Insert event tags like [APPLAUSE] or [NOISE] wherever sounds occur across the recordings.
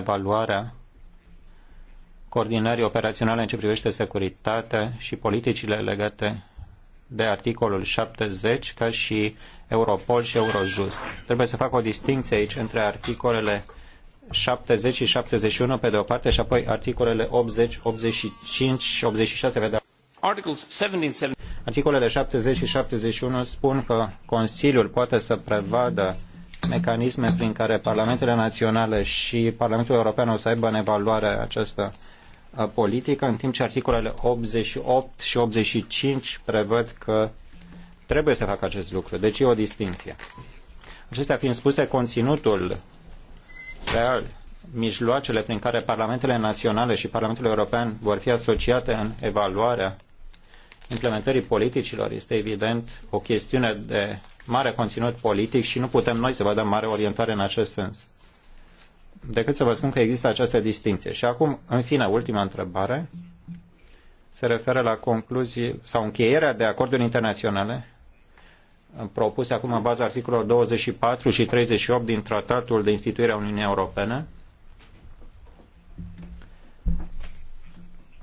evaluarea coordinării operaționale în ce privește securitatea și politicile legate de articolul 70 ca și Europol și Eurojust. Trebuie să fac o distinție aici între articolele 70 și 71 pe de o parte și apoi articolele 80, 85 și 86 pe de Articolele 70 și 71 spun că Consiliul poate să prevadă mecanisme prin care Parlamentele Naționale și Parlamentul European o să aibă în evaluare această politică, în timp ce articolele 88 și 85 prevăd că trebuie să facă acest lucru. Deci e o distinție. Acestea fiind spuse, conținutul real, mijloacele prin care Parlamentele Naționale și Parlamentul European vor fi asociate în evaluarea implementării politicilor este evident o chestiune de mare conținut politic și nu putem noi să vă dăm mare orientare în acest sens. Decât să vă spun că există această distinție. Și acum, în fine, ultima întrebare se referă la concluzii sau încheierea de acorduri internaționale propuse acum în baza articolelor 24 și 38 din Tratatul de Instituire a Uniunii Europene,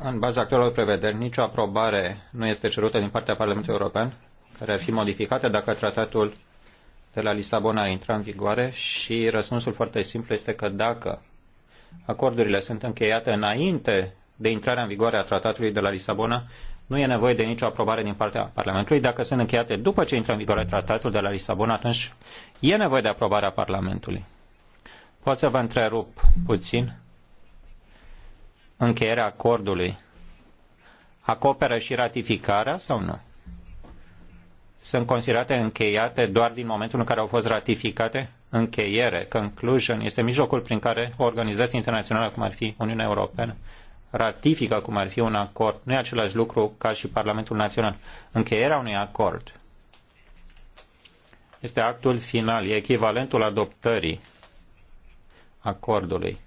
în baza actualelor prevederi, nicio aprobare nu este cerută din partea Parlamentului European, care ar fi modificată dacă tratatul de la Lisabona ar intra în vigoare și răspunsul foarte simplu este că dacă acordurile sunt încheiate înainte de intrarea în vigoare a tratatului de la Lisabona, nu e nevoie de nicio aprobare din partea Parlamentului. Dacă sunt încheiate după ce intră în vigoare tratatul de la Lisabona, atunci e nevoie de aprobarea Parlamentului. Pot să vă întrerup puțin? încheierea acordului acoperă și ratificarea sau nu? Sunt considerate încheiate doar din momentul în care au fost ratificate? Încheiere, conclusion, este mijlocul prin care o organizație internațională, cum ar fi Uniunea Europeană, ratifică cum ar fi un acord. Nu e același lucru ca și Parlamentul Național. Încheierea unui acord este actul final, e echivalentul adoptării acordului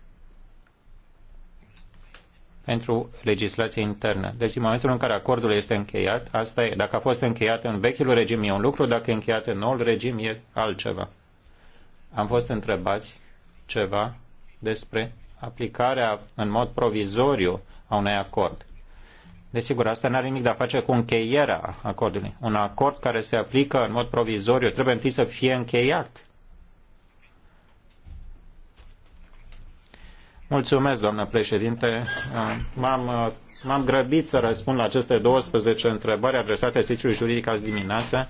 pentru legislație internă. Deci, în momentul în care acordul este încheiat, asta e. Dacă a fost încheiat în vechiul regim e un lucru, dacă e încheiat în noul regim e altceva. Am fost întrebați ceva despre aplicarea în mod provizoriu a unui acord. Desigur, asta nu are nimic de a face cu încheierea acordului. Un acord care se aplică în mod provizoriu trebuie întâi să fie încheiat Mulțumesc, doamnă președinte. M-am, m-am grăbit să răspund la aceste 12 întrebări adresate Serviciului Juridic azi dimineață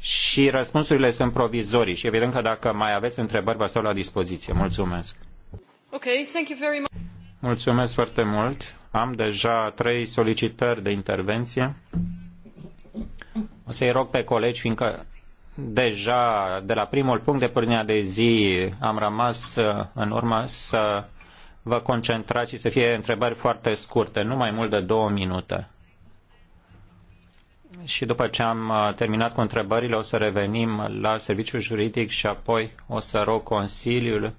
și răspunsurile sunt provizorii și evident că dacă mai aveți întrebări, vă stau la dispoziție. Mulțumesc. Okay, thank you very much. Mulțumesc foarte mult. Am deja trei solicitări de intervenție. O să-i rog pe colegi, fiindcă deja de la primul punct de pornirea de zi am rămas uh, în urmă să vă concentrați și să fie întrebări foarte scurte, nu mai mult de două minute. Și după ce am uh, terminat cu întrebările, o să revenim la serviciul juridic și apoi o să rog Consiliul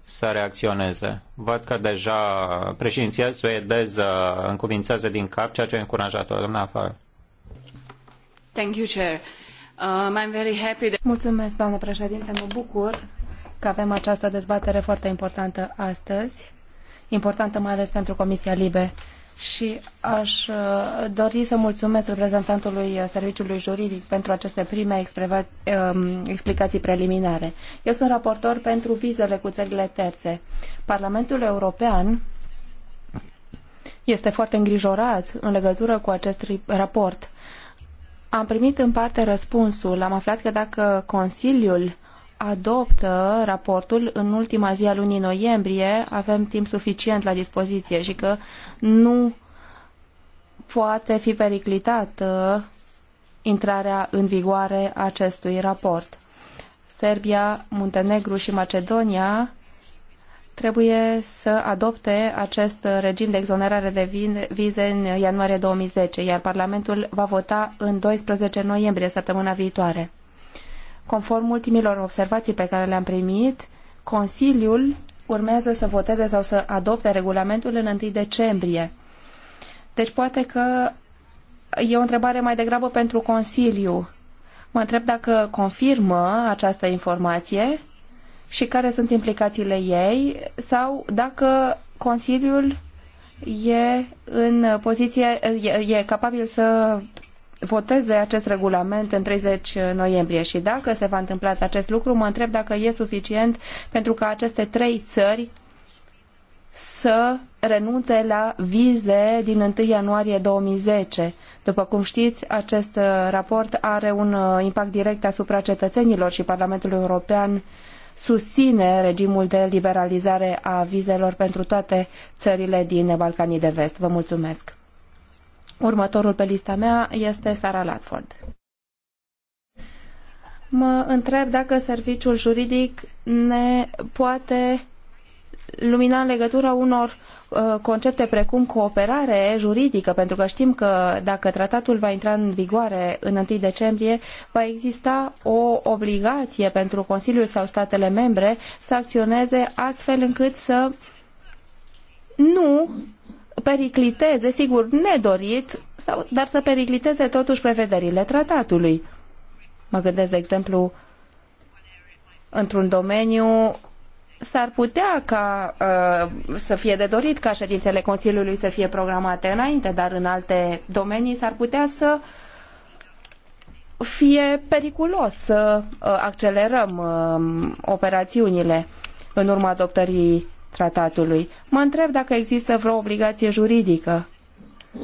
să reacționeze. Văd că deja președinția suedeză încuvințează din cap, ceea ce e încurajator. Doamna afară. Thank you, Chair. Um, I'm very happy that... Mulțumesc, doamnă președinte. Mă bucur că avem această dezbatere foarte importantă astăzi, importantă mai ales pentru Comisia Libe. Și aș uh, dori să mulțumesc reprezentantului Serviciului Juridic pentru aceste prime um, explicații preliminare. Eu sunt raportor pentru vizele cu țările terțe. Parlamentul European este foarte îngrijorat în legătură cu acest raport. Am primit în parte răspunsul. Am aflat că dacă Consiliul adoptă raportul în ultima zi a lunii noiembrie, avem timp suficient la dispoziție și că nu poate fi periclitată uh, intrarea în vigoare a acestui raport. Serbia, Muntenegru și Macedonia trebuie să adopte acest regim de exonerare de vize în ianuarie 2010, iar Parlamentul va vota în 12 noiembrie, săptămâna viitoare. Conform ultimilor observații pe care le-am primit, Consiliul urmează să voteze sau să adopte regulamentul în 1 decembrie. Deci poate că e o întrebare mai degrabă pentru Consiliu. Mă întreb dacă confirmă această informație și care sunt implicațiile ei sau dacă Consiliul e în poziție, e, e capabil să voteze acest regulament în 30 noiembrie și dacă se va întâmpla acest lucru, mă întreb dacă e suficient pentru ca aceste trei țări să renunțe la vize din 1 ianuarie 2010. După cum știți, acest raport are un impact direct asupra cetățenilor și Parlamentul European susține regimul de liberalizare a vizelor pentru toate țările din Balcanii de Vest. Vă mulțumesc! Următorul pe lista mea este Sara Latford. Mă întreb dacă serviciul juridic ne poate lumina în legătura unor uh, concepte precum cooperare juridică, pentru că știm că dacă tratatul va intra în vigoare în 1 decembrie, va exista o obligație pentru Consiliul sau statele membre să acționeze astfel încât să nu pericliteze, sigur, nedorit, sau, dar să pericliteze totuși prevederile tratatului. Mă gândesc, de exemplu, într-un domeniu s-ar putea ca uh, să fie de dorit ca ședințele Consiliului să fie programate înainte, dar în alte domenii s-ar putea să fie periculos să uh, accelerăm uh, operațiunile în urma adoptării tratatului. Mă întreb dacă există vreo obligație juridică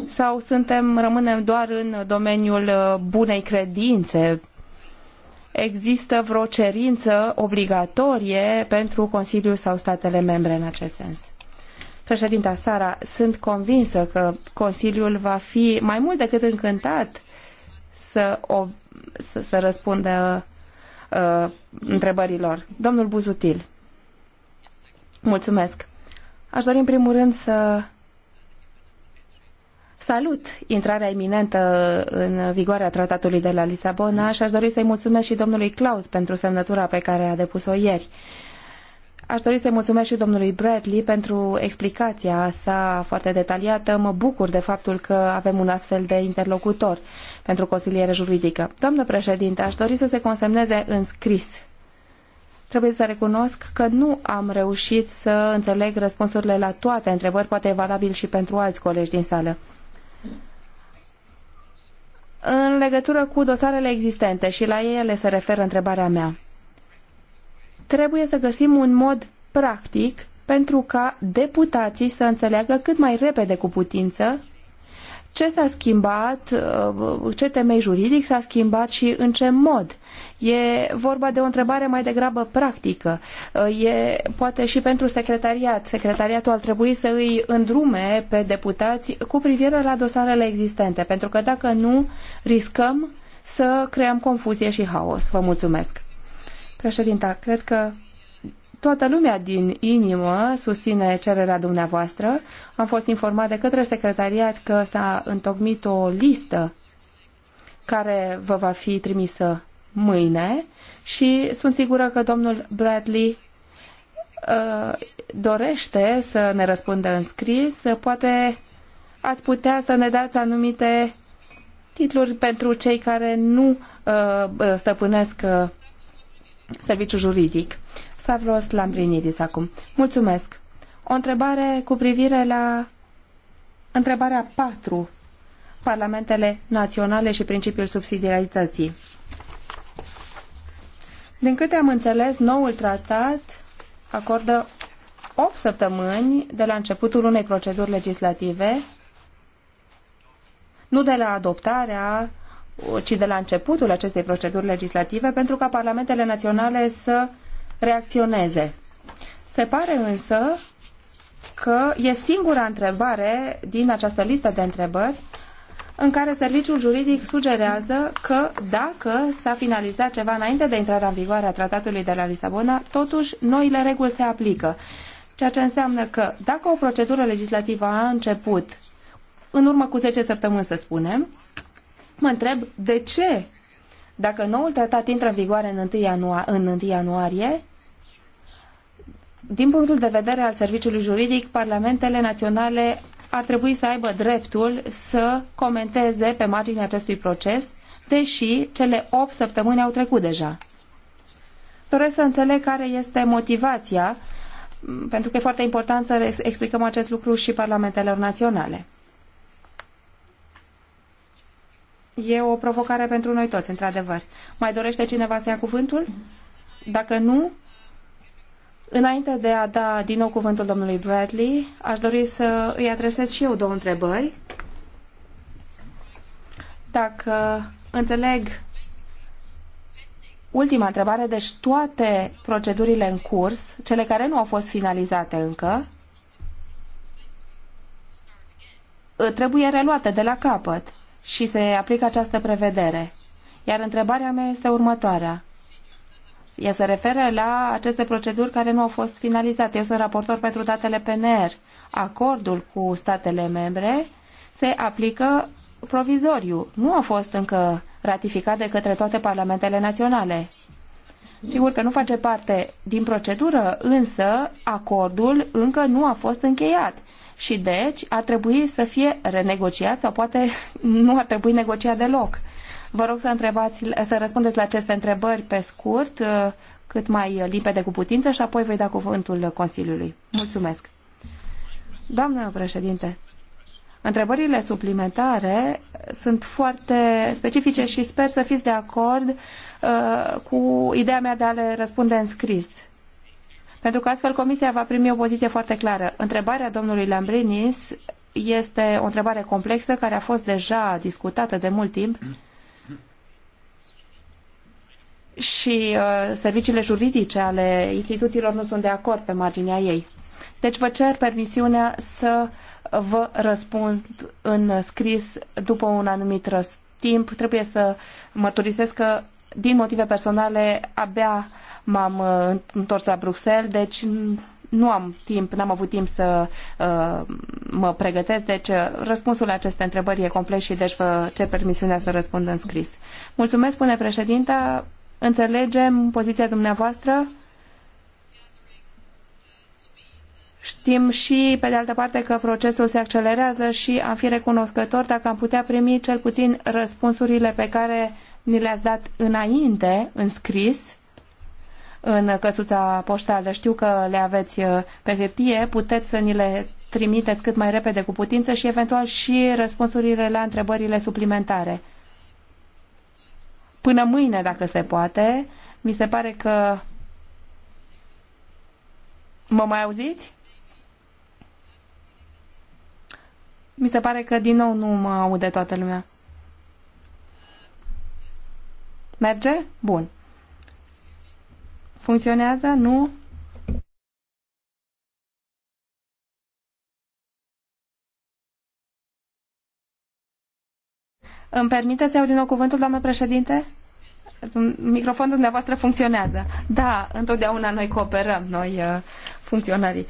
sau suntem, rămânem doar în domeniul uh, bunei credințe. Există vreo cerință obligatorie pentru Consiliul sau statele membre în acest sens? Președinta Sara, sunt convinsă că Consiliul va fi mai mult decât încântat să, o, să, să răspundă uh, întrebărilor. Domnul Buzutil. Mulțumesc. Aș dori în primul rând să salut intrarea iminentă în vigoare a tratatului de la Lisabona și aș dori să-i mulțumesc și domnului Claus pentru semnătura pe care a depus-o ieri. Aș dori să-i mulțumesc și domnului Bradley pentru explicația sa foarte detaliată. Mă bucur de faptul că avem un astfel de interlocutor pentru consiliere juridică. Doamnă președinte, aș dori să se consemneze în scris Trebuie să recunosc că nu am reușit să înțeleg răspunsurile la toate întrebări, poate e valabil și pentru alți colegi din sală. În legătură cu dosarele existente și la ele se referă întrebarea mea, trebuie să găsim un mod practic pentru ca deputații să înțeleagă cât mai repede cu putință ce s-a schimbat, uh, ce temei juridic s-a schimbat și în ce mod. E vorba de o întrebare mai degrabă practică. Uh, e poate și pentru secretariat. Secretariatul ar trebui să îi îndrume pe deputați cu privire la dosarele existente, pentru că dacă nu, riscăm să creăm confuzie și haos. Vă mulțumesc. Președinta, cred că toată lumea din inimă susține cererea dumneavoastră. Am fost informat de către secretariat că s-a întocmit o listă care vă va fi trimisă mâine și sunt sigură că domnul Bradley uh, dorește să ne răspundă în scris. Poate ați putea să ne dați anumite titluri pentru cei care nu uh, stăpânesc uh, serviciu juridic. Stavros Lambrinidis acum. Mulțumesc. O întrebare cu privire la întrebarea 4. Parlamentele naționale și principiul subsidiarității. Din câte am înțeles, noul tratat acordă 8 săptămâni de la începutul unei proceduri legislative, nu de la adoptarea, ci de la începutul acestei proceduri legislative, pentru ca parlamentele naționale să reacționeze. Se pare însă că e singura întrebare din această listă de întrebări în care serviciul juridic sugerează că dacă s-a finalizat ceva înainte de intrarea în vigoare a tratatului de la Lisabona, totuși noile reguli se aplică. Ceea ce înseamnă că dacă o procedură legislativă a început în urmă cu 10 săptămâni, să spunem, mă întreb de ce, dacă noul tratat intră în vigoare în 1, ianuar, în 1 ianuarie, din punctul de vedere al serviciului juridic, parlamentele naționale ar trebui să aibă dreptul să comenteze pe marginea acestui proces, deși cele 8 săptămâni au trecut deja. Doresc să înțeleg care este motivația, pentru că e foarte important să explicăm acest lucru și parlamentelor naționale. E o provocare pentru noi toți, într-adevăr. Mai dorește cineva să ia cuvântul? Dacă nu, Înainte de a da din nou cuvântul domnului Bradley, aș dori să îi adresez și eu două întrebări. Dacă înțeleg ultima întrebare, deci toate procedurile în curs, cele care nu au fost finalizate încă, ă, trebuie reluate de la capăt și se aplică această prevedere. Iar întrebarea mea este următoarea. Ea se referă la aceste proceduri care nu au fost finalizate. Eu sunt raportor pentru datele PNR. Acordul cu statele membre se aplică provizoriu. Nu a fost încă ratificat de către toate parlamentele naționale. Sigur că nu face parte din procedură, însă acordul încă nu a fost încheiat și deci ar trebui să fie renegociat sau poate [LAUGHS] nu ar trebui negociat deloc. Vă rog să, întrebați, să răspundeți la aceste întrebări pe scurt, uh, cât mai limpede cu putință și apoi voi da cuvântul Consiliului. Mulțumesc. Doamnă președinte, întrebările suplimentare sunt foarte specifice și sper să fiți de acord uh, cu ideea mea de a le răspunde în scris. Pentru că astfel Comisia va primi o poziție foarte clară. Întrebarea domnului Lambrinis este o întrebare complexă care a fost deja discutată de mult timp. Mm și uh, serviciile juridice ale instituțiilor nu sunt de acord pe marginea ei. Deci vă cer permisiunea să vă răspund în scris după un anumit răspuns timp, trebuie să mărturisesc că din motive personale abia m-am uh, întors la Bruxelles, deci nu am timp, n-am avut timp să uh, mă pregătesc, deci uh, răspunsul la aceste întrebări e complet și deci vă cer permisiunea să răspund în scris. Mulțumesc, spune președinta, Înțelegem poziția dumneavoastră. Știm și, pe de altă parte, că procesul se accelerează și am fi recunoscător dacă am putea primi cel puțin răspunsurile pe care ni le-ați dat înainte, în scris, în căsuța poștală. Știu că le aveți uh, pe hârtie, puteți să ni le trimiteți cât mai repede cu putință și eventual și răspunsurile la întrebările suplimentare până mâine, dacă se poate. Mi se pare că... Mă mai auziți? Mi se pare că din nou nu mă aude toată lumea. Merge? Bun. Funcționează? Nu? Îmi permiteți să iau din nou cuvântul, doamnă președinte? Microfonul dumneavoastră funcționează. Da, întotdeauna noi cooperăm, noi uh, funcționarii.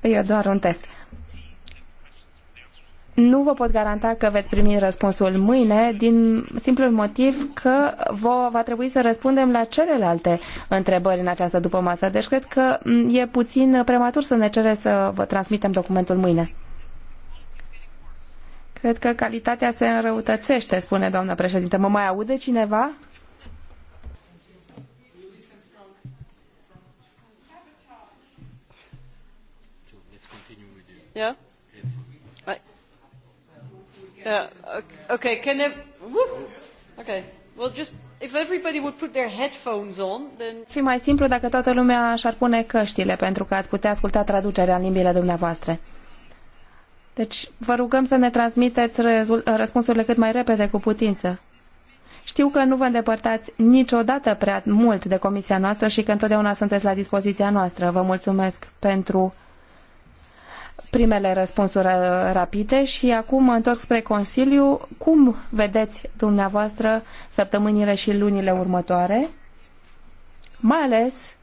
E doar un test nu vă pot garanta că veți primi răspunsul mâine, din simplul motiv că vă, va trebui să răspundem la celelalte întrebări în această dupămasă. Deci cred că e puțin prematur să ne cere să vă transmitem documentul mâine. Cred că calitatea se înrăutățește, spune doamna președinte. Mă mai aude cineva? Yeah? Uh, okay. Can I, whoop. Okay. Well, just if everybody would put their headphones on, then. Fi mai simplu dacă toată lumea și-ar pune căștile, pentru că ați putea asculta traducerea în limbile dumneavoastră. Deci vă rugăm să ne transmiteți răspunsurile cât mai repede cu putință. Știu că nu vă îndepărtați niciodată prea mult de comisia noastră și că întotdeauna sunteți la dispoziția noastră. Vă mulțumesc pentru primele răspunsuri uh, rapide și acum mă întorc spre Consiliu. Cum vedeți dumneavoastră săptămânile și lunile următoare? Mai ales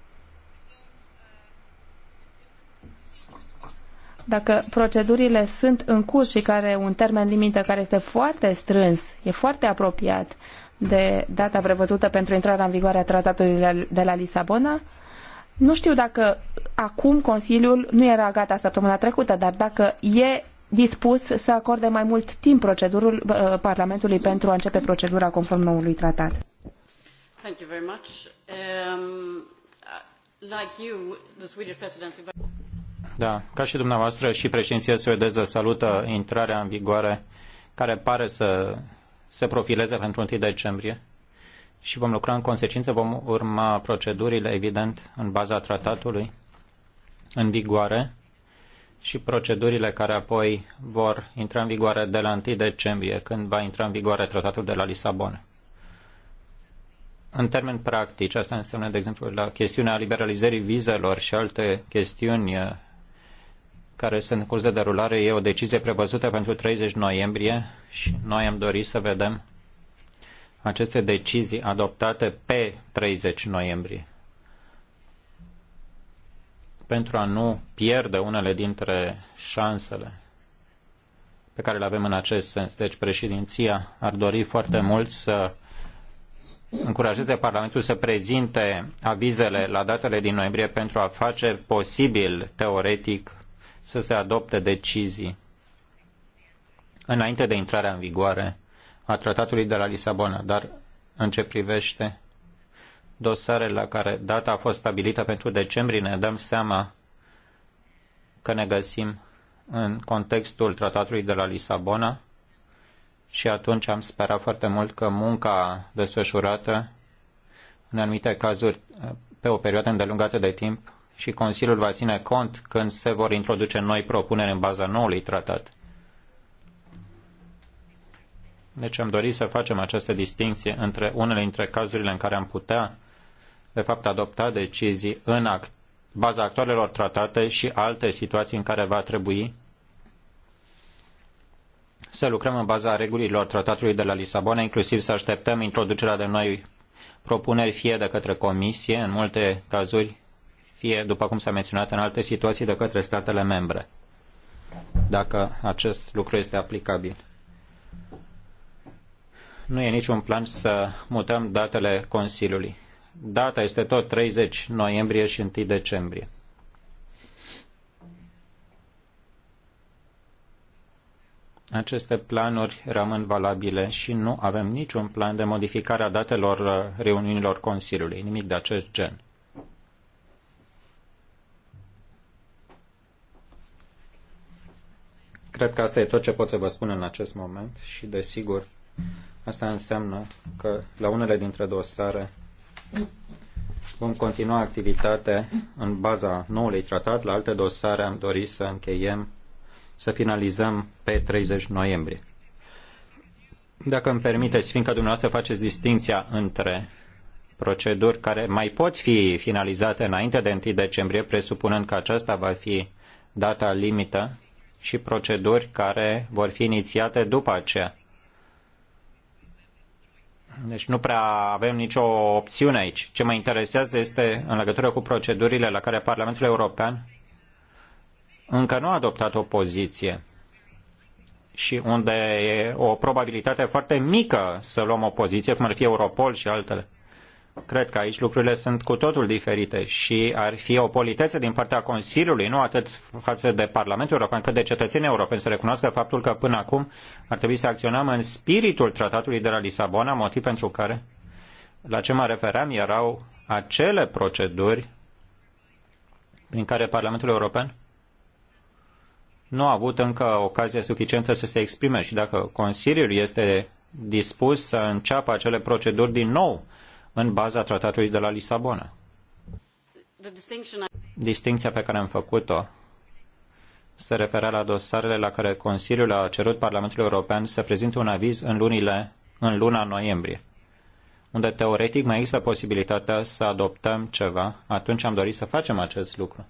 dacă procedurile sunt în curs și care un termen limită care este foarte strâns, e foarte apropiat de data prevăzută pentru intrarea în vigoare a tratatului de la Lisabona, nu știu dacă acum Consiliul nu era gata săptămâna trecută, dar dacă e dispus să acorde mai mult timp procedurul uh, Parlamentului pentru a începe procedura conform noului tratat. Thank you very much. Um, uh, like you, the Swedish presidency... Da, ca și dumneavoastră și președinția suedeză salută intrarea în vigoare care pare să se profileze pentru 1 decembrie și vom lucra în consecință, vom urma procedurile, evident, în baza tratatului în vigoare și procedurile care apoi vor intra în vigoare de la 1 decembrie, când va intra în vigoare tratatul de la Lisabona. În termeni practici, asta înseamnă, de exemplu, la chestiunea liberalizării vizelor și alte chestiuni eh, care sunt în curs de derulare, e o decizie prevăzută pentru 30 noiembrie și noi am dorit să vedem aceste decizii adoptate pe 30 noiembrie pentru a nu pierde unele dintre șansele pe care le avem în acest sens. Deci președinția ar dori foarte mult să încurajeze Parlamentul să prezinte avizele la datele din noiembrie pentru a face posibil, teoretic, să se adopte decizii înainte de intrarea în vigoare a tratatului de la Lisabona, dar în ce privește dosare la care data a fost stabilită pentru decembrie, ne dăm seama că ne găsim în contextul tratatului de la Lisabona și atunci am sperat foarte mult că munca desfășurată, în anumite cazuri, pe o perioadă îndelungată de timp, și Consiliul va ține cont când se vor introduce noi propuneri în baza noului tratat. Deci am dorit să facem această distinție între unele dintre cazurile în care am putea de fapt adopta decizii în act, baza actualelor tratate și alte situații în care va trebui să lucrăm în baza regulilor tratatului de la Lisabona, inclusiv să așteptăm introducerea de noi propuneri fie de către Comisie, în multe cazuri, fie, după cum s-a menționat, în alte situații de către statele membre, dacă acest lucru este aplicabil. Nu e niciun plan să mutăm datele Consiliului. Data este tot 30 noiembrie și 1 decembrie. Aceste planuri rămân valabile și nu avem niciun plan de modificare a datelor uh, reuniunilor Consiliului, nimic de acest gen. Cred că asta e tot ce pot să vă spun în acest moment și, desigur, asta înseamnă că la unele dintre dosare Vom continua activitatea în baza noului tratat. La alte dosare am dorit să încheiem, să finalizăm pe 30 noiembrie. Dacă îmi permiteți, fiindcă dumneavoastră faceți distinția între proceduri care mai pot fi finalizate înainte de 1 decembrie, presupunând că aceasta va fi data limită, și proceduri care vor fi inițiate după aceea deci nu prea avem nicio opțiune aici. Ce mă interesează este în legătură cu procedurile la care Parlamentul European încă nu a adoptat o poziție și unde e o probabilitate foarte mică să luăm o poziție, cum ar fi Europol și altele. Cred că aici lucrurile sunt cu totul diferite și ar fi o politețe din partea Consiliului, nu atât față de Parlamentul European, cât de cetățenii europeni să recunoască faptul că până acum ar trebui să acționăm în spiritul tratatului de la Lisabona, motiv pentru care la ce mă refeream erau acele proceduri prin care Parlamentul European nu a avut încă ocazia suficientă să se exprime și dacă Consiliul este dispus să înceapă acele proceduri din nou în baza tratatului de la Lisabona. Distinția pe care am făcut-o se referea la dosarele la care Consiliul a cerut Parlamentului European să prezinte un aviz în, lunile, în luna noiembrie, unde teoretic mai există posibilitatea să adoptăm ceva, atunci am dorit să facem acest lucru.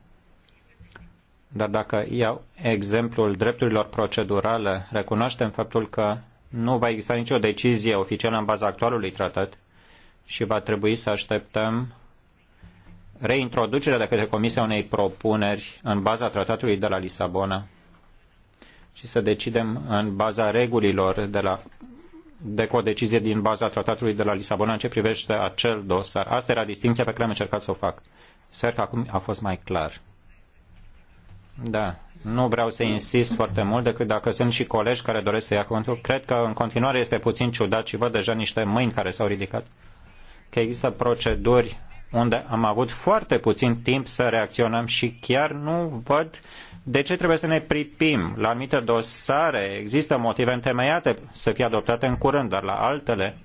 Dar dacă iau exemplul drepturilor procedurale, recunoaștem faptul că nu va exista nicio decizie oficială în baza actualului tratat, și va trebui să așteptăm reintroducerea de către Comisia unei propuneri în baza tratatului de la Lisabona și să decidem în baza regulilor de la de o decizie din baza tratatului de la Lisabona în ce privește acel dosar. Asta era distinția pe care am încercat să o fac. Sper că acum a fost mai clar. Da, nu vreau să insist foarte mult, decât dacă sunt și colegi care doresc să ia contul. Cred că în continuare este puțin ciudat și văd deja niște mâini care s-au ridicat că există proceduri unde am avut foarte puțin timp să reacționăm și chiar nu văd de ce trebuie să ne pripim. La anumite dosare există motive întemeiate să fie adoptate în curând, dar la altele,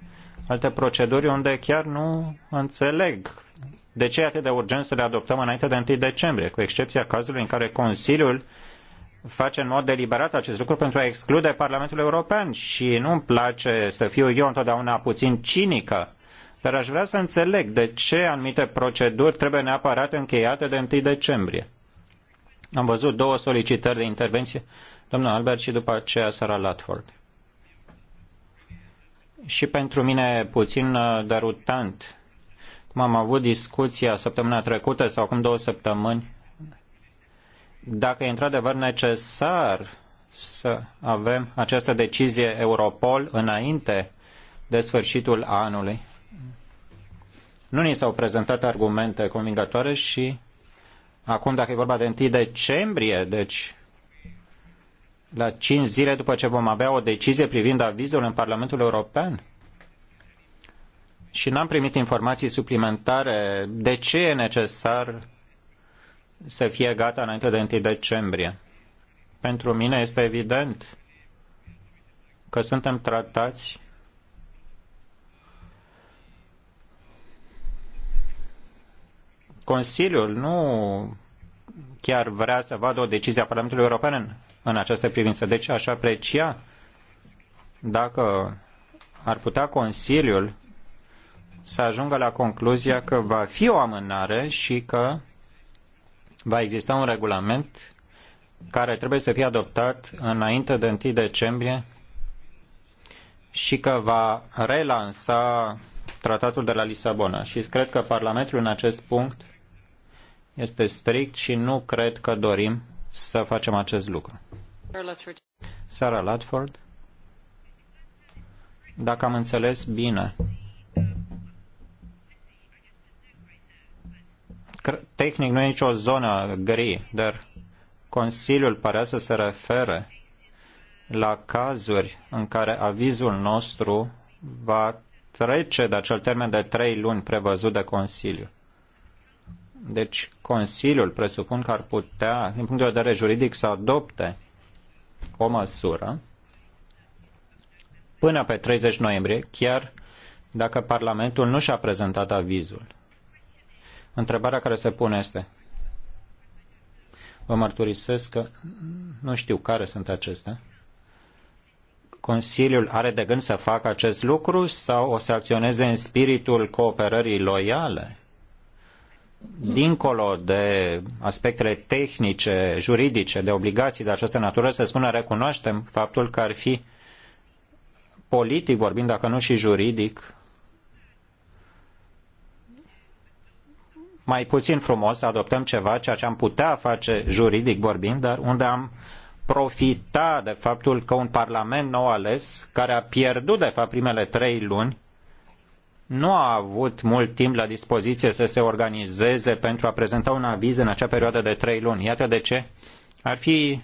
alte proceduri unde chiar nu înțeleg de ce e atât de urgent să le adoptăm înainte de 1 decembrie, cu excepția cazului în care Consiliul face în mod deliberat acest lucru pentru a exclude Parlamentul European și nu-mi place să fiu eu întotdeauna puțin cinică dar aș vrea să înțeleg de ce anumite proceduri trebuie neapărat încheiate de 1 decembrie. Am văzut două solicitări de intervenție, domnul Albert și după aceea Sara Latford. Și pentru mine puțin uh, darutant, cum am avut discuția săptămâna trecută sau acum două săptămâni, dacă e într-adevăr necesar să avem această decizie Europol înainte de sfârșitul anului, nu ni s-au prezentat argumente convingătoare și acum, dacă e vorba de 1 decembrie, deci la 5 zile după ce vom avea o decizie privind avizul în Parlamentul European, și n-am primit informații suplimentare de ce e necesar să fie gata înainte de 1 decembrie. Pentru mine este evident că suntem tratați Consiliul nu chiar vrea să vadă o decizie a Parlamentului European în, în această privință. Deci aș aprecia dacă ar putea Consiliul să ajungă la concluzia că va fi o amânare și că va exista un regulament care trebuie să fie adoptat înainte de 1 decembrie și că va relansa tratatul de la Lisabona. Și cred că Parlamentul în acest punct este strict și nu cred că dorim să facem acest lucru. Sara Latford, dacă am înțeles bine, tehnic nu e nicio zonă gri, dar Consiliul părea să se refere la cazuri în care avizul nostru va trece de acel termen de trei luni prevăzut de Consiliu. Deci Consiliul presupun că ar putea, din punct de vedere juridic, să adopte o măsură până pe 30 noiembrie, chiar dacă Parlamentul nu și-a prezentat avizul. Întrebarea care se pune este, vă mărturisesc că nu știu care sunt acestea. Consiliul are de gând să facă acest lucru sau o să acționeze în spiritul cooperării loiale? dincolo de aspectele tehnice, juridice, de obligații de această natură, să spună recunoaștem faptul că ar fi politic vorbind, dacă nu și juridic, mai puțin frumos să adoptăm ceva, ceea ce am putea face juridic vorbind, dar unde am profita de faptul că un parlament nou ales, care a pierdut de fapt primele trei luni, nu a avut mult timp la dispoziție să se organizeze pentru a prezenta un aviz în acea perioadă de trei luni. Iată de ce ar fi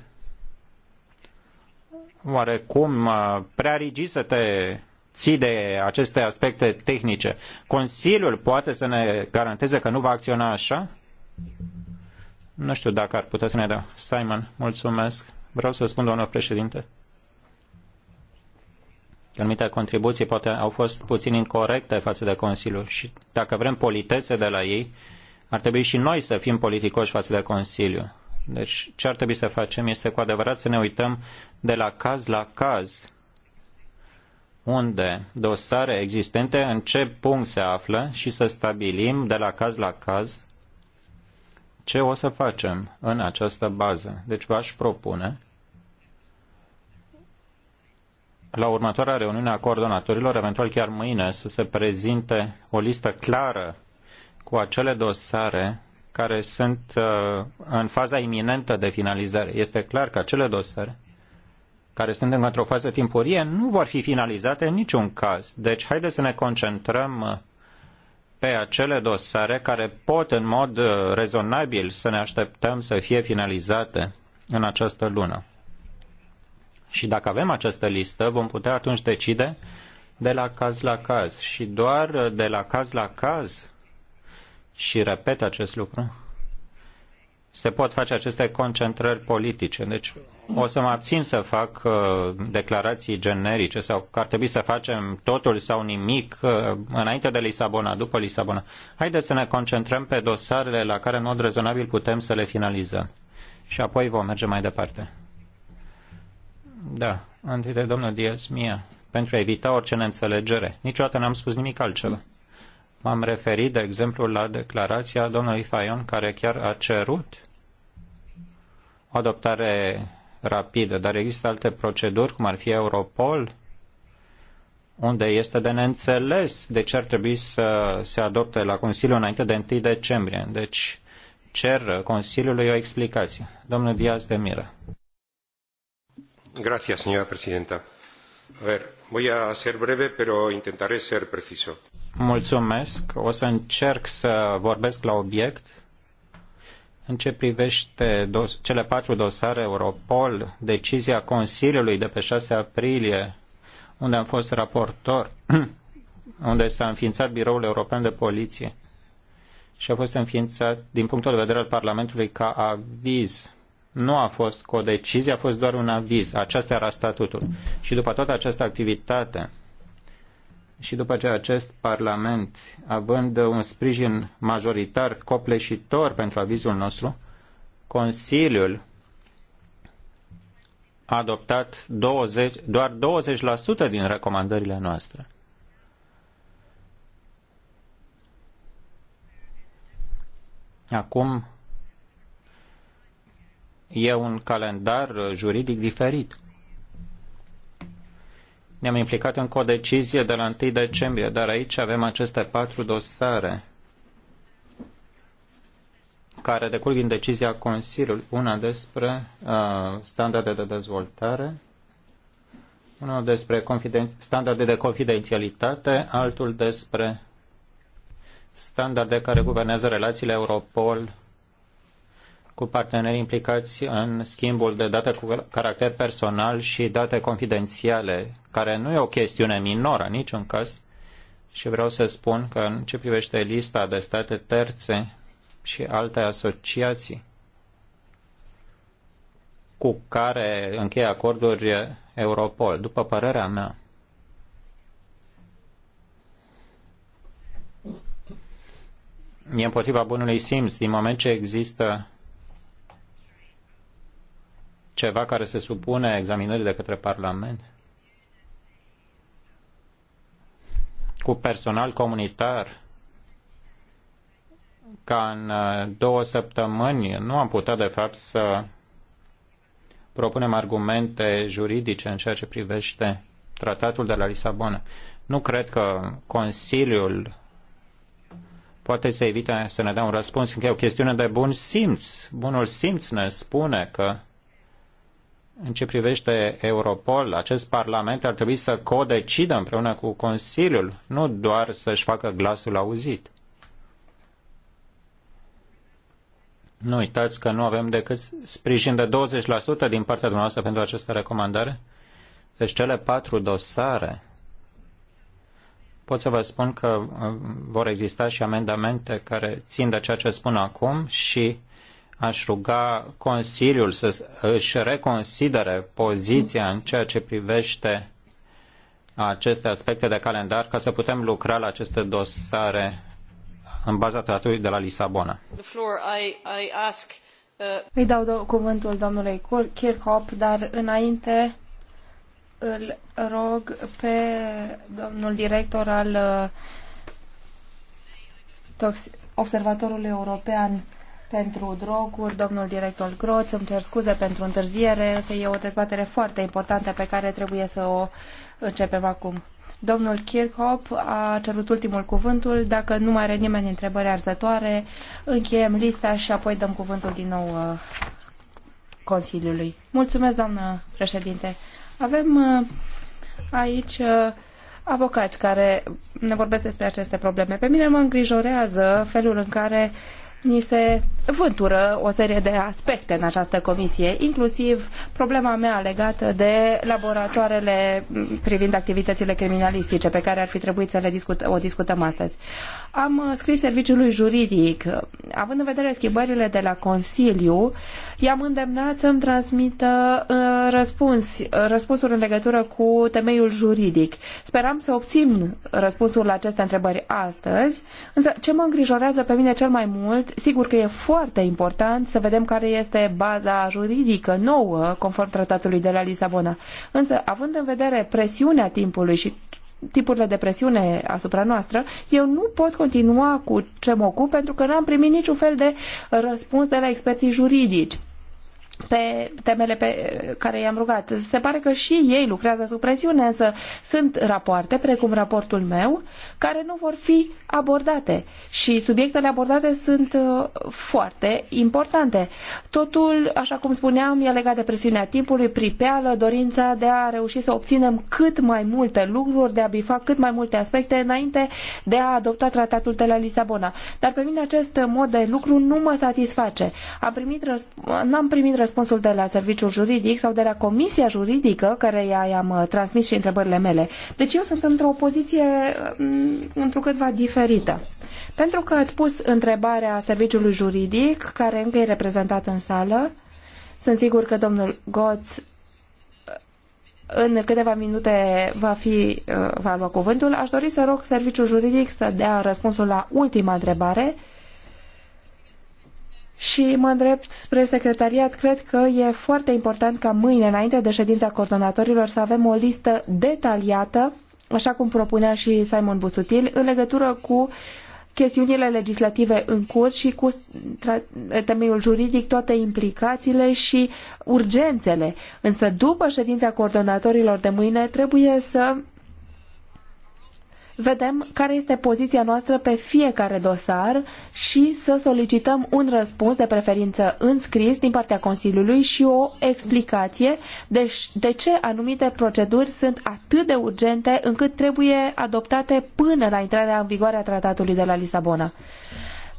oarecum uh, prea rigid să te ții de aceste aspecte tehnice. Consiliul poate să ne garanteze că nu va acționa așa? Nu știu dacă ar putea să ne dea. Simon, mulțumesc. Vreau să spun, doamnă președinte, anumite contribuții poate au fost puțin incorrecte față de Consiliu și dacă vrem politețe de la ei, ar trebui și noi să fim politicoși față de Consiliu. Deci ce ar trebui să facem este cu adevărat să ne uităm de la caz la caz unde dosare existente, în ce punct se află și să stabilim de la caz la caz ce o să facem în această bază. Deci v-aș propune la următoarea reuniune a coordonatorilor, eventual chiar mâine, să se prezinte o listă clară cu acele dosare care sunt uh, în faza iminentă de finalizare. Este clar că acele dosare care sunt încă într-o fază timpurie nu vor fi finalizate în niciun caz. Deci haideți să ne concentrăm uh, pe acele dosare care pot în mod uh, rezonabil să ne așteptăm să fie finalizate în această lună. Și dacă avem această listă, vom putea atunci decide de la caz la caz și doar de la caz la caz și repet acest lucru, se pot face aceste concentrări politice. Deci o să mă abțin să fac uh, declarații generice sau că ar trebui să facem totul sau nimic uh, înainte de Lisabona, după Lisabona. Haideți să ne concentrăm pe dosarele la care în mod rezonabil putem să le finalizăm. Și apoi vom merge mai departe. Da, întâi de domnul Diaz mie, pentru a evita orice neînțelegere. Niciodată n-am spus nimic altceva. M-am referit, de exemplu, la declarația domnului Fayon, care chiar a cerut o adoptare rapidă, dar există alte proceduri, cum ar fi Europol, unde este de neînțeles de ce ar trebui să se adopte la Consiliu înainte de 1 decembrie. Deci cer Consiliului o explicație. Domnul Diaz de Miră. Gracias, señora presidenta. A ver, voy a ser breve, pero intentaré ser preciso. Mulțumesc. O să încerc să vorbesc la obiect. În ce privește cele patru dosare Europol, decizia Consiliului de pe 6 aprilie, unde am fost raportor, [CLEARS THROAT] unde s-a înființat Biroul European de Poliție și a fost înființat din punctul de vedere al Parlamentului ca aviz nu a fost o decizie, a fost doar un aviz. Aceasta era statutul. Și după toată această activitate și după ce acest Parlament, având un sprijin majoritar copleșitor pentru avizul nostru, Consiliul a adoptat 20, doar 20% din recomandările noastre. Acum e un calendar juridic diferit. Ne-am implicat în o decizie de la 1 decembrie, dar aici avem aceste patru dosare care decurg din decizia Consiliului. Una despre uh, standarde de dezvoltare, una despre standarde de confidențialitate, altul despre standarde care guvernează relațiile Europol cu partenerii implicați în schimbul de date cu caracter personal și date confidențiale, care nu e o chestiune minoră în niciun caz. Și vreau să spun că în ce privește lista de state terțe și alte asociații cu care încheie acorduri Europol, după părerea mea, e împotriva bunului simț din moment ce există ceva care se supune examinării de către Parlament? Cu personal comunitar? Ca în uh, două săptămâni nu am putea, de fapt, să propunem argumente juridice în ceea ce privește tratatul de la Lisabona. Nu cred că Consiliul poate să evite să ne dea un răspuns, că e o chestiune de bun simț. Bunul simț ne spune că în ce privește Europol, acest Parlament ar trebui să codecidă împreună cu Consiliul, nu doar să-și facă glasul auzit. Nu uitați că nu avem decât sprijin de 20% din partea dumneavoastră pentru această recomandare. Deci cele patru dosare, pot să vă spun că uh, vor exista și amendamente care țin de ceea ce spun acum și Aș ruga Consiliul să își reconsidere poziția în ceea ce privește aceste aspecte de calendar ca să putem lucra la aceste dosare în baza tratatului de la Lisabona. Uh, Îi dau do- cuvântul domnului Kirchhoff, dar înainte îl rog pe domnul director al uh, Observatorului European pentru droguri, domnul director Groț, îmi cer scuze pentru întârziere, însă e o dezbatere foarte importantă pe care trebuie să o începem acum. Domnul Kirchhoff a cerut ultimul cuvântul. Dacă nu mai are nimeni întrebări arzătoare, încheiem lista și apoi dăm cuvântul din nou uh, Consiliului. Mulțumesc, doamnă președinte. Avem uh, aici uh, avocați care ne vorbesc despre aceste probleme. Pe mine mă îngrijorează felul în care uh, ni se vântură o serie de aspecte în această comisie, inclusiv problema mea legată de laboratoarele privind activitățile criminalistice pe care ar fi trebuit să le discut, o discutăm astăzi. Am scris serviciului juridic, având în vedere schimbările de la Consiliu, i-am îndemnat să-mi transmită uh, răspuns, răspunsuri în legătură cu temeiul juridic. Speram să obțin răspunsul la aceste întrebări astăzi, însă ce mă îngrijorează pe mine cel mai mult Sigur că e foarte important să vedem care este baza juridică nouă conform tratatului de la Lisabona. Însă, având în vedere presiunea timpului și tipurile de presiune asupra noastră, eu nu pot continua cu ce mă ocup pentru că n-am primit niciun fel de răspuns de la experții juridici pe temele pe care i-am rugat. Se pare că și ei lucrează sub presiune, însă sunt rapoarte, precum raportul meu, care nu vor fi abordate. Și subiectele abordate sunt uh, foarte importante. Totul, așa cum spuneam, e legat de presiunea timpului, pripeală, dorința de a reuși să obținem cât mai multe lucruri, de a bifa cât mai multe aspecte înainte de a adopta tratatul de la Lisabona. Dar pe mine acest mod de lucru nu mă satisface. Am primit n-am primit răspuns răspunsul de la serviciul juridic sau de la comisia juridică care i-am uh, transmis și întrebările mele. Deci eu sunt într-o poziție mm, întrucâtva diferită. Pentru că ați pus întrebarea serviciului juridic, care încă e reprezentat în sală, sunt sigur că domnul Goț uh, în câteva minute va, fi, uh, va lua cuvântul. Aș dori să rog serviciul juridic să dea răspunsul la ultima întrebare, și mă îndrept spre secretariat. Cred că e foarte important ca mâine, înainte de ședința coordonatorilor, să avem o listă detaliată, așa cum propunea și Simon Busutil, în legătură cu chestiunile legislative în curs și cu temeiul juridic toate implicațiile și urgențele. Însă după ședința coordonatorilor de mâine trebuie să vedem care este poziția noastră pe fiecare dosar și să solicităm un răspuns de preferință înscris din partea Consiliului și o explicație de, de ce anumite proceduri sunt atât de urgente încât trebuie adoptate până la intrarea în vigoare a tratatului de la Lisabona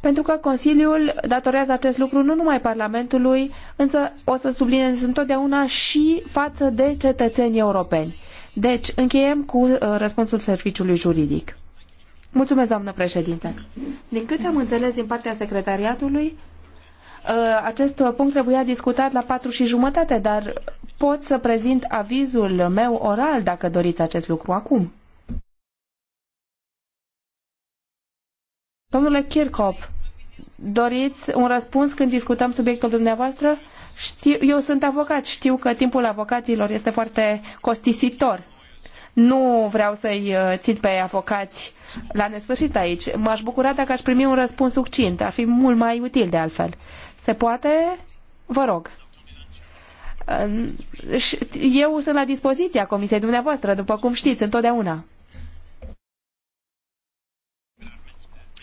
pentru că Consiliul datorează acest lucru nu numai Parlamentului, însă o să subliniez întotdeauna și față de cetățenii europeni. Deci, încheiem cu uh, răspunsul serviciului juridic. Mulțumesc, doamnă președinte. Din câte am înțeles din partea secretariatului, uh, acest punct trebuia discutat la patru și jumătate, dar pot să prezint avizul meu oral dacă doriți acest lucru acum. Domnule Kirchhoff, doriți un răspuns când discutăm subiectul dumneavoastră? Știu, eu sunt avocat, știu că timpul avocaților este foarte costisitor. Nu vreau să-i uh, țin pe avocați la nesfârșit aici. M-aș bucura dacă aș primi un răspuns succint. Ar fi mult mai util de altfel. Se poate? Vă rog. Uh, eu sunt la dispoziția comisiei dumneavoastră, după cum știți, întotdeauna.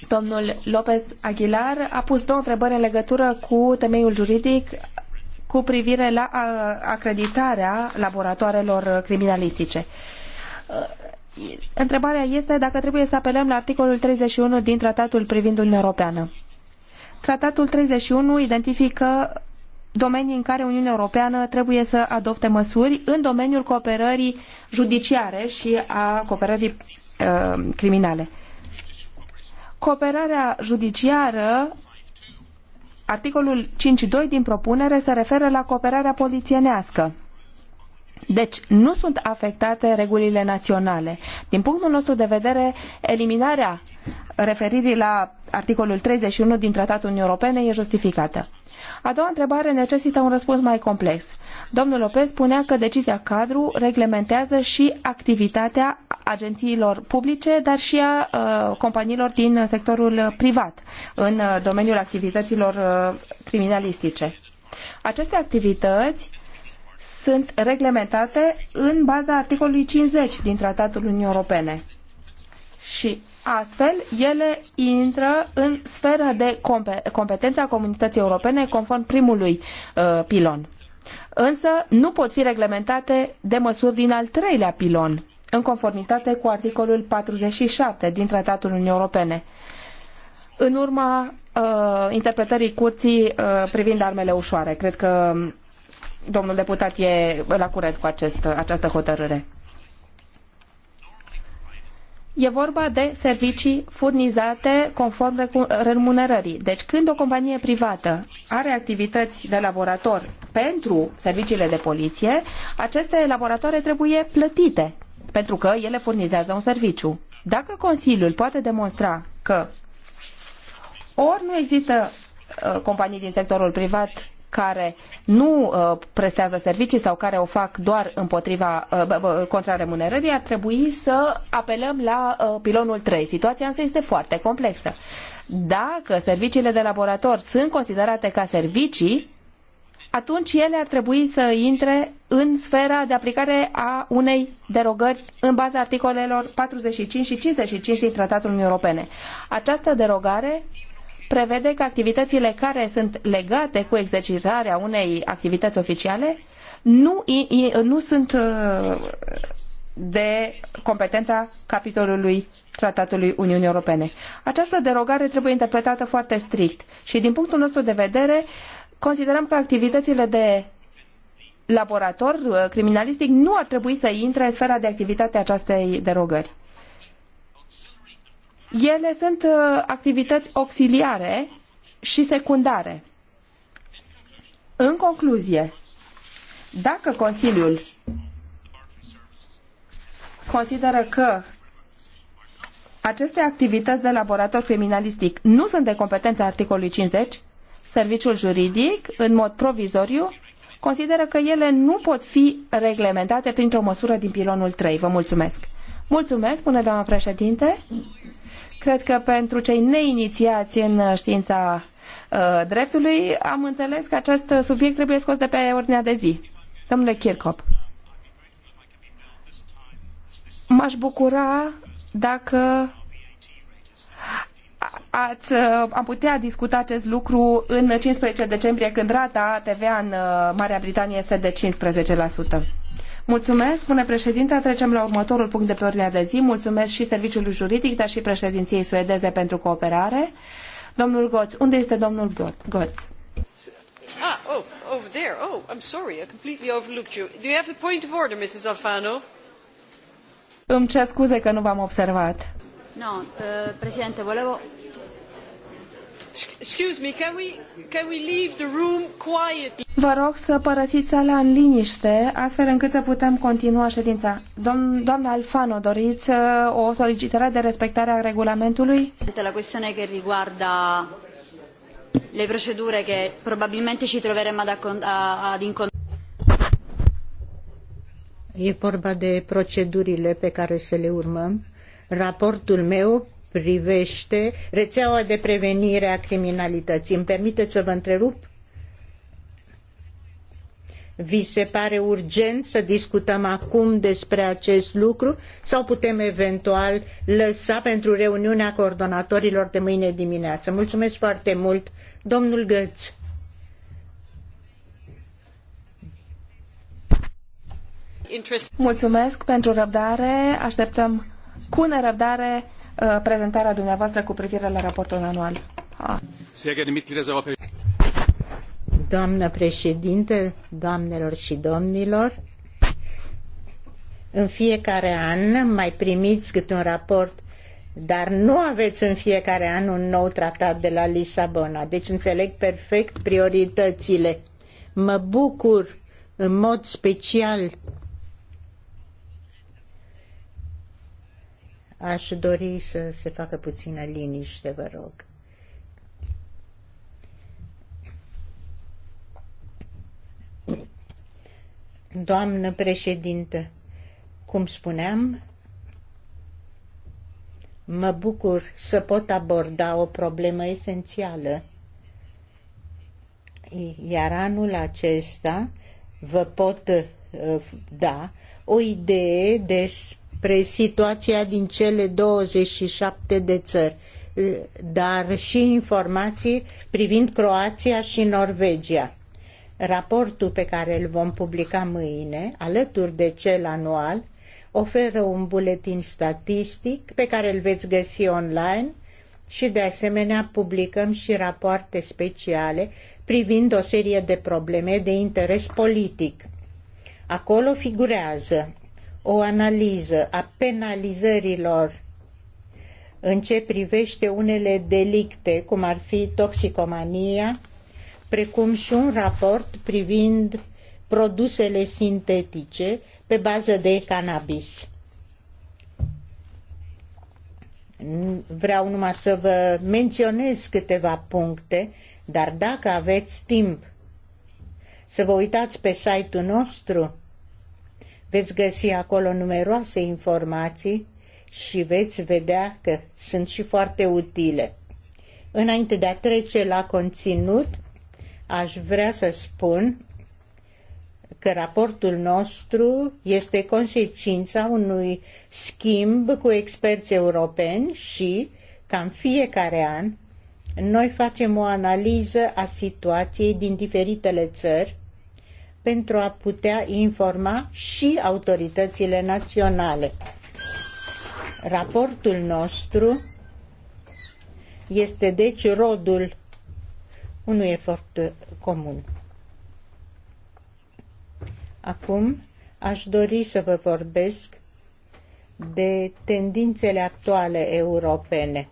Domnul Lopez Aguilar a pus două întrebări în legătură cu temeiul juridic cu privire la uh, acreditarea laboratoarelor criminalistice. Uh, întrebarea este dacă trebuie să apelăm la articolul 31 din tratatul privind Uniunea Europeană. Tratatul 31 identifică domenii în care Uniunea Europeană trebuie să adopte măsuri în domeniul cooperării judiciare și a cooperării uh, criminale. Cooperarea judiciară, articolul 5.2 din propunere se referă la cooperarea polițienească deci nu sunt afectate regulile naționale. Din punctul nostru de vedere, eliminarea referirii la articolul 31 din Tratatul Uniunii Europene e justificată. A doua întrebare necesită un răspuns mai complex. Domnul Lopez spunea că decizia cadru reglementează și activitatea agențiilor publice, dar și a uh, companiilor din sectorul privat în uh, domeniul activităților uh, criminalistice. Aceste activități sunt reglementate în baza articolului 50 din Tratatul Uniunii Europene. Și astfel, ele intră în sfera de competență a comunității europene conform primului uh, pilon. Însă nu pot fi reglementate de măsuri din al treilea pilon, în conformitate cu articolul 47 din Tratatul Uniunii Europene. În urma uh, interpretării curții uh, privind armele ușoare, cred că um, domnul deputat e la curent cu acest, această hotărâre. E vorba de servicii furnizate conform remunerării. Deci când o companie privată are activități de laborator pentru serviciile de poliție, aceste laboratoare trebuie plătite pentru că ele furnizează un serviciu. Dacă Consiliul poate demonstra că ori nu există uh, companii din sectorul privat care nu uh, prestează servicii sau care o fac doar împotriva uh, contra remunerării, ar trebui să apelăm la uh, pilonul 3. Situația însă este foarte complexă. Dacă serviciile de laborator sunt considerate ca servicii, atunci ele ar trebui să intre în sfera de aplicare a unei derogări în baza articolelor 45 și 55 din Tratatul Uniunii Europene. Această derogare prevede că activitățile care sunt legate cu exercitarea unei activități oficiale nu, nu sunt uh, de competența capitolului Tratatului Uniunii Europene. Această derogare trebuie interpretată foarte strict și din punctul nostru de vedere considerăm că activitățile de laborator uh, criminalistic nu ar trebui să intre în sfera de activitate a acestei derogări. Ele sunt uh, activități auxiliare și secundare. În concluzie, dacă Consiliul consideră că aceste activități de laborator criminalistic nu sunt de competența articolului 50, serviciul juridic, în mod provizoriu, consideră că ele nu pot fi reglementate printr-o măsură din pilonul 3. Vă mulțumesc! Mulțumesc, spune doamna președinte. Cred că pentru cei neinițiați în știința uh, dreptului, am înțeles că acest subiect trebuie scos de pe ordinea de zi. Domnule Kirchhoff, m-aș bucura dacă ați, uh, am putea discuta acest lucru în 15 decembrie, când rata TVA în uh, Marea Britanie este de 15%. Mulțumesc, spune președinta. Trecem la următorul punct de pe ordinea de zi. Mulțumesc și serviciului juridic, dar și președinției suedeze pentru cooperare. Domnul Goț, unde este domnul Goț? Ah, oh, over there. Oh, I'm sorry, I completely overlooked you. Do you have a point of order, Mrs. Alfano? Îmi cer scuze că nu v-am observat. No, uh, președinte, volevo Vă rog să părăsiți sala în liniște, astfel încât să putem continua ședința. Domn, doamna Alfano, doriți uh, o solicitare de respectare a regulamentului? La chestiune care riguarda le procedure che probabilmente ci troveremo ad, ad incontrare. E vorba de procedurile pe care să le urmăm. Raportul meu privește rețeaua de prevenire a criminalității. Îmi permiteți să vă întrerup? Vi se pare urgent să discutăm acum despre acest lucru sau putem eventual lăsa pentru reuniunea coordonatorilor de mâine dimineață? Mulțumesc foarte mult, domnul Găț. Mulțumesc pentru răbdare. Așteptăm cu nerăbdare Uh, prezentarea dumneavoastră cu privire la raportul anual. Ah. Doamnă președinte, doamnelor și domnilor, în fiecare an mai primiți câte un raport, dar nu aveți în fiecare an un nou tratat de la Lisabona. Deci înțeleg perfect prioritățile. Mă bucur în mod special Aș dori să se facă puțină liniște, vă rog. Doamnă președintă, cum spuneam, mă bucur să pot aborda o problemă esențială. Iar anul acesta vă pot uh, da o idee despre situația din cele 27 de țări, dar și informații privind Croația și Norvegia. Raportul pe care îl vom publica mâine, alături de cel anual, oferă un buletin statistic pe care îl veți găsi online și de asemenea publicăm și rapoarte speciale privind o serie de probleme de interes politic. Acolo figurează o analiză a penalizărilor în ce privește unele delicte, cum ar fi toxicomania, precum și un raport privind produsele sintetice pe bază de cannabis. Vreau numai să vă menționez câteva puncte, dar dacă aveți timp să vă uitați pe site-ul nostru, Veți găsi acolo numeroase informații și veți vedea că sunt și foarte utile. Înainte de a trece la conținut, aș vrea să spun că raportul nostru este consecința unui schimb cu experți europeni și, cam fiecare an, noi facem o analiză a situației din diferitele țări pentru a putea informa și autoritățile naționale. Raportul nostru este deci rodul unui efort comun. Acum aș dori să vă vorbesc de tendințele actuale europene.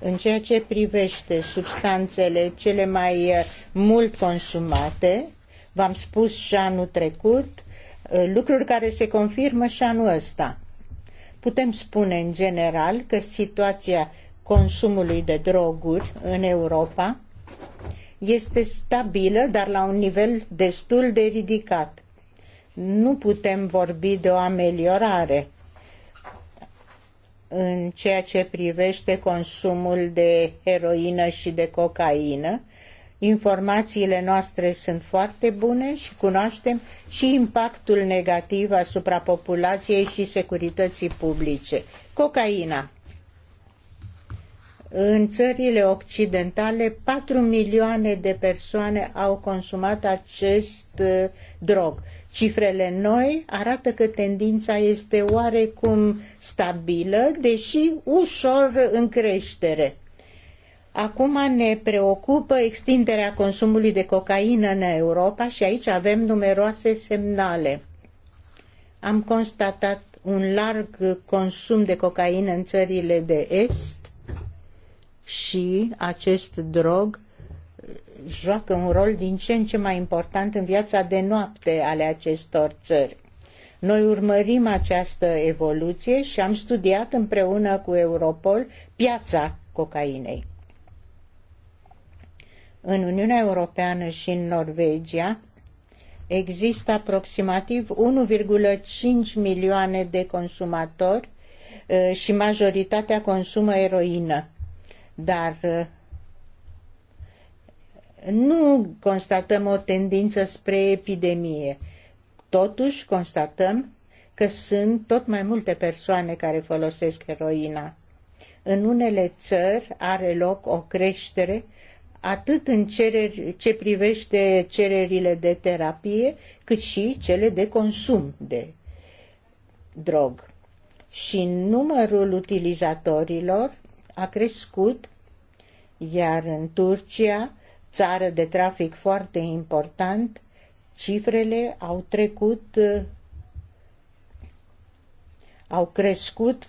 În ceea ce privește substanțele cele mai eh, mult consumate, v-am spus și anul trecut, eh, lucruri care se confirmă și anul ăsta. Putem spune în general că situația consumului de droguri în Europa este stabilă, dar la un nivel destul de ridicat. Nu putem vorbi de o ameliorare, în ceea ce privește consumul de heroină și de cocaină. Informațiile noastre sunt foarte bune și cunoaștem și impactul negativ asupra populației și securității publice. Cocaina. În țările occidentale, 4 milioane de persoane au consumat acest uh, drog. Cifrele noi arată că tendința este oarecum stabilă, deși ușor în creștere. Acum ne preocupă extinderea consumului de cocaină în Europa și aici avem numeroase semnale. Am constatat un larg consum de cocaină în țările de est și acest drog joacă un rol din ce în ce mai important în viața de noapte ale acestor țări. Noi urmărim această evoluție și am studiat împreună cu Europol piața cocainei. În Uniunea Europeană și în Norvegia există aproximativ 1,5 milioane de consumatori uh, și majoritatea consumă eroină. Dar uh, nu constatăm o tendință spre epidemie. Totuși, constatăm că sunt tot mai multe persoane care folosesc heroina. În unele țări are loc o creștere atât în cereri, ce privește cererile de terapie, cât și cele de consum de drog. Și numărul utilizatorilor a crescut, iar în Turcia țară de trafic foarte important, cifrele au trecut, uh, au crescut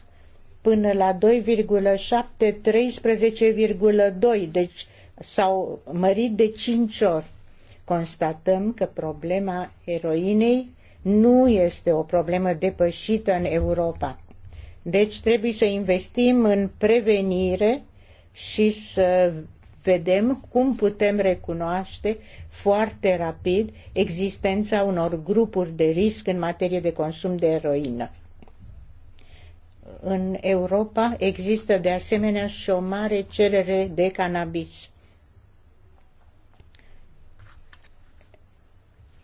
până la 2,7, 13,2, deci s-au mărit de 5 ori. Constatăm că problema eroinei nu este o problemă depășită în Europa. Deci trebuie să investim în prevenire și să vedem cum putem recunoaște foarte rapid existența unor grupuri de risc în materie de consum de eroină. În Europa există de asemenea și o mare cerere de cannabis.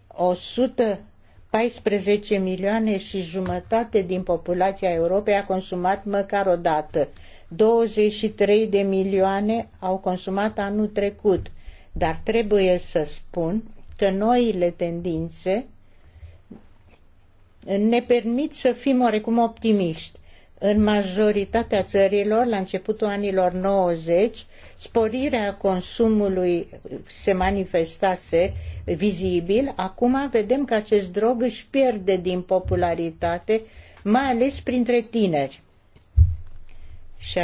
114 milioane și jumătate din populația Europei a consumat măcar o dată 23 de milioane au consumat anul trecut, dar trebuie să spun că noile tendințe ne permit să fim oarecum optimiști. În majoritatea țărilor, la începutul anilor 90, sporirea consumului se manifestase vizibil. Acum vedem că acest drog își pierde din popularitate, mai ales printre tineri. Și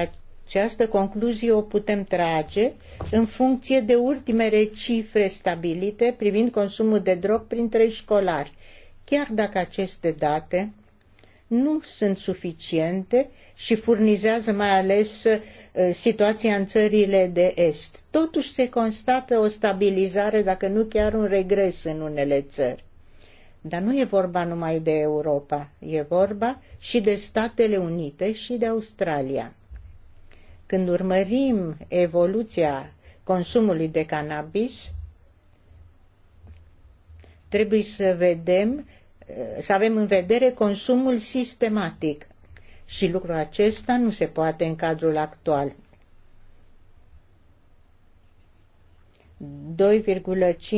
această concluzie o putem trage în funcție de ultimele cifre stabilite privind consumul de drog printre școlari, chiar dacă aceste date nu sunt suficiente și furnizează mai ales uh, situația în țările de est. Totuși se constată o stabilizare, dacă nu chiar un regres în unele țări. Dar nu e vorba numai de Europa, e vorba și de Statele Unite și de Australia. Când urmărim evoluția consumului de cannabis, trebuie să vedem, să avem în vedere consumul sistematic. Și lucrul acesta nu se poate în cadrul actual.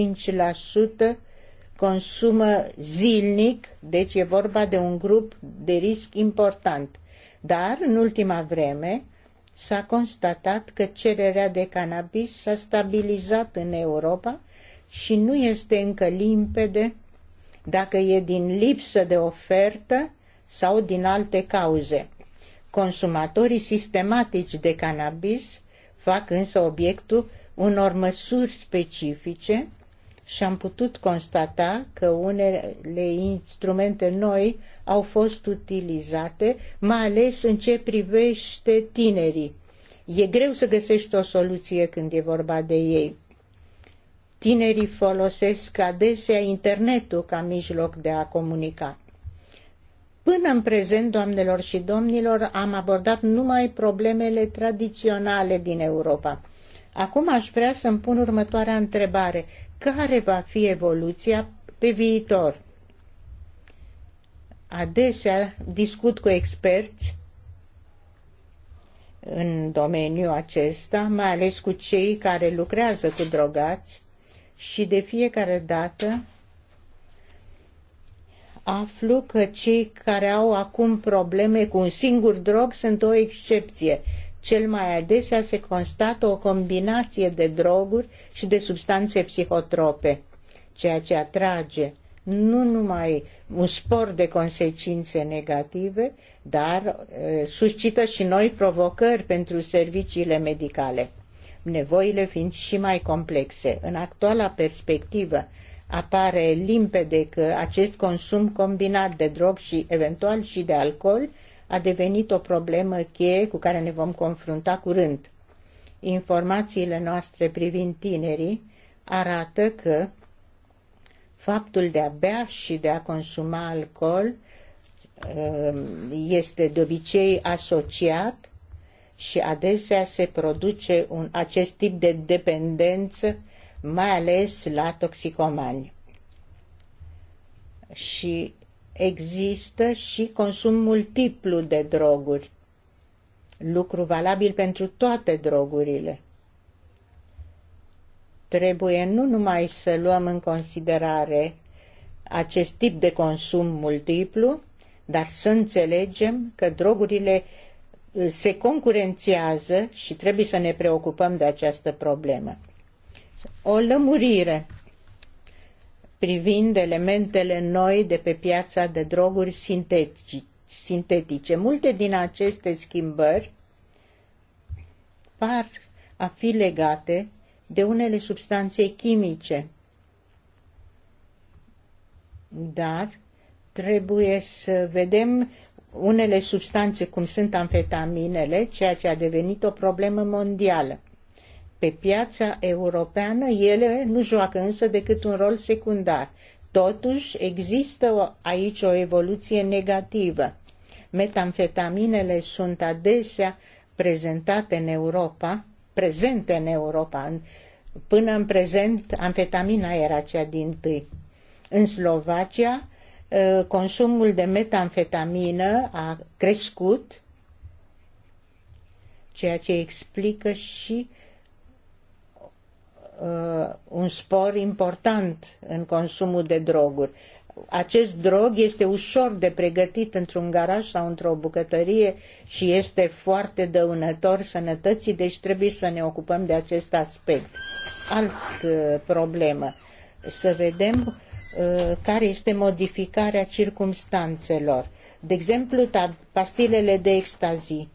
2,5% consumă zilnic, deci e vorba de un grup de risc important. Dar, în ultima vreme, s-a constatat că cererea de cannabis s-a stabilizat în Europa și nu este încă limpede dacă e din lipsă de ofertă sau din alte cauze. Consumatorii sistematici de cannabis fac însă obiectul unor măsuri specifice și am putut constata că unele instrumente noi au fost utilizate, mai ales în ce privește tinerii. E greu să găsești o soluție când e vorba de ei. Tinerii folosesc adesea internetul ca mijloc de a comunica. Până în prezent, doamnelor și domnilor, am abordat numai problemele tradiționale din Europa. Acum aș vrea să-mi pun următoarea întrebare. Care va fi evoluția pe viitor? adesea discut cu experți în domeniul acesta, mai ales cu cei care lucrează cu drogați și de fiecare dată aflu că cei care au acum probleme cu un singur drog sunt o excepție. Cel mai adesea se constată o combinație de droguri și de substanțe psihotrope, ceea ce atrage nu numai un spor de consecințe negative, dar suscită și noi provocări pentru serviciile medicale, nevoile fiind și mai complexe. În actuala perspectivă apare limpede că acest consum combinat de drog și eventual și de alcool a devenit o problemă cheie cu care ne vom confrunta curând. Informațiile noastre privind tinerii arată că faptul de a bea și de a consuma alcool um, este de obicei asociat și adesea se produce un, acest tip de dependență, mai ales la toxicomani. Și există și consum multiplu de droguri, lucru valabil pentru toate drogurile trebuie nu numai să luăm în considerare acest tip de consum multiplu, dar să înțelegem că drogurile uh, se concurențează și trebuie să ne preocupăm de această problemă. O lămurire privind elementele noi de pe piața de droguri sintetice. Multe din aceste schimbări par a fi legate de unele substanțe chimice. Dar trebuie să vedem unele substanțe, cum sunt amfetaminele, ceea ce a devenit o problemă mondială. Pe piața europeană ele nu joacă însă decât un rol secundar. Totuși există aici o evoluție negativă. Metamfetaminele sunt adesea prezentate în Europa prezente în Europa. Până în prezent, amfetamina era cea din tâi. În Slovacia, ă, consumul de metamfetamină a crescut, ceea ce explică și ă, un spor important în consumul de droguri acest drog este ușor de pregătit într-un garaj sau într-o bucătărie și este foarte dăunător sănătății, deci trebuie să ne ocupăm de acest aspect. Alt uh, problemă, să vedem uh, care este modificarea circumstanțelor. De exemplu, pastilele de extazi.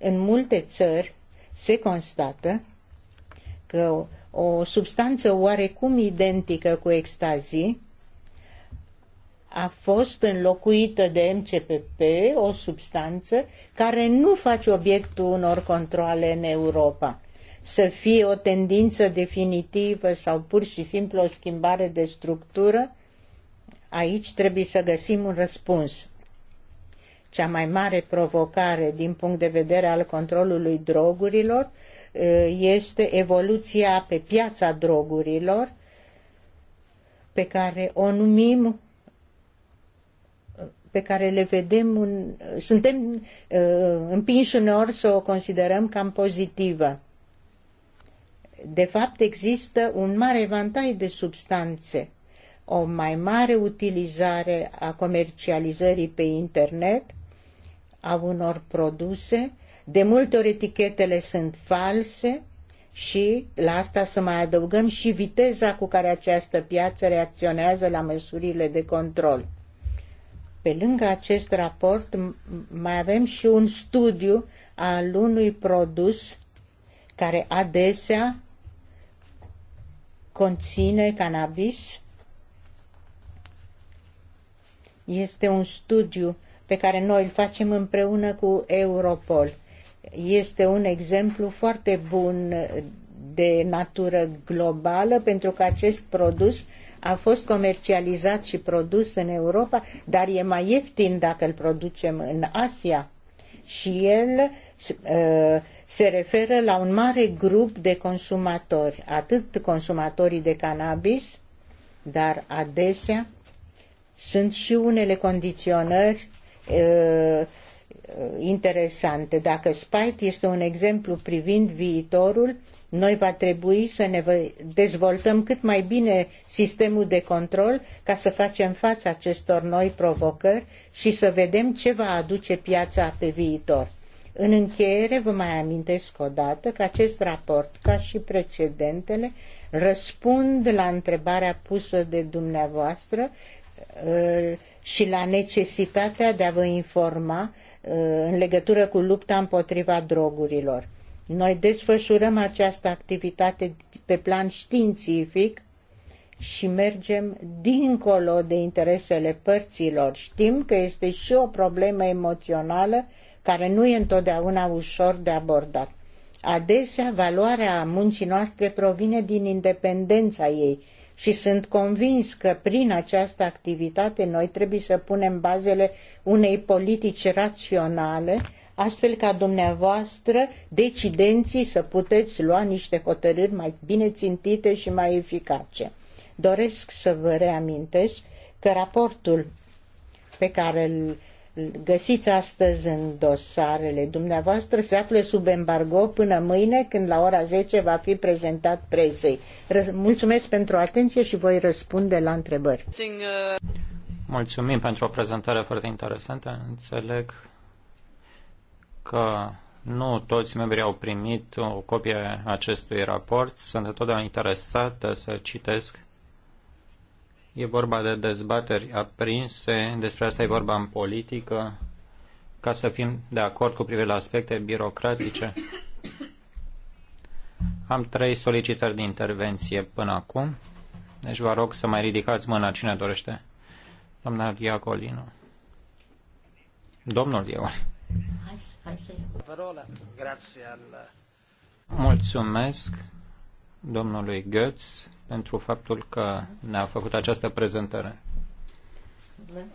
În multe țări se constată că o substanță oarecum identică cu extazii a fost înlocuită de MCPP, o substanță care nu face obiectul unor controle în Europa. Să fie o tendință definitivă sau pur și simplu o schimbare de structură, aici trebuie să găsim un răspuns. Cea mai mare provocare din punct de vedere al controlului drogurilor eh, este evoluția pe piața drogurilor, pe care o numim pe care le vedem, în, suntem uh, împinși uneori să o considerăm cam pozitivă. De fapt, există un mare vantaj de substanțe, o mai mare utilizare a comercializării pe internet, a unor produse, de multe ori etichetele sunt false și la asta să mai adăugăm și viteza cu care această piață reacționează la măsurile de control. Pe lângă acest raport mai avem și un studiu al unui produs care adesea conține cannabis. Este un studiu pe care noi îl facem împreună cu Europol. Este un exemplu foarte bun de natură globală pentru că acest produs a fost comercializat și produs în Europa, dar e mai ieftin dacă îl producem în Asia. Și el uh, se referă la un mare grup de consumatori, atât consumatorii de cannabis, dar adesea sunt și unele condiționări uh, interesante. Dacă Spite este un exemplu privind viitorul, noi va trebui să ne dezvoltăm cât mai bine sistemul de control ca să facem față acestor noi provocări și să vedem ce va aduce piața pe viitor. În încheiere vă mai amintesc o dată că acest raport, ca și precedentele, răspund la întrebarea pusă de dumneavoastră uh, și la necesitatea de a vă informa uh, în legătură cu lupta împotriva drogurilor. Noi desfășurăm această activitate pe plan științific și mergem dincolo de interesele părților. Știm că este și o problemă emoțională care nu e întotdeauna ușor de abordat. Adesea, valoarea muncii noastre provine din independența ei și sunt convins că prin această activitate noi trebuie să punem bazele unei politici raționale astfel ca dumneavoastră, decidenții, să puteți lua niște hotărâri mai bine țintite și mai eficace. Doresc să vă reamintesc că raportul pe care îl găsiți astăzi în dosarele dumneavoastră se află sub embargo până mâine când la ora 10 va fi prezentat prezei. Mulțumesc pentru atenție și voi răspunde la întrebări. Mulțumim pentru o prezentare foarte interesantă. Înțeleg că nu toți membrii au primit o copie acestui raport. Sunt întotdeauna interesată să citesc. E vorba de dezbateri aprinse, despre asta e vorba în politică, ca să fim de acord cu privire la aspecte birocratice. Am trei solicitări de intervenție până acum, deci vă rog să mai ridicați mâna cine dorește. Doamna Viacolino. Domnul Viacolino. Mulțumesc domnului Götz pentru faptul că ne-a făcut această prezentare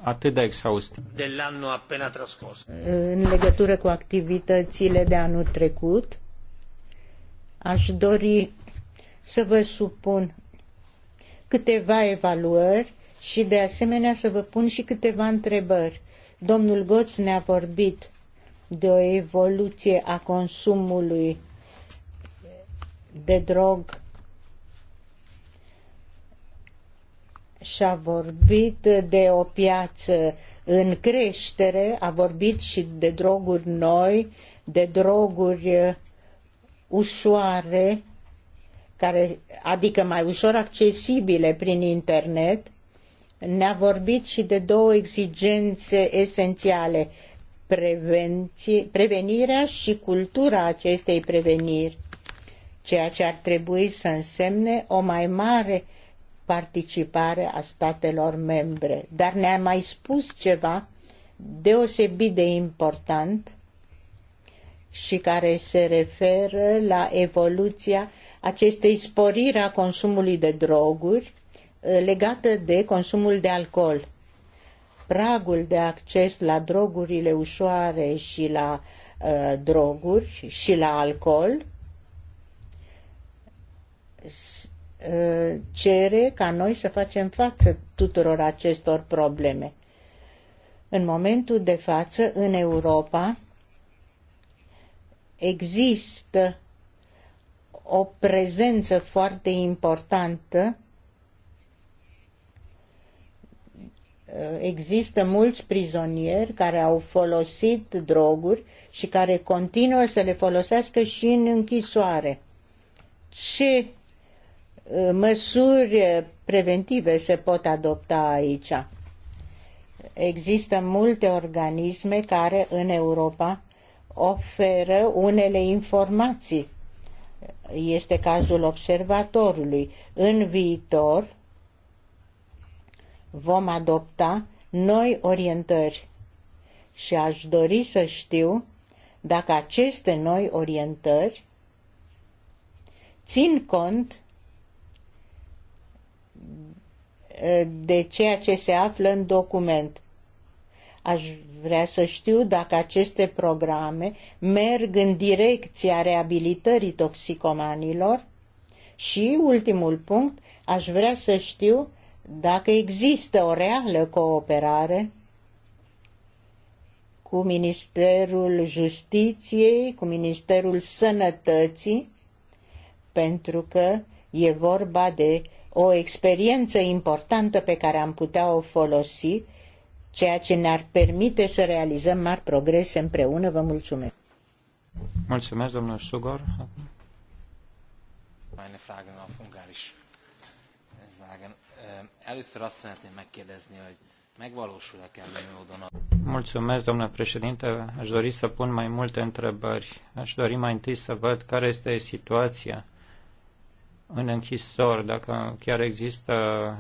atât de exhaustiv. De l'anno appena trascorso. În legătură cu activitățile de anul trecut, aș dori să vă supun câteva evaluări și de asemenea să vă pun și câteva întrebări. Domnul Goț ne-a vorbit de o evoluție a consumului de drog și a vorbit de o piață în creștere, a vorbit și de droguri noi, de droguri ușoare, care, adică mai ușor accesibile prin internet, ne-a vorbit și de două exigențe esențiale, prevenirea și cultura acestei preveniri, ceea ce ar trebui să însemne o mai mare participare a statelor membre. Dar ne-a mai spus ceva deosebit de important și care se referă la evoluția acestei sporiri a consumului de droguri eh, legată de consumul de alcool pragul de acces la drogurile ușoare și la uh, droguri și la alcool uh, cere ca noi să facem față tuturor acestor probleme. În momentul de față, în Europa, există o prezență foarte importantă există mulți prizonieri care au folosit droguri și care continuă să le folosească și în închisoare. Ce uh, măsuri preventive se pot adopta aici? Există multe organisme care în Europa oferă unele informații. Este cazul observatorului. În viitor, vom adopta noi orientări și aș dori să știu dacă aceste noi orientări țin cont de ceea ce se află în document. Aș vrea să știu dacă aceste programe merg în direcția reabilitării toxicomanilor și, ultimul punct, aș vrea să știu dacă există o reală cooperare cu Ministerul Justiției, cu Ministerul Sănătății, pentru că e vorba de o experiență importantă pe care am putea o folosi, ceea ce ne-ar permite să realizăm mari progrese împreună. Vă mulțumesc! Mulțumesc, domnul Sugor! Meine Fragen auf Először azt szeretném megkérdezni, hogy megvalósul-e módon Mulțumesc, domnule președinte. Aș dori să pun mai multe întrebări. Aș dori mai întâi să văd care este situația în închisori, dacă chiar există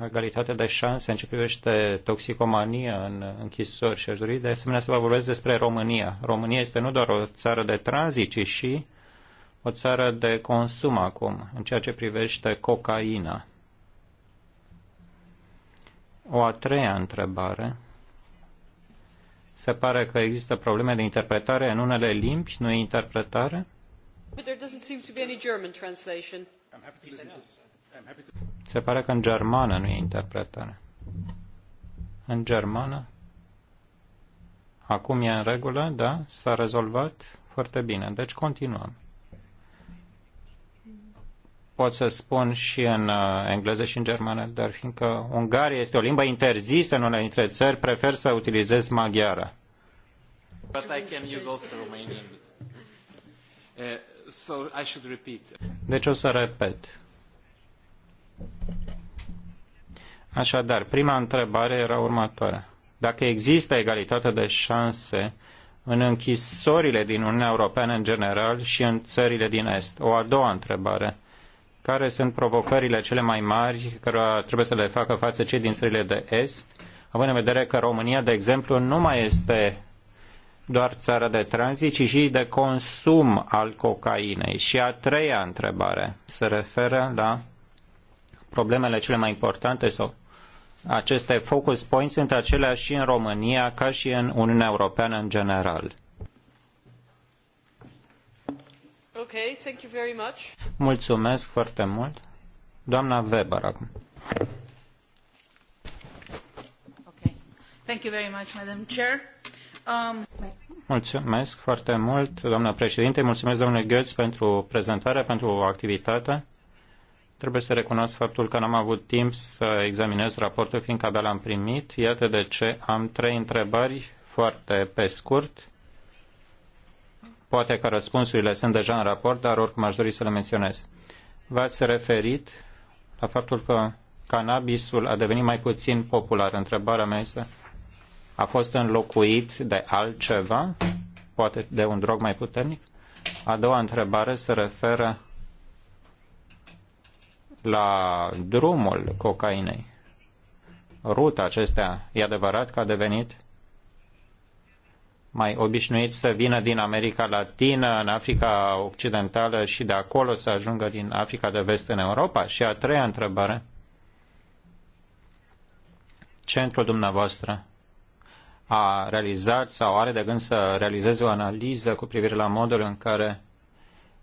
egalitate de șanse în ce privește toxicomania în închisori și aș dori de asemenea să vă vorbesc despre România. România este nu doar o țară de tranzit, ci și o țară de consum acum, în ceea ce privește cocaina. O a treia întrebare. Se pare că există probleme de interpretare în unele limbi, nu e interpretare? Se pare că în germană nu e interpretare. În germană? Acum e în regulă, da? S-a rezolvat? Foarte bine. Deci continuăm pot să spun și în uh, engleză și în germană, dar fiindcă Ungaria este o limbă interzisă în unele dintre țări, prefer să utilizez maghiara. But I can use also Romanian. Uh, so I should repeat. Deci o să repet. Așadar, prima întrebare era următoarea. Dacă există egalitate de șanse în închisorile din Uniunea Europeană în general și în țările din Est? O a doua întrebare care sunt provocările cele mai mari care trebuie să le facă față cei din țările de est, având în vedere că România, de exemplu, nu mai este doar țara de tranzit, ci și de consum al cocainei. Și a treia întrebare se referă la problemele cele mai importante sau aceste focus points sunt aceleași și în România ca și în Uniunea Europeană în general. Okay, thank you very much. Mulțumesc foarte mult. Doamna Weber acum. Okay. Thank you very much, Madam Chair. Um... Mulțumesc foarte mult, doamna președinte. Mulțumesc, domnule Goetz, pentru prezentare, pentru activitate. Trebuie să recunosc faptul că n-am avut timp să examinez raportul, fiindcă abia l-am primit. Iată de ce am trei întrebări foarte pe scurt Poate că răspunsurile sunt deja în raport, dar oricum aș dori să le menționez. V-ați referit la faptul că cannabisul a devenit mai puțin popular. Întrebarea mea este, a fost înlocuit de altceva, poate de un drog mai puternic? A doua întrebare se referă la drumul cocainei. Ruta acestea, e adevărat că a devenit mai obișnuiți să vină din America Latină, în Africa Occidentală și de acolo să ajungă din Africa de Vest în Europa? Și a treia întrebare. Centrul dumneavoastră a realizat sau are de gând să realizeze o analiză cu privire la modul în care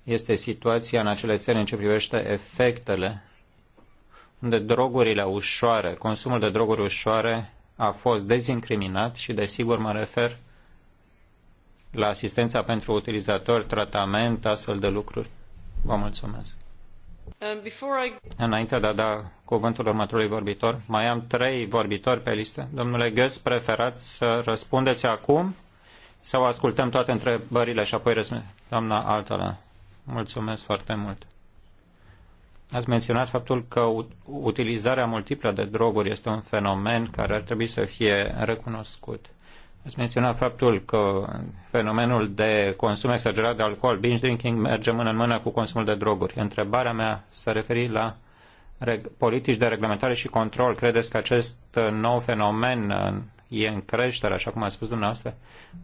este situația în acele țări în ce privește efectele unde drogurile ușoare, consumul de droguri ușoare a fost dezincriminat și desigur mă refer la asistența pentru utilizatori, tratament, astfel de lucruri? Vă mulțumesc. Um, I... Înainte de a da cuvântul următorului vorbitor, mai am trei vorbitori pe listă. Domnule Götz, preferați să răspundeți acum sau ascultăm toate întrebările și apoi răspundeți? Doamna Altala, mulțumesc foarte mult. Ați menționat faptul că utilizarea multiplă de droguri este un fenomen care ar trebui să fie recunoscut. Ați menționat faptul că fenomenul de consum exagerat de alcool, binge drinking, merge mână în mână cu consumul de droguri. Întrebarea mea s-a referi la politici de reglementare și control. Credeți că acest uh, nou fenomen uh, e în creștere, așa cum a spus dumneavoastră,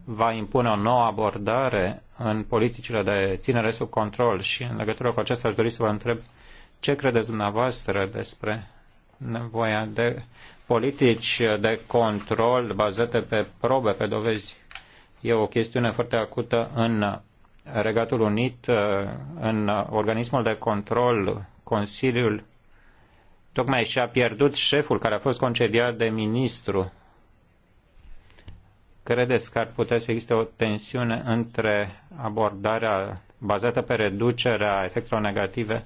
va impune o nouă abordare în politicile de ținere sub control și în legătură cu acesta aș dori să vă întreb ce credeți dumneavoastră despre nevoia de politici de control bazate pe probe, pe dovezi. E o chestiune foarte acută în Regatul Unit, în organismul de control, Consiliul, tocmai și-a pierdut șeful care a fost concediat de ministru. Credeți că ar putea să existe o tensiune între abordarea bazată pe reducerea efectelor negative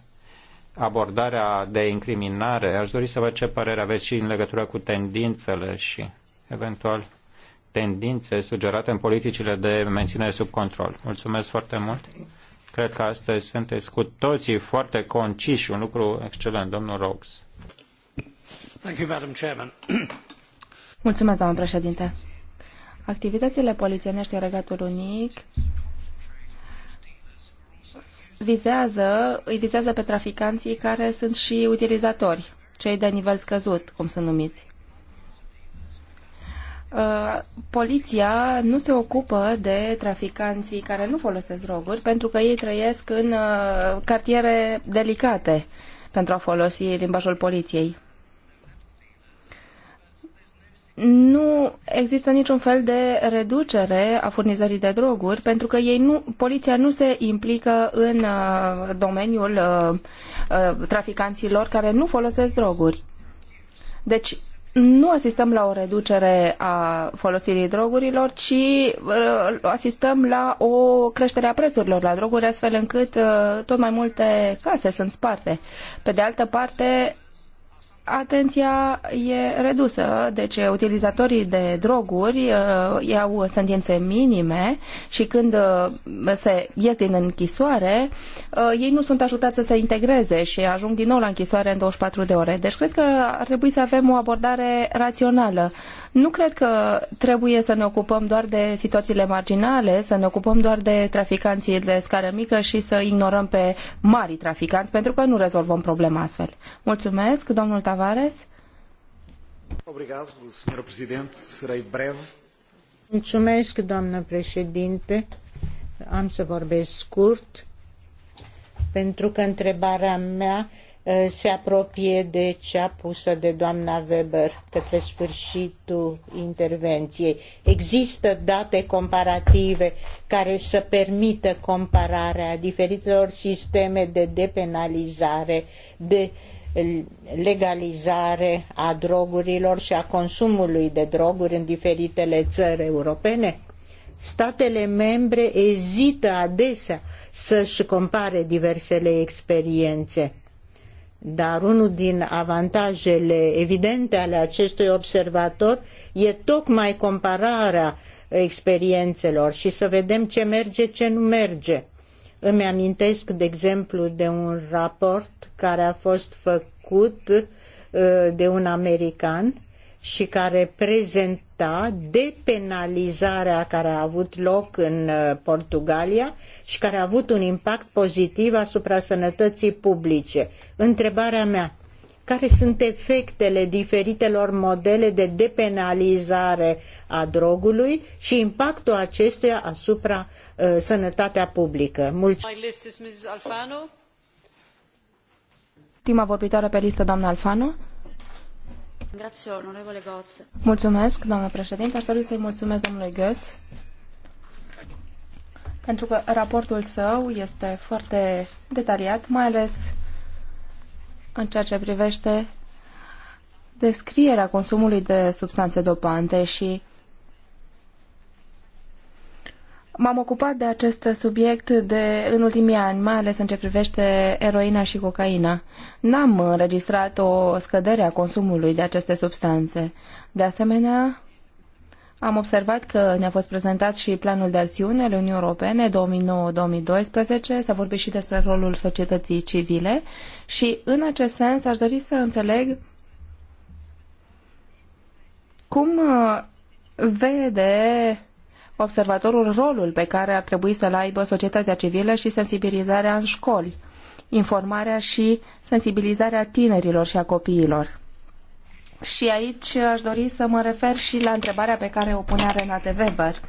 abordarea de incriminare. Aș dori să văd ce părere aveți și în legătură cu tendințele și eventual tendințe sugerate în politicile de menținere sub control. Mulțumesc foarte mult. Cred că astăzi sunteți cu toții foarte conciși, un lucru excelent, domnul Rox. Mulțumesc, doamnă președinte. Activitățile polițienești în Regatul Unic vizează, îi vizează pe traficanții care sunt și utilizatori, cei de nivel scăzut, cum sunt numiți. Uh, poliția nu se ocupă de traficanții care nu folosesc droguri pentru că ei trăiesc în uh, cartiere delicate pentru a folosi limbajul poliției nu există niciun fel de reducere a furnizării de droguri, pentru că ei nu, poliția nu se implică în uh, domeniul uh, uh, traficanților care nu folosesc droguri. Deci, nu asistăm la o reducere a folosirii drogurilor, ci asistăm la o creștere a prețurilor la droguri, astfel încât tot mai multe case sunt sparte. Pe de altă parte, atenția e redusă, deci eh, utilizatorii de droguri uh, iau sentințe minime și când uh, se ies din închisoare, uh, ei nu sunt ajutați să se integreze și ajung din nou la închisoare în 24 de ore. Deci cred că ar trebui să avem o abordare rațională nu cred că trebuie să ne ocupăm doar de situațiile marginale, să ne ocupăm doar de traficanții de scară mică și să ignorăm pe mari traficanți, pentru că nu rezolvăm problema astfel. Mulțumesc, domnul Tavares. Mulțumesc, doamnă președinte. Am să vorbesc scurt, pentru că întrebarea mea Eh, se apropie de cea pusă de doamna Weber către sfârșitul intervenției. Există date comparative care să permită compararea diferitelor sisteme de depenalizare, de eh, legalizare a drogurilor și a consumului de droguri în diferitele țări europene? Statele membre ezită adesea să-și compare diversele experiențe dar unul din avantajele evidente ale acestui observator e tocmai compararea experiențelor și să vedem ce merge, ce nu merge. Îmi amintesc, de exemplu, de un raport care a fost făcut uh, de un american și care prezenta depenalizarea care a avut loc în uh, Portugalia și care a avut un impact pozitiv asupra sănătății publice. Întrebarea mea, care sunt efectele diferitelor modele de depenalizare a drogului și impactul acestuia asupra uh, sănătatea publică. Mulțumesc. Ultima vorbitoare pe listă, doamna Alfano. Mulțumesc, doamnă președinte. Aș dori să-i mulțumesc domnului Götz pentru că raportul său este foarte detaliat, mai ales în ceea ce privește descrierea consumului de substanțe dopante și M-am ocupat de acest subiect de, în ultimii ani, mai ales în ce privește eroina și cocaina. N-am înregistrat o scădere a consumului de aceste substanțe. De asemenea, am observat că ne-a fost prezentat și planul de acțiune al Uniunii Europene 2009-2012, s-a vorbit și despre rolul societății civile și în acest sens aș dori să înțeleg cum uh, vede observatorul rolul pe care ar trebui să-l aibă societatea civilă și sensibilizarea în școli, informarea și sensibilizarea tinerilor și a copiilor. Și aici aș dori să mă refer și la întrebarea pe care o punea Renate Weber.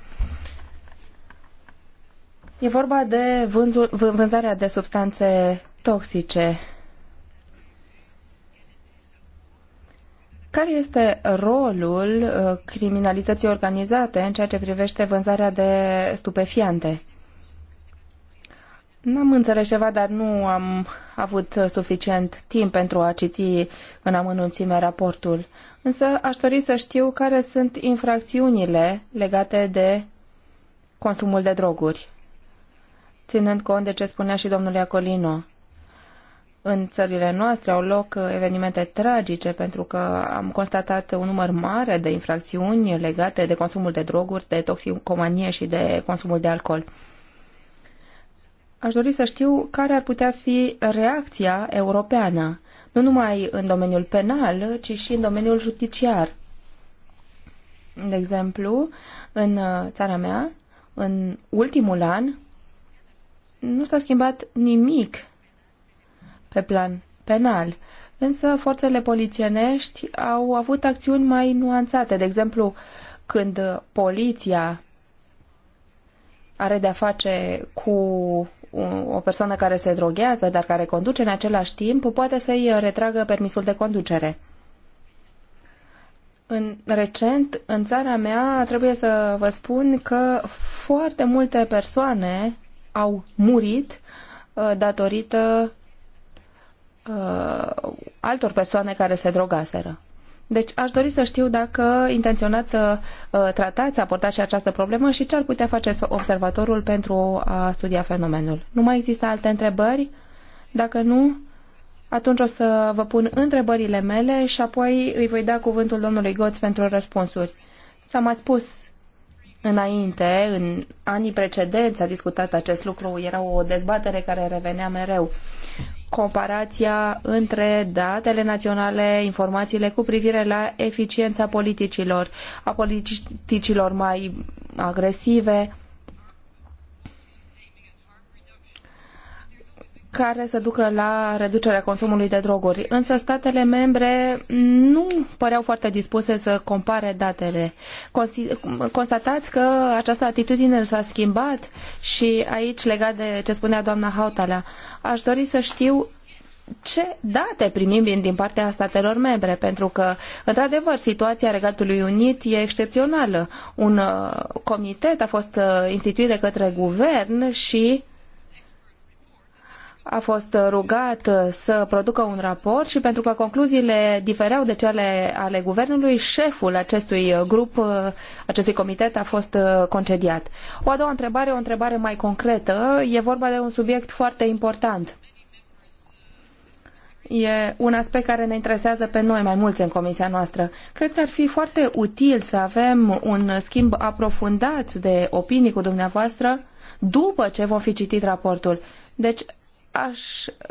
E vorba de vânzul, vânzarea de substanțe toxice Care este rolul uh, criminalității organizate în ceea ce privește vânzarea de stupefiante? N-am înțeles ceva, dar nu am avut suficient timp pentru a citi în amănunțime raportul. Însă aș dori să știu care sunt infracțiunile legate de consumul de droguri, ținând cont de ce spunea și domnul Iacolino în țările noastre au loc uh, evenimente tragice pentru că am constatat un număr mare de infracțiuni legate de consumul de droguri, de toxicomanie și de consumul de alcool. Aș dori să știu care ar putea fi reacția europeană, nu numai în domeniul penal, ci și în domeniul judiciar. De exemplu, în uh, țara mea, în ultimul an, nu s-a schimbat nimic pe plan penal. Însă forțele polițienești au avut acțiuni mai nuanțate. De exemplu, când poliția are de-a face cu o persoană care se droghează, dar care conduce în același timp, poate să-i retragă permisul de conducere. În recent, în țara mea, trebuie să vă spun că foarte multe persoane au murit uh, datorită uh, altor persoane care se drogaseră. Deci aș dori să știu dacă intenționați să uh, tratați, să aportați și această problemă și ce ar putea face observatorul pentru a studia fenomenul. Nu mai există alte întrebări? Dacă nu, atunci o să vă pun întrebările mele și apoi îi voi da cuvântul domnului Goț pentru răspunsuri. S-a mai spus înainte, în anii precedenți a discutat acest lucru, era o dezbatere care revenea mereu comparația între datele naționale, informațiile cu privire la eficiența politicilor, a politicilor mai agresive, care să ducă la reducerea consumului de droguri. Însă statele membre nu păreau foarte dispuse să compare datele. Constatați că această atitudine s-a schimbat și aici legat de ce spunea doamna Hautala, aș dori să știu ce date primim din partea statelor membre, pentru că, într-adevăr, situația Regatului Unit e excepțională. Un uh, comitet a fost uh, instituit de către guvern și a fost rugat uh, să producă un raport și pentru că concluziile difereau de cele ale guvernului, șeful acestui grup, uh, acestui comitet a fost uh, concediat. O a doua întrebare, o întrebare mai concretă, e vorba de un subiect foarte important. E un aspect care ne interesează pe noi mai mulți în comisia noastră. Cred că ar fi foarte util să avem un schimb aprofundat de opinii cu dumneavoastră după ce vom fi citit raportul. Deci aș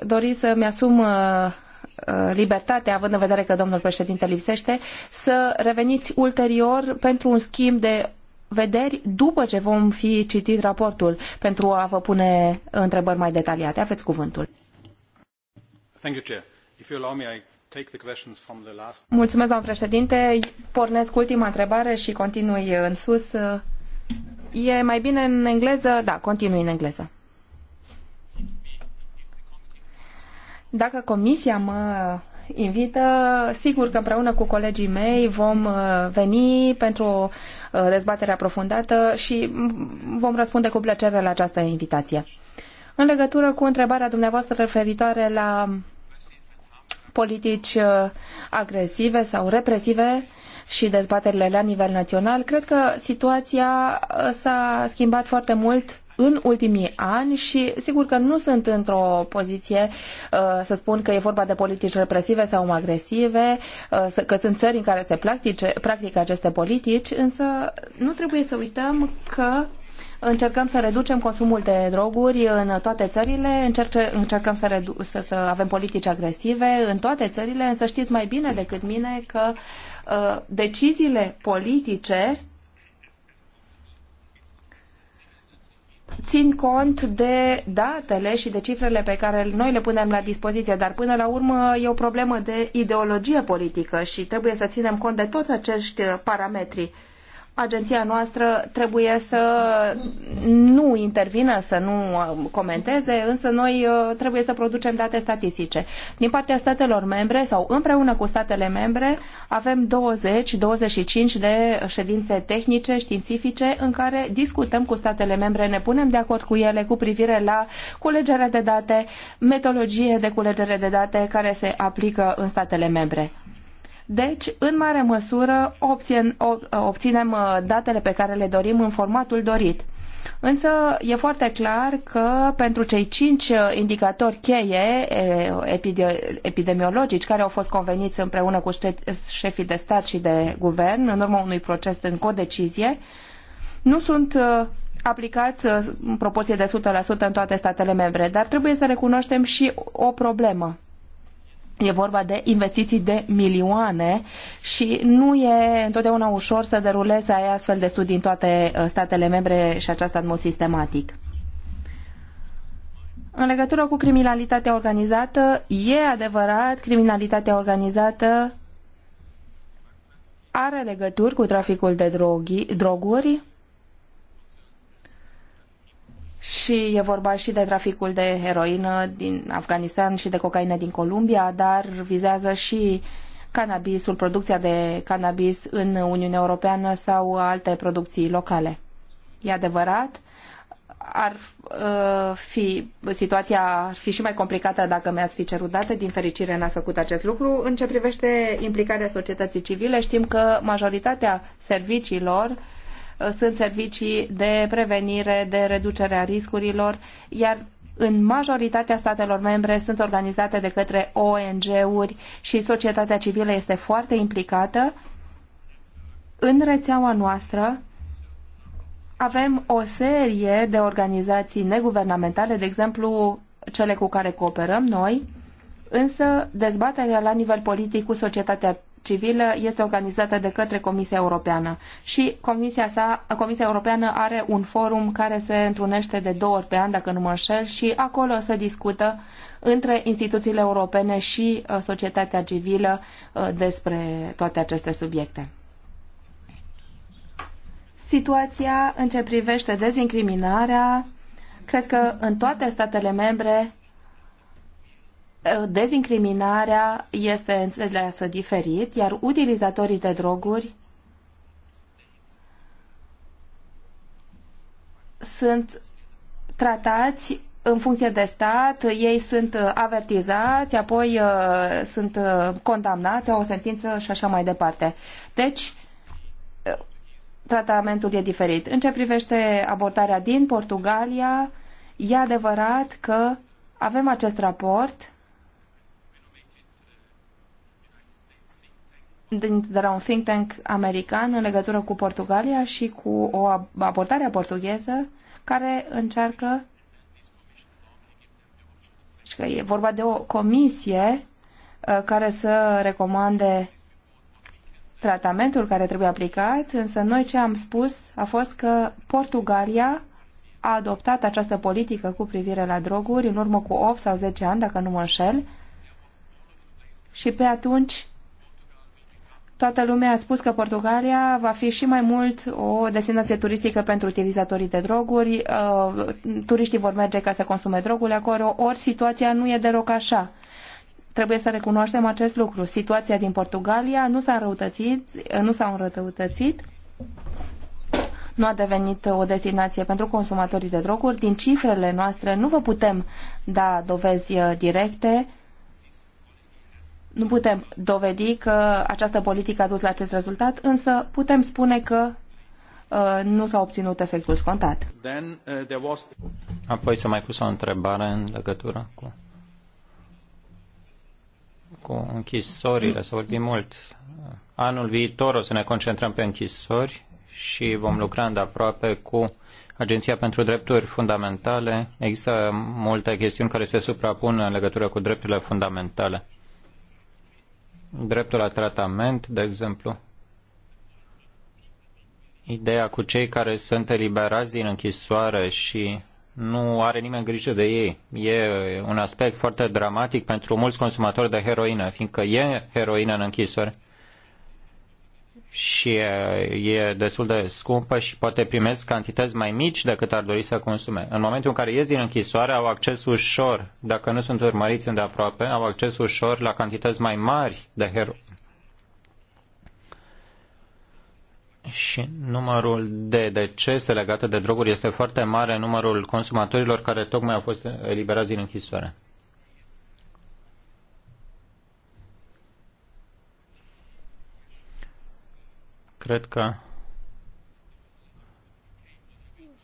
dori să-mi asum uh, uh, libertatea, având în vedere că domnul președinte lipsește, să reveniți ulterior pentru un schimb de vederi după ce vom fi citit raportul pentru a vă pune întrebări mai detaliate. Aveți cuvântul. Mulțumesc, doamnă președinte. Pornesc ultima întrebare și continui în sus. E mai bine în engleză? Da, continui în engleză. Dacă comisia mă invită, sigur că împreună cu colegii mei vom uh, veni pentru o uh, dezbatere aprofundată și vom răspunde cu plăcere la această invitație. În legătură cu întrebarea dumneavoastră referitoare la politici uh, agresive sau represive și dezbaterile la nivel național, cred că situația s-a schimbat foarte mult în ultimii ani și sigur că nu sunt într-o poziție uh, să spun că e vorba de politici represive sau agresive, uh, că sunt țări în care se practice, practică aceste politici, însă nu trebuie să uităm că încercăm să reducem consumul de droguri în toate țările, încerce, încercăm să, redu- să, să avem politici agresive în toate țările, însă știți mai bine decât mine că uh, deciziile politice țin cont de datele și de cifrele pe care noi le punem la dispoziție, dar până la urmă e o problemă de ideologie politică și trebuie să ținem cont de toți acești parametri agenția noastră trebuie să nu intervină, să nu um, comenteze, însă noi uh, trebuie să producem date statistice. Din partea statelor membre sau împreună cu statele membre avem 20-25 de ședințe tehnice, științifice, în care discutăm cu statele membre, ne punem de acord cu ele cu privire la culegerea de date, metodologie de culegere de date care se aplică în statele membre. Deci, în mare măsură, obțin, obținem uh, datele pe care le dorim în formatul dorit. Însă e foarte clar că pentru cei cinci uh, indicatori cheie epidemiologici care au fost conveniți împreună cu șefii de stat și de guvern în urma unui proces în codecizie, nu sunt uh, aplicați în proporție de 100% în toate statele membre, dar trebuie să recunoaștem și o problemă. E vorba de investiții de milioane și nu e întotdeauna ușor să deruleze aia ai astfel de studii în toate uh, statele membre și aceasta în mod sistematic. În legătură cu criminalitatea organizată, e adevărat, criminalitatea organizată are legături cu traficul de droghi, droguri, și e vorba și de traficul de heroină din Afganistan și de cocaină din Columbia, dar vizează și cannabisul, producția de cannabis în Uniunea Europeană sau alte producții locale. E adevărat? Ar uh, fi, situația ar fi și mai complicată dacă mi-ați fi cerut date. Din fericire n-ați făcut acest lucru. În ce privește implicarea societății civile, știm că majoritatea serviciilor uh, Uh, sunt servicii de prevenire, de reducere a riscurilor, iar în majoritatea statelor membre sunt organizate de către ONG-uri și societatea civilă este foarte implicată. În rețeaua noastră avem o serie de organizații neguvernamentale, de exemplu cele cu care cooperăm noi, însă dezbaterea la nivel politic cu societatea civilă este organizată de către Comisia Europeană și Comisia, sa, Comisia Europeană are un forum care se întrunește de două ori pe an, dacă nu mă înșel, și acolo se discută între instituțiile europene și uh, societatea civilă uh, despre toate aceste subiecte. Situația în ce privește dezincriminarea, cred că în toate statele membre Eh, dezincriminarea este înțeleasă diferit, iar utilizatorii de droguri sunt tratați în funcție de stat, ei sunt eh, avertizați, apoi eh, sunt condamnați, au o sentință și așa mai departe. Deci, tratamentul e diferit. În ce privește abordarea din Portugalia, e adevărat că avem acest raport de la un think tank american în legătură cu Portugalia și cu o abordare portugheză care încearcă și că e vorba de o comisie uh, care să recomande tratamentul care trebuie aplicat, însă noi ce am spus a fost că Portugalia a adoptat această politică cu privire la droguri în urmă cu 8 sau 10 ani, dacă nu mă înșel, și pe atunci Toată lumea a spus că Portugalia va fi și mai mult o destinație turistică pentru utilizatorii de droguri. Uh, turiștii vor merge ca să consume droguri acolo, ori situația nu e deloc așa. Trebuie să recunoaștem acest lucru. Situația din Portugalia nu s-a înrăutățit, uh, nu s-a înrăutățit nu a devenit o destinație pentru consumatorii de droguri. Din cifrele noastre nu vă putem da dovezi uh, directe nu putem dovedi că această politică a dus la acest rezultat, însă putem spune că uh, nu s-a obținut efectul scontat. Then, uh, was... Apoi s-a mai pus o întrebare în legătură cu, cu închisorile. Să vorbim mult. Anul viitor o să ne concentrăm pe închisori și vom lucra îndeaproape cu Agenția pentru Drepturi Fundamentale. Există multe chestiuni care se suprapun în legătură cu drepturile fundamentale dreptul la tratament, de exemplu, ideea cu cei care sunt eliberați din închisoare și nu are nimeni grijă de ei. E un aspect foarte dramatic pentru mulți consumatori de heroină, fiindcă e heroină în închisoare și uh, e destul de scumpă și poate primesc cantități mai mici decât ar dori să consume. În momentul în care ies din închisoare, au acces ușor, dacă nu sunt urmăriți îndeaproape, au acces ușor la cantități mai mari de heroină. Și numărul de decese legate de droguri este foarte mare, numărul consumatorilor care tocmai au fost eliberați din închisoare. Cred că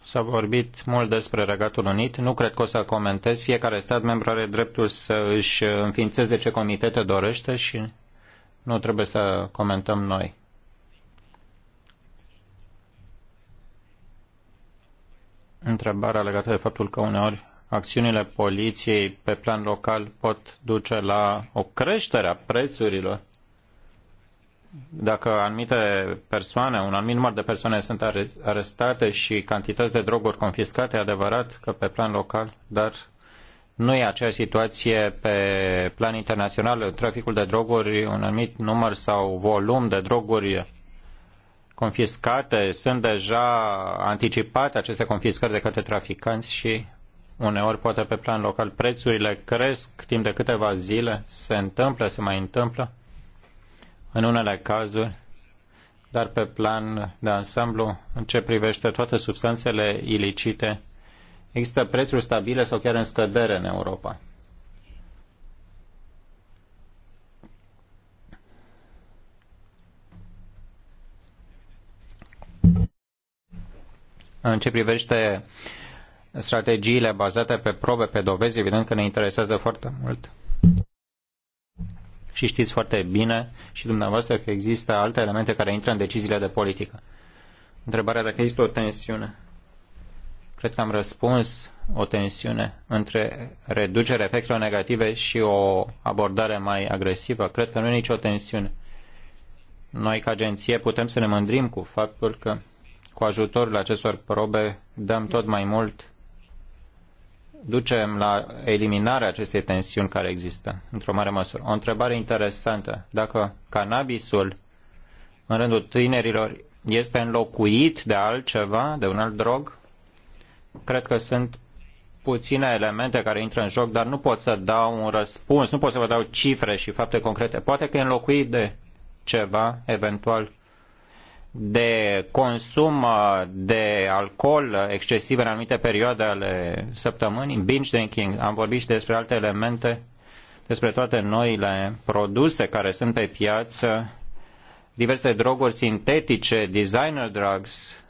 s-a vorbit mult despre Regatul Unit. Nu cred că o să comentez. Fiecare stat membru are dreptul să își înființeze ce comitete dorește și nu trebuie să comentăm noi. Întrebarea legată de faptul că uneori acțiunile poliției pe plan local pot duce la o creștere a prețurilor dacă anumite persoane, un anumit număr de persoane sunt arestate și cantități de droguri confiscate, e adevărat că pe plan local, dar nu e acea situație pe plan internațional. Traficul de droguri, un anumit număr sau volum de droguri confiscate, sunt deja anticipate aceste confiscări de către traficanți și uneori, poate pe plan local, prețurile cresc timp de câteva zile, se întâmplă, se mai întâmplă în unele cazuri, dar pe plan de ansamblu, în ce privește toate substanțele ilicite, există prețuri stabile sau chiar în scădere în Europa. În ce privește strategiile bazate pe probe, pe dovezi, evident că ne interesează foarte mult și știți foarte bine și dumneavoastră că există alte elemente care intră în deciziile de politică. Întrebarea dacă există o tensiune. Cred că am răspuns o tensiune între reducere efectelor negative și o abordare mai agresivă. Cred că nu e nicio tensiune. Noi, ca agenție, putem să ne mândrim cu faptul că cu ajutorul acestor probe dăm tot mai mult ducem la eliminarea acestei tensiuni care există, într-o mare măsură. O întrebare interesantă. Dacă cannabisul, în rândul tinerilor, este înlocuit de altceva, de un alt drog, cred că sunt puține elemente care intră în joc, dar nu pot să dau un răspuns, nu pot să vă dau cifre și fapte concrete. Poate că e înlocuit de ceva, eventual de consum uh, de alcool excesiv în anumite perioade ale săptămânii, binge drinking. Am vorbit și despre alte elemente, despre toate noile produse care sunt pe piață, diverse droguri sintetice, designer drugs,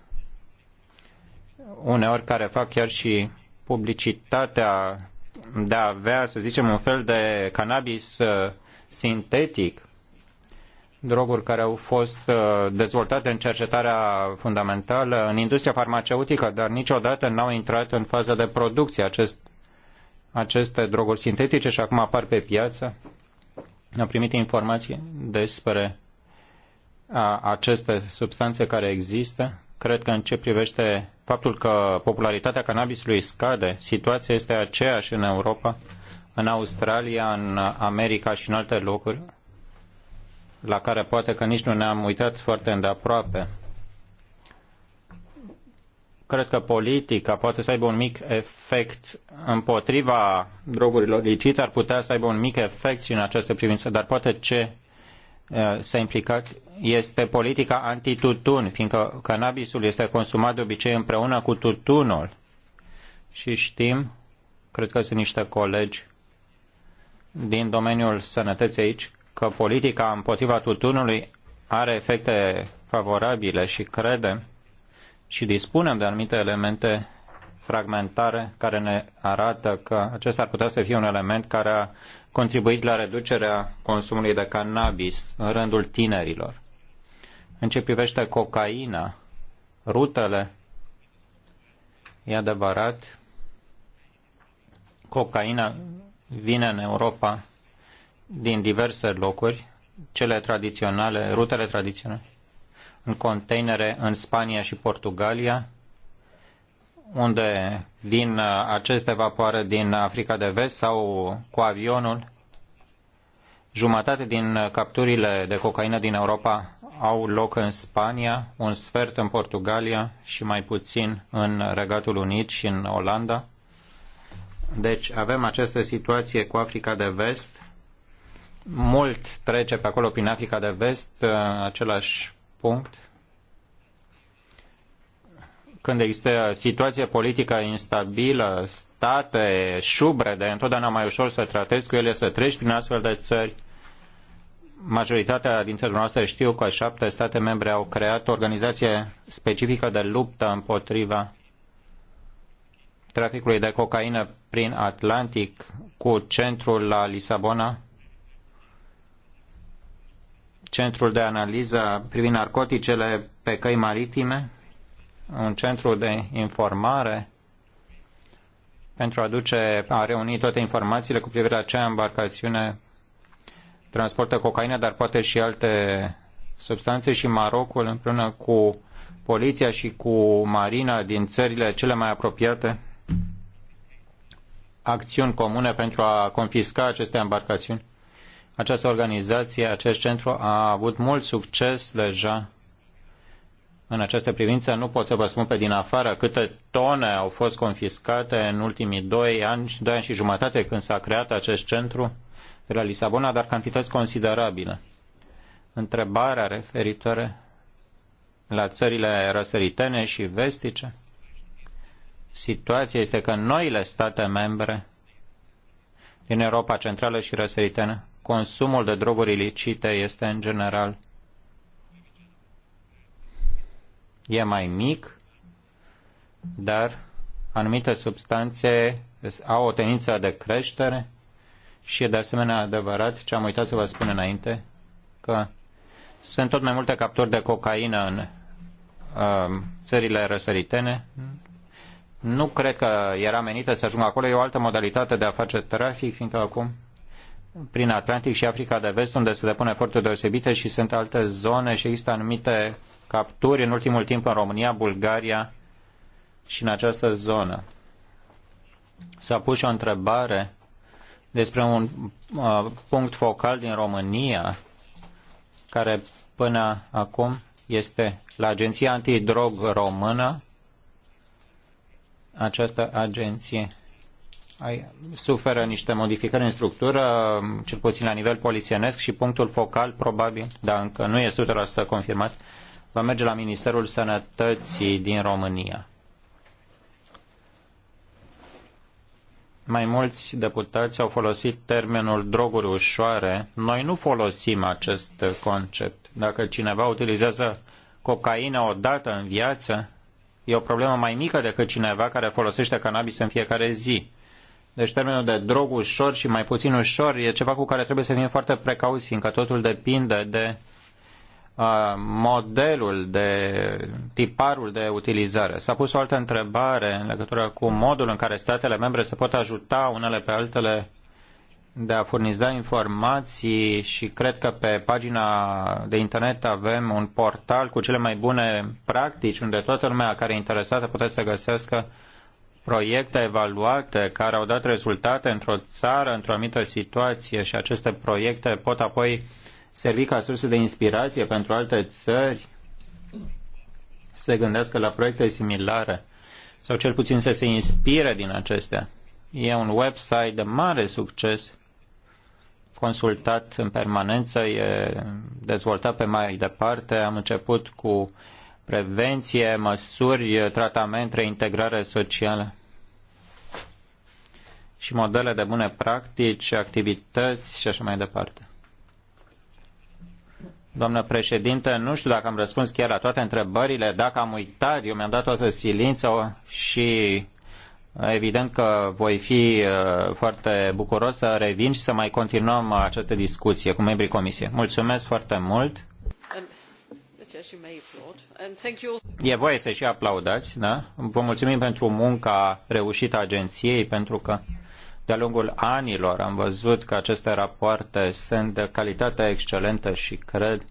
uneori care fac chiar și publicitatea de a avea, să zicem, un fel de cannabis uh, sintetic droguri care au fost uh, dezvoltate în cercetarea fundamentală, în industria farmaceutică, dar niciodată n-au intrat în faza de producție acest, aceste droguri sintetice și acum apar pe piață. Am primit informații despre a, aceste substanțe care există. Cred că în ce privește faptul că popularitatea cannabisului scade, situația este aceeași în Europa, în Australia, în America și în alte locuri la care poate că nici nu ne-am uitat foarte îndeaproape. Cred că politica poate să aibă un mic efect împotriva drogurilor licite, ar putea să aibă un mic efect și în această privință, dar poate ce s-a implicat este politica antitutun, fiindcă cannabisul este consumat de obicei împreună cu tutunul. Și știm, cred că sunt niște colegi din domeniul sănătății aici, că politica împotriva tutunului are efecte favorabile și credem și dispunem de anumite elemente fragmentare care ne arată că acesta ar putea să fie un element care a contribuit la reducerea consumului de cannabis în rândul tinerilor. În ce privește cocaina, rutele, e adevărat, cocaina vine în Europa din diverse locuri, cele tradiționale, rutele tradiționale, în containere în Spania și Portugalia, unde vin uh, aceste vapoare din Africa de Vest sau cu avionul. Jumătate din uh, capturile de cocaină din Europa au loc în Spania, un sfert în Portugalia și mai puțin în Regatul Unit și în Olanda. Deci avem această situație cu Africa de Vest, mult trece pe acolo prin Africa de Vest, uh, același punct, când există situație politică instabilă, state șubrede, întotdeauna mai ușor să tratezi cu ele, să treci prin astfel de țări. Majoritatea dintre dumneavoastră știu că șapte state membre au creat o organizație specifică de luptă împotriva traficului de cocaină prin Atlantic cu centrul la Lisabona Centrul de analiză privind narcoticele pe căi maritime, un centru de informare pentru a aduce, a reuni toate informațiile cu privire la ce embarcațiune transportă cocaină, dar poate și alte substanțe și Marocul împreună cu poliția și cu marina din țările cele mai apropiate acțiuni comune pentru a confisca aceste embarcațiuni această organizație, acest centru a avut mult succes deja în această privință. Nu pot să vă spun pe din afară câte tone au fost confiscate în ultimii doi ani, doi ani și jumătate când s-a creat acest centru de la Lisabona, dar cantități considerabile. Întrebarea referitoare la țările răsăritene și vestice. Situația este că noile state membre din Europa Centrală și Răsăritenă consumul de droguri ilicite este în general e mai mic, dar anumite substanțe au o tendință de creștere și e de asemenea adevărat ce am uitat să vă spun înainte, că sunt tot mai multe capturi de cocaină în uh, țările răsăritene. Nu cred că era menită să ajungă acolo. E o altă modalitate de a face trafic, fiindcă acum prin Atlantic și Africa de Vest, unde se depun eforturi deosebite și sunt alte zone și există anumite capturi în ultimul timp în România, Bulgaria și în această zonă. S-a pus și o întrebare despre un uh, punct focal din România care până acum este la Agenția Antidrog Română. Această agenție suferă niște modificări în structură, cel puțin la nivel polițienesc și punctul focal, probabil, dar încă nu e 100% confirmat, va merge la Ministerul Sănătății din România. Mai mulți deputați au folosit termenul droguri ușoare. Noi nu folosim acest concept. Dacă cineva utilizează cocaină o dată în viață, e o problemă mai mică decât cineva care folosește cannabis în fiecare zi. Deci termenul de drog ușor și mai puțin ușor e ceva cu care trebuie să fim foarte precauți, fiindcă totul depinde de modelul, de tiparul de utilizare. S-a pus o altă întrebare în legătură cu modul în care statele membre se pot ajuta unele pe altele de a furniza informații și cred că pe pagina de internet avem un portal cu cele mai bune practici unde toată lumea care e interesată poate să găsească proiecte evaluate care au dat rezultate într-o țară, într-o anumită situație și aceste proiecte pot apoi servi ca sursă de inspirație pentru alte țări să se gândească la proiecte similare sau cel puțin să se inspire din acestea. E un website de mare succes, consultat în permanență, e dezvoltat pe mai departe. Am început cu prevenție, măsuri, tratament, reintegrare socială și modele de bune practici, activități și așa mai departe. Doamnă președinte, nu știu dacă am răspuns chiar la toate întrebările. Dacă am uitat, eu mi-am dat o silință și evident că voi fi uh, foarte bucuros să revin și să mai continuăm această discuție cu membrii comisiei. Mulțumesc foarte mult! E voie să și aplaudați, da? Vă mulțumim pentru munca reușită a agenției, pentru că de-a lungul anilor am văzut că aceste rapoarte sunt de calitate excelentă și cred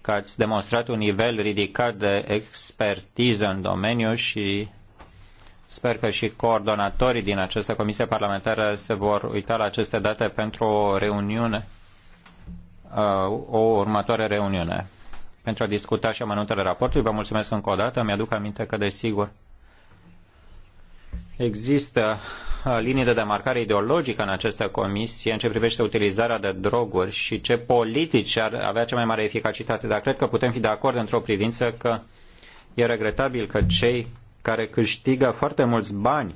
că ați demonstrat un nivel ridicat de expertiză în domeniu și sper că și coordonatorii din această comisie parlamentară se vor uita la aceste date pentru o reuniune, uh, o următoare reuniune pentru a discuta și amănuntele raportului. Vă mulțumesc încă o dată. Mi-aduc aminte că, desigur, există uh, linii de demarcare ideologică în această comisie în ce privește utilizarea de droguri și ce politici ar avea cea mai mare eficacitate. Dar cred că putem fi de acord într-o privință că e regretabil că cei care câștigă foarte mulți bani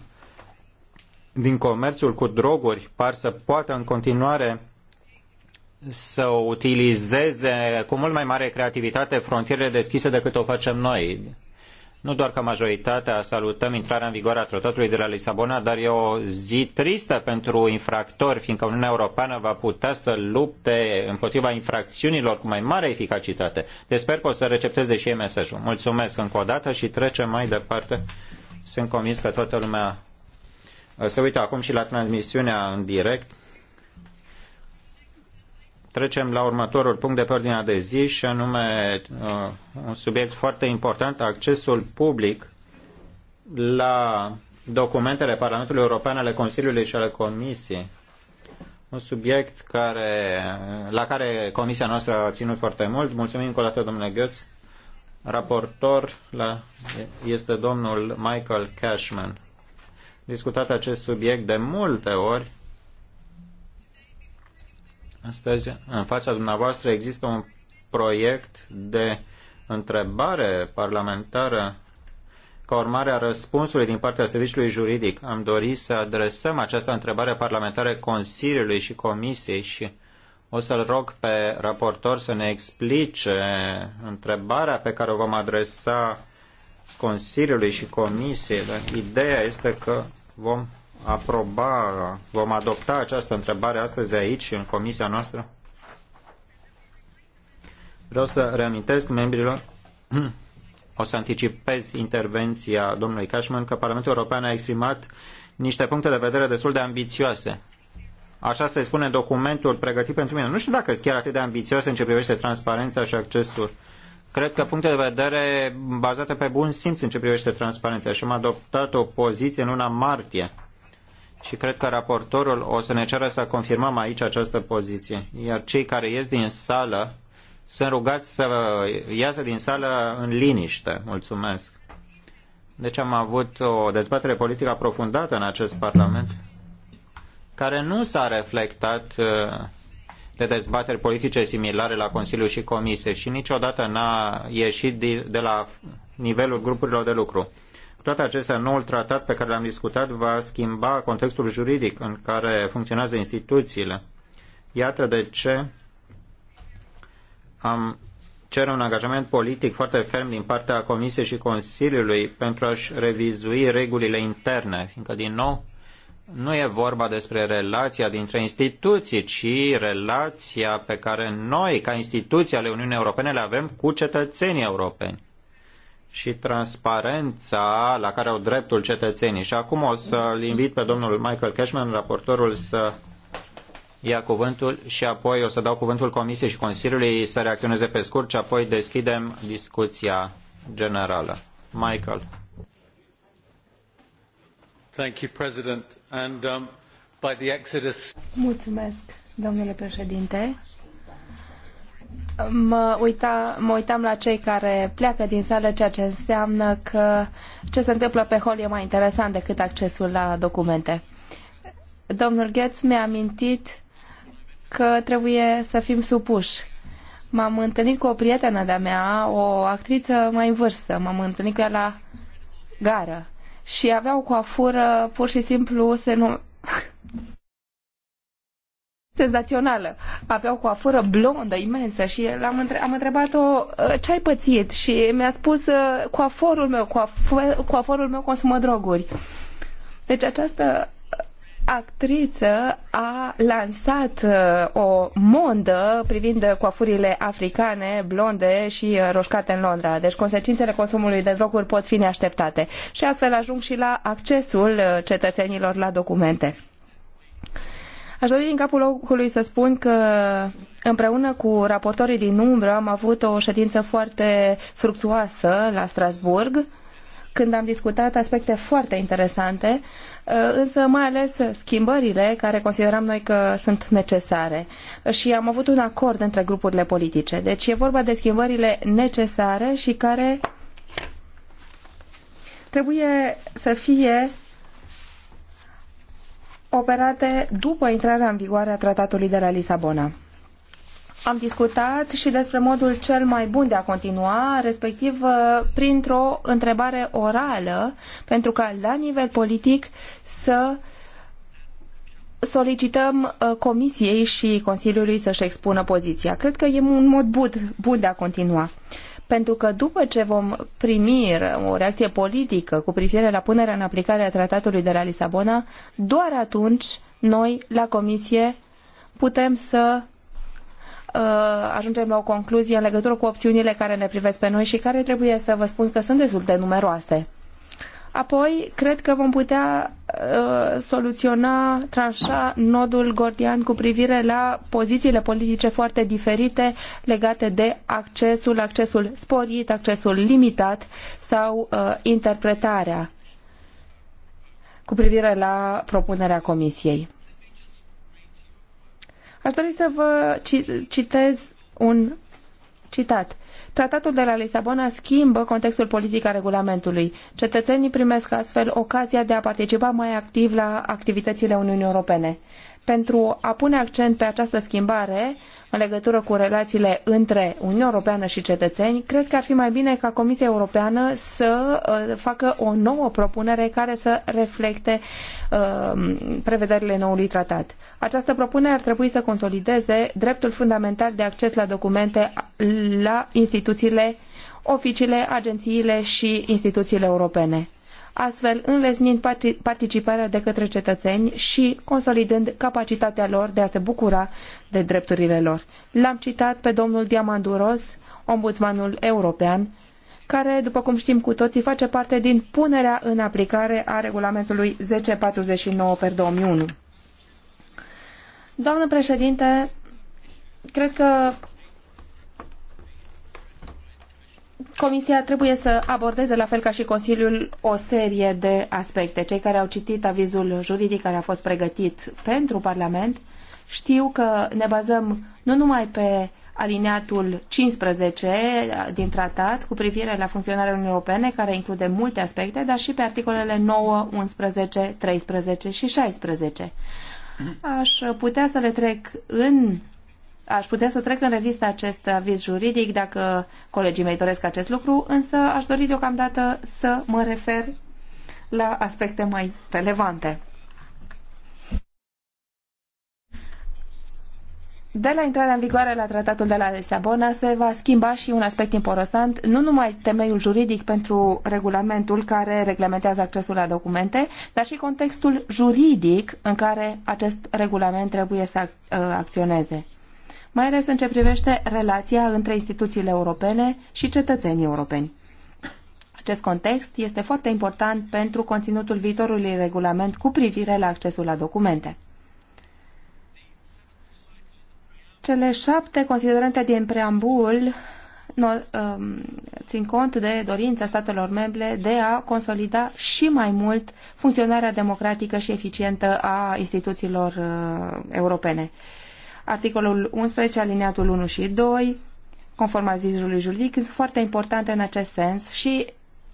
din comerțul cu droguri par să poată în continuare să utilizeze cu mult mai mare creativitate frontierele deschise decât o facem noi. Nu doar că majoritatea salutăm intrarea în vigoare a tratatului de la Lisabona, dar e o zi tristă pentru infractori, fiindcă Uniunea Europeană va putea să lupte împotriva infracțiunilor cu mai mare eficacitate. Deci sper că o să recepteze și ei mesajul. Mulțumesc încă o dată și trecem mai departe. Sunt convins că toată lumea se uită acum și la transmisiunea în direct. Trecem la următorul punct de pe ordinea de zi și anume uh, un subiect foarte important, accesul public la documentele Parlamentului European, ale Consiliului și ale Comisiei. Un subiect care, la care Comisia noastră a ținut foarte mult. Mulțumim încă o dată, domnule Gheț. Raportor la, este domnul Michael Cashman. Discutat acest subiect de multe ori Astăzi, în fața dumneavoastră, există un proiect de întrebare parlamentară ca urmare a răspunsului din partea serviciului juridic. Am dorit să adresăm această întrebare parlamentară Consiliului și Comisiei și o să-l rog pe raportor să ne explice întrebarea pe care o vom adresa Consiliului și Comisiei. Dar ideea este că vom aproba, vom adopta această întrebare astăzi aici, în comisia noastră? Vreau să reamintesc membrilor, [CLEARS THROAT] o să anticipez intervenția domnului Cashman, că Parlamentul European a exprimat niște puncte de vedere destul de ambițioase. Așa se spune documentul pregătit pentru mine. Nu știu dacă sunt chiar atât de ambițioase în ce privește transparența și accesul. Cred că puncte de vedere bazate pe bun simț în ce privește transparența și am adoptat o poziție în luna martie și cred că raportorul o să ne ceară să confirmăm aici această poziție. Iar cei care ies din sală sunt rugați să iasă din sală în liniște. Mulțumesc. Deci am avut o dezbatere politică aprofundată în acest Parlament care nu s-a reflectat uh, de dezbateri politice similare la Consiliu și Comisie și niciodată n-a ieșit de la nivelul grupurilor de lucru toate acestea, noul tratat pe care l-am discutat va schimba contextul juridic în care funcționează instituțiile. Iată de ce am cer un angajament politic foarte ferm din partea Comisiei și Consiliului pentru a-și revizui regulile interne, fiindcă, din nou, nu e vorba despre relația dintre instituții, ci relația pe care noi, ca instituții ale Uniunii Europene, le avem cu cetățenii europeni și transparența la care au dreptul cetățenii. Și acum o să-l invit pe domnul Michael Cashman, raportorul, să ia cuvântul și apoi o să dau cuvântul Comisiei și Consiliului să reacționeze pe scurt și apoi deschidem discuția generală. Michael. Thank you, President. And, um, by the exodus... Mulțumesc, domnule președinte. Mă, uita, mă uitam la cei care pleacă din sală, ceea ce înseamnă că ce se întâmplă pe hol e mai interesant decât accesul la documente. Domnul Gheț mi-a amintit că trebuie să fim supuși. M-am întâlnit cu o prietenă de-a mea, o actriță mai în vârstă. M-am întâlnit cu ea la gară și avea o coafură pur și simplu se nu... [LAUGHS] senzațională. Avea o coafură blondă, imensă și l-am între- am întrebat-o ă, ce ai pățit și mi-a spus ă, coaforul meu, coafor, coaforul meu consumă droguri. Deci această actriță a lansat ă, o mondă privind coafurile africane, blonde și roșcate în Londra. Deci consecințele consumului de droguri pot fi neașteptate. Și astfel ajung și la accesul cetățenilor la documente. Aș dori din capul locului să spun că împreună cu raportorii din umbră am avut o ședință foarte fructuoasă la Strasburg, când am discutat aspecte foarte interesante, uh, însă mai ales schimbările care considerăm noi că sunt necesare. Și am avut un acord între grupurile politice. Deci e vorba de schimbările necesare și care trebuie să fie operate după intrarea în vigoare a Tratatului de la Lisabona. Am discutat și despre modul cel mai bun de a continua, respectiv uh, printr-o întrebare orală, pentru ca la nivel politic să solicităm uh, Comisiei și Consiliului să-și expună poziția. Cred că e un mod bun de a continua pentru că după ce vom primi o reacție politică cu privire la punerea în aplicare a tratatului de la Lisabona, doar atunci noi, la Comisie, putem să uh, ajungem la o concluzie în legătură cu opțiunile care ne privesc pe noi și care trebuie să vă spun că sunt destul de numeroase. Apoi, cred că vom putea uh, soluționa, tranșa nodul gordian cu privire la pozițiile politice foarte diferite legate de accesul, accesul sporit, accesul limitat sau uh, interpretarea cu privire la propunerea Comisiei. Aș dori să vă citez un citat. Tratatul de la Lisabona schimbă contextul politic al regulamentului. Cetățenii primesc astfel ocazia de a participa mai activ la activitățile Uniunii Europene pentru a pune accent pe această schimbare în legătură cu relațiile între Uniunea Europeană și cetățeni, cred că ar fi mai bine ca Comisia Europeană să uh, facă o nouă propunere care să reflecte uh, prevederile noului tratat. Această propunere ar trebui să consolideze dreptul fundamental de acces la documente la instituțiile, oficiile, agențiile și instituțiile europene astfel înlesnind participarea de către cetățeni și consolidând capacitatea lor de a se bucura de drepturile lor. L-am citat pe domnul Diamanduros, ombudsmanul european, care, după cum știm cu toții, face parte din punerea în aplicare a regulamentului 1049 2001. Doamnă președinte, cred că Comisia trebuie să abordeze, la fel ca și Consiliul, o serie de aspecte. Cei care au citit avizul juridic care a fost pregătit pentru Parlament știu că ne bazăm nu numai pe alineatul 15 din tratat cu privire la funcționarea Uniunii Europene, care include multe aspecte, dar și pe articolele 9, 11, 13 și 16. Aș putea să le trec în Aș putea să trec în revistă acest aviz juridic dacă colegii mei doresc acest lucru, însă aș dori deocamdată să mă refer la aspecte mai relevante. De la intrarea în vigoare la tratatul de la Lisabona se va schimba și un aspect important, nu numai temeiul juridic pentru regulamentul care reglementează accesul la documente, dar și contextul juridic în care acest regulament trebuie să uh, acționeze mai ales în ce privește relația între instituțiile europene și cetățenii europeni. Acest context este foarte important pentru conținutul viitorului regulament cu privire la accesul la documente. Cele șapte considerente din preambul no, um, țin cont de dorința statelor membre de a consolida și mai mult funcționarea democratică și eficientă a instituțiilor uh, europene articolul 11, alineatul 1 și 2, conform avizului juridic, sunt foarte importante în acest sens și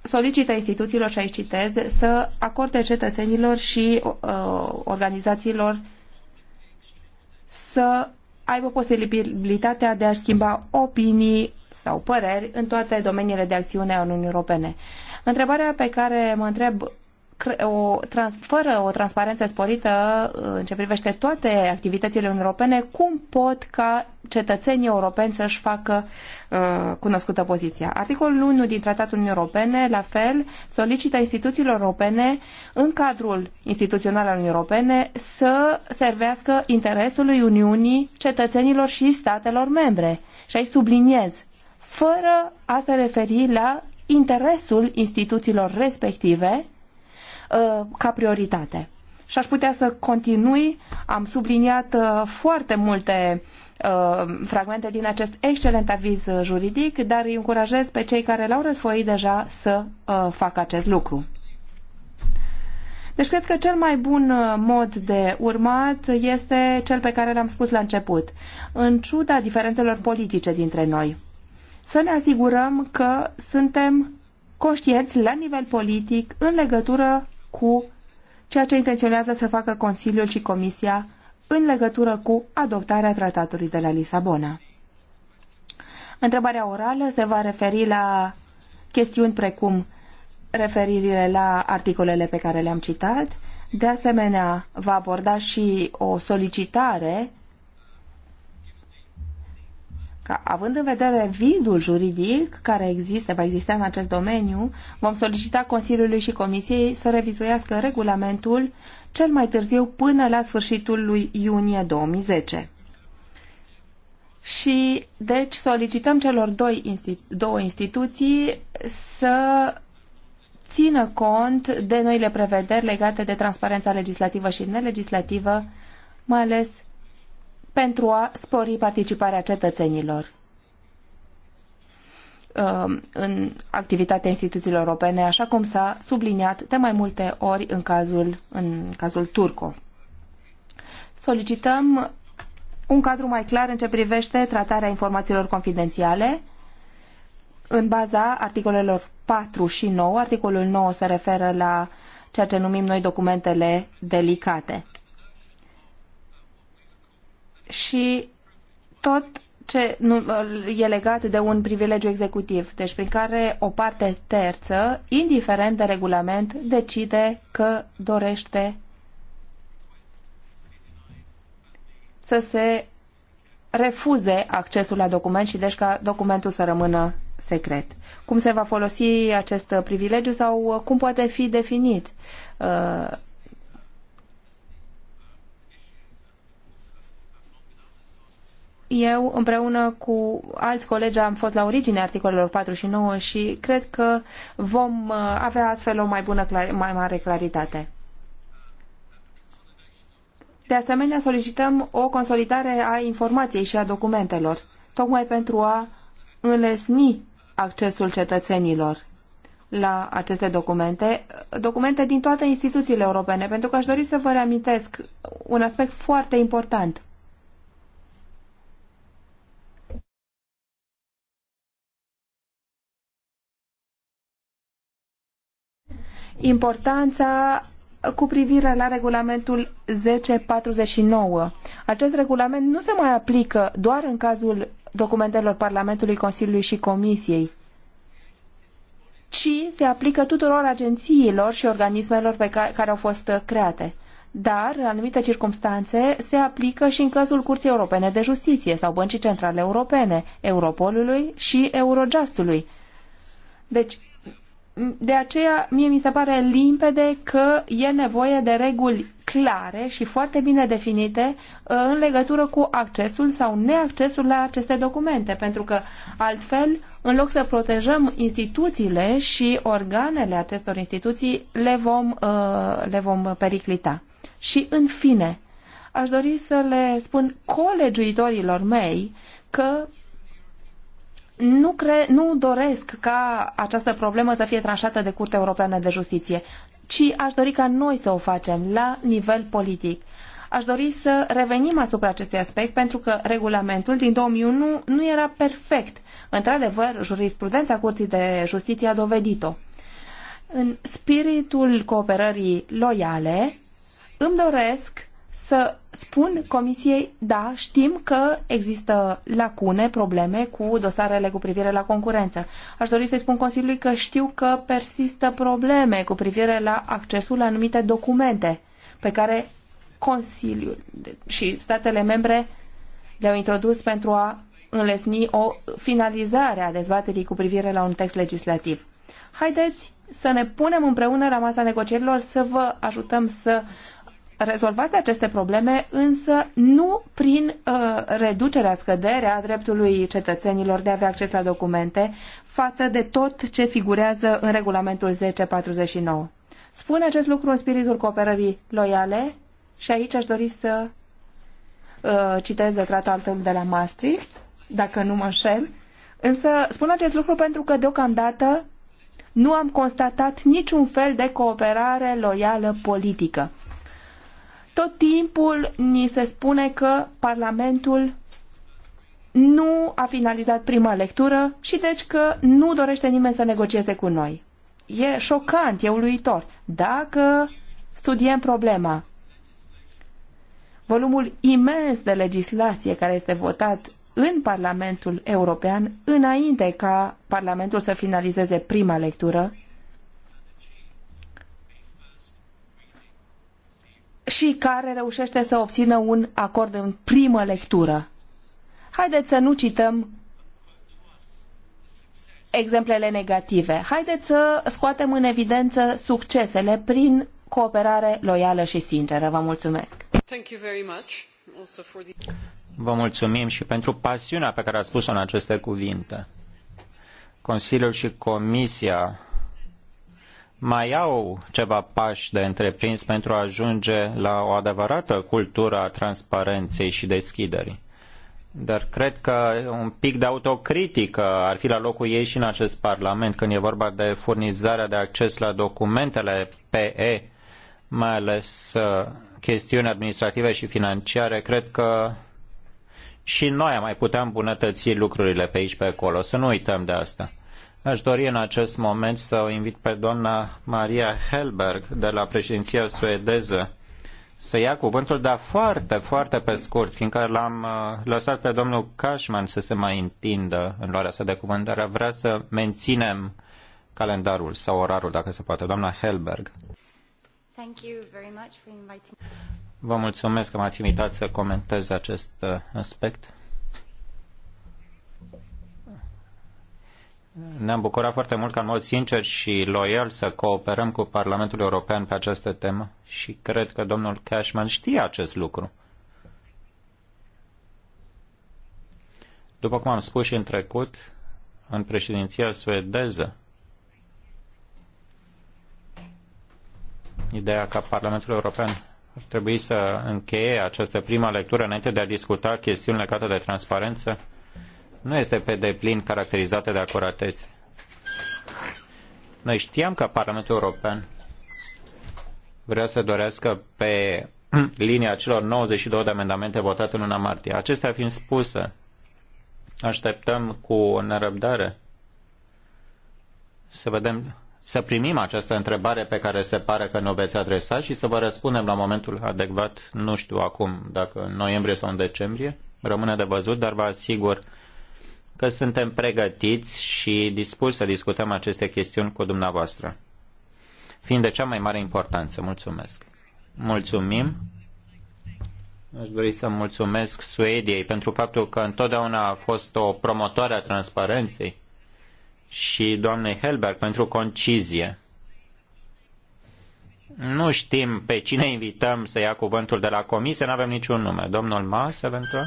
solicită instituțiilor, și aici citez, să acorde cetățenilor și uh, organizațiilor să aibă posibilitatea de a schimba opinii sau păreri în toate domeniile de acțiune a Uniunii Europene. Întrebarea pe care mă întreb o, trans, fără o transparență sporită uh, în ce privește toate activitățile europene, cum pot ca cetățenii europeni să-și facă uh, cunoscută poziția. Articolul 1 din Tratatul Uniunii Europene, la fel, solicită instituțiilor europene, în cadrul instituțional al Uniunii Europene, să servească interesului Uniunii, cetățenilor și statelor membre. Și aici subliniez, fără a se referi la interesul instituțiilor respective, Uh, ca prioritate. Și aș putea să continui, am subliniat uh, foarte multe uh, fragmente din acest excelent aviz juridic, dar îi încurajez pe cei care l-au răsfoit deja să facă acest lucru. Deci cred că cel mai bun mod de urmat este cel pe care l-am spus la început, în ciuda diferențelor politice dintre noi. Să ne asigurăm că suntem conștienți la nivel politic în legătură cu ceea ce intenționează să facă Consiliul și Comisia în legătură cu adoptarea tratatului de la Lisabona. Întrebarea orală se va referi la chestiuni precum referirile la articolele pe care le-am citat, de asemenea va aborda și o solicitare că, având în vedere vidul juridic care există, va exista în acest domeniu, vom solicita Consiliului și Comisiei să revizuiască regulamentul cel mai târziu până la sfârșitul lui iunie 2010. Și, deci, solicităm celor doi institu- două instituții să țină cont de noile prevederi legate de transparența legislativă și nelegislativă, mai ales pentru a spori participarea cetățenilor um, în activitatea instituțiilor europene, așa cum s-a subliniat de mai multe ori în cazul, în cazul Turco. Solicităm un cadru mai clar în ce privește tratarea informațiilor confidențiale în baza articolelor 4 și 9. Articolul 9 se referă la ceea ce numim noi documentele delicate și tot ce nu, e legat de un privilegiu executiv, deci prin care o parte terță, indiferent de regulament, decide că dorește să se refuze accesul la document și deci ca documentul să rămână secret. Cum se va folosi acest privilegiu sau cum poate fi definit? Uh, eu, împreună cu alți colegi, am fost la origine articolelor 4 și 9 și cred că vom uh, avea astfel o mai bună, mai mare claritate. De asemenea, solicităm o consolidare a informației și a documentelor, tocmai pentru a înlesni accesul cetățenilor la aceste documente, documente din toate instituțiile europene, pentru că aș dori să vă reamintesc un aspect foarte important – importanța cu privire la regulamentul 1049. Acest regulament nu se mai aplică doar în cazul documentelor Parlamentului, Consiliului și Comisiei, ci se aplică tuturor agențiilor și organismelor pe care, care au fost create. Dar, în anumite circunstanțe, se aplică și în cazul Curții Europene de Justiție sau Băncii Centrale Europene, Europolului și Eurojustului. Deci, de aceea, mie mi se pare limpede că e nevoie de reguli clare și foarte bine definite uh, în legătură cu accesul sau neaccesul la aceste documente, pentru că altfel, în loc să protejăm instituțiile și organele acestor instituții, le vom, uh, le vom periclita. Și, în fine, aș dori să le spun colegiuitorilor mei că nu, cre- nu doresc ca această problemă să fie tranșată de Curtea Europeană de Justiție, ci aș dori ca noi să o facem la nivel politic. Aș dori să revenim asupra acestui aspect pentru că regulamentul din 2001 nu era perfect. Într-adevăr, jurisprudența Curții de Justiție a dovedit-o. În spiritul cooperării loiale, îmi doresc să spun Comisiei, da, știm că există lacune, probleme cu dosarele cu privire la concurență. Aș dori să-i spun Consiliului că știu că persistă probleme cu privire la accesul la anumite documente pe care Consiliul și statele membre le-au introdus pentru a înlesni o finalizare a dezbaterii cu privire la un text legislativ. Haideți să ne punem împreună la masa negocierilor, să vă ajutăm să rezolvate aceste probleme, însă nu prin uh, reducerea, scăderea dreptului cetățenilor de a avea acces la documente față de tot ce figurează în regulamentul 1049. Spune acest lucru în spiritul cooperării loiale și aici aș dori să uh, citez tratatul de la Maastricht, dacă nu mă înșel, însă spun acest lucru pentru că deocamdată nu am constatat niciun fel de cooperare loială politică. Tot timpul ni se spune că Parlamentul nu a finalizat prima lectură și deci că nu dorește nimeni să negocieze cu noi. E șocant, e uluitor. Dacă studiem problema, volumul imens de legislație care este votat în Parlamentul European înainte ca Parlamentul să finalizeze prima lectură, și care reușește să obțină un acord în primă lectură. Haideți să nu cităm exemplele negative. Haideți să scoatem în evidență succesele prin cooperare loială și sinceră. Vă mulțumesc! Vă mulțumim și pentru pasiunea pe care a spus-o în aceste cuvinte. Consiliul și Comisia mai au ceva pași de întreprins pentru a ajunge la o adevărată cultură a transparenței și deschiderii. Dar cred că un pic de autocritică ar fi la locul ei și în acest Parlament când e vorba de furnizarea de acces la documentele PE, mai ales uh, chestiuni administrative și financiare. Cred că și noi am mai putea îmbunătăți lucrurile pe aici pe acolo. Să nu uităm de asta Aș dori în acest moment să o invit pe doamna Maria Helberg de la președinția suedeză să ia cuvântul, dar foarte, foarte pe scurt, fiindcă l-am uh, lăsat pe domnul Cashman să se mai întindă în luarea sa de cuvânt, dar vrea să menținem calendarul sau orarul, dacă se poate. Doamna Helberg. Vă mulțumesc că m-ați invitat să comentez acest uh, aspect. Ne-am bucurat foarte mult ca în mod sincer și loial să cooperăm cu Parlamentul European pe această temă și cred că domnul Cashman știe acest lucru. După cum am spus și în trecut, în președinția suedeză, ideea ca Parlamentul European ar trebui să încheie această prima lectură înainte de a discuta chestiuni legate de transparență nu este pe deplin caracterizată de acuratețe. Noi știam că Parlamentul European vrea să dorească pe [CLEARS THROAT] linia celor 92 de amendamente votate în luna martie. Acestea fiind spuse, așteptăm cu nerăbdare să vedem, să primim această întrebare pe care se pare că ne-o veți adresa și să vă răspundem la momentul adecvat, nu știu acum, dacă în noiembrie sau în decembrie, rămâne de văzut, dar vă asigur că suntem pregătiți și dispuși să discutăm aceste chestiuni cu dumneavoastră, fiind de cea mai mare importanță. Mulțumesc! Mulțumim! Aș dori să mulțumesc Suediei pentru faptul că întotdeauna a fost o promotoare a transparenței și doamnei Helberg pentru concizie. Nu știm pe cine invităm să ia cuvântul de la comisie, nu avem niciun nume. Domnul Mas, eventual?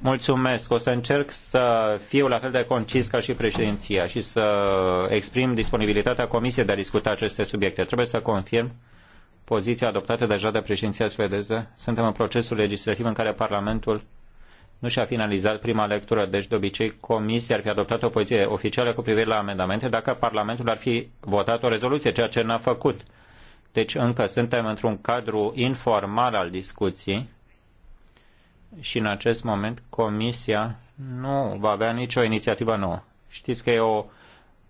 Mulțumesc. O să încerc să fiu la fel de concis ca și președinția și să exprim disponibilitatea Comisiei de a discuta aceste subiecte. Trebuie să confirm poziția adoptată deja de președinția suedeză. Suntem în procesul legislativ în care Parlamentul nu și-a finalizat prima lectură, deci de obicei Comisia ar fi adoptat o poziție oficială cu privire la amendamente dacă Parlamentul ar fi votat o rezoluție, ceea ce n-a făcut. Deci încă suntem într-un cadru informal al discuției și în acest moment Comisia nu va avea nicio inițiativă nouă. Știți că e o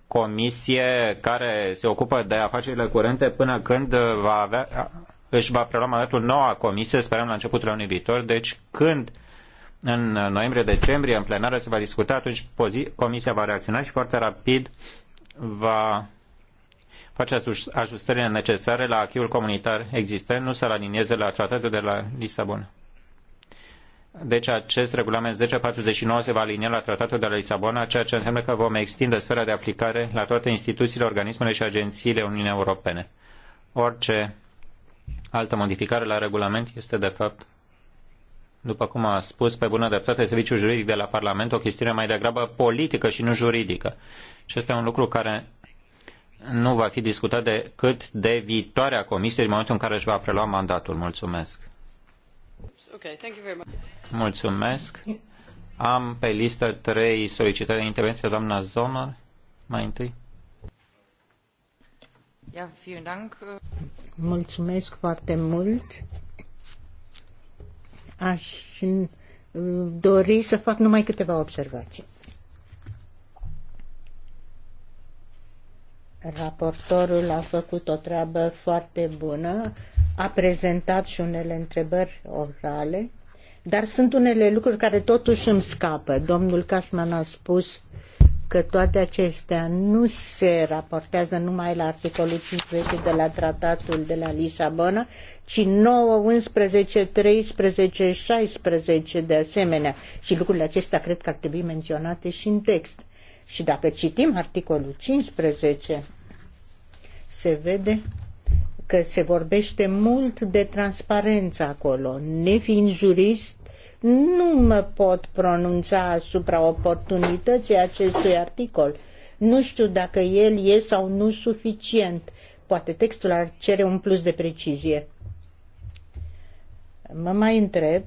comisie care se ocupă de afacerile curente până când va avea, își va prelua mandatul noua comisie, sperăm la începutul anului viitor, deci când în noiembrie-decembrie în plenară se va discuta, atunci comisia va reacționa și foarte rapid va face ajustările necesare la achiul comunitar existent, nu să l alinieze la tratatul de la Lisabona. Deci acest regulament 1049 se va alinia la tratatul de la Lisabona, ceea ce înseamnă că vom extinde sfera de aplicare la toate instituțiile, organismele și agențiile Uniunii Europene. Orice altă modificare la regulament este de fapt după cum a spus pe bună dreptate serviciul juridic de la Parlament, o chestiune mai degrabă politică și nu juridică. Și este un lucru care nu va fi discutat decât de viitoarea comisie în momentul în care își va prelua mandatul. Mulțumesc. Mulțumesc. Am pe listă trei solicitări de intervenție. Doamna Zomer, mai întâi. Mulțumesc foarte mult. Aș mm, dori să fac numai câteva observații. Raportorul a făcut o treabă foarte bună, a prezentat și unele întrebări orale, dar sunt unele lucruri care totuși îmi scapă. Domnul Cașman a spus că toate acestea nu se raportează numai la articolul 15 de la tratatul de la Lisabona, ci 9, 11, 13, 16 de asemenea. Și lucrurile acestea cred că ar trebui menționate și în text. Și dacă citim articolul 15, se vede că se vorbește mult de transparență acolo. Nefiind jurist, nu mă pot pronunța asupra oportunității acestui articol. Nu știu dacă el e sau nu suficient. Poate textul ar cere un plus de precizie. Mă mai întreb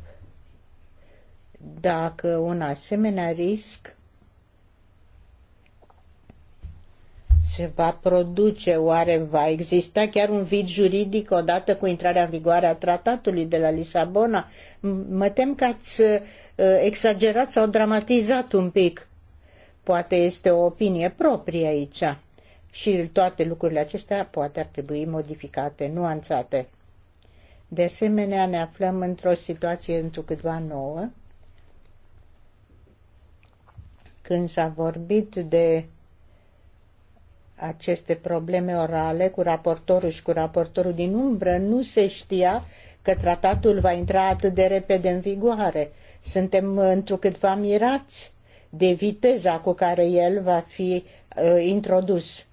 dacă un asemenea risc se va produce, oare va exista chiar un vid juridic odată cu intrarea în vigoare a tratatului de la Lisabona? Mă tem că ați uh, exagerat sau dramatizat un pic. Poate este o opinie proprie aici. Și toate lucrurile acestea poate ar trebui modificate, nuanțate. De asemenea, ne aflăm într-o situație întrucâtva nouă, când s-a vorbit de aceste probleme orale cu raportorul și cu raportorul din umbră, nu se știa că tratatul va intra atât de repede în vigoare. Suntem întrucâtva mirați de viteza cu care el va fi uh, introdus.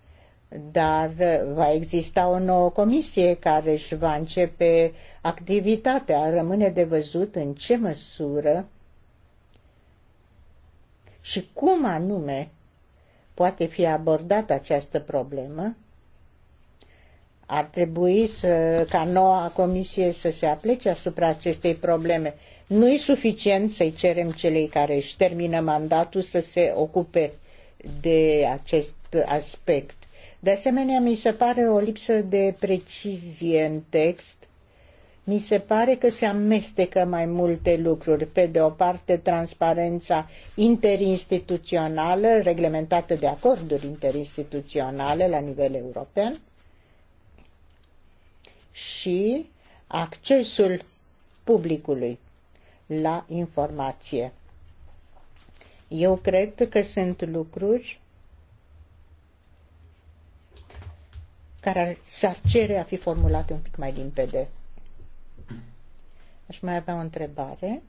Dar uh, va exista o nouă comisie care își va începe activitatea. Rămâne de văzut în ce măsură și cum anume poate fi abordată această problemă. Ar trebui să, ca noua comisie să se aplece asupra acestei probleme. Nu e suficient să-i cerem celei care își termină mandatul să se ocupe de acest aspect. De asemenea, mi se pare o lipsă de precizie în text mi se pare că se amestecă mai multe lucruri. Pe de o parte, transparența interinstituțională, reglementată de acorduri interinstituționale la nivel european, și accesul publicului la informație. Eu cred că sunt lucruri care s-ar cere a fi formulate un pic mai limpede. Aș mai avea o întrebare.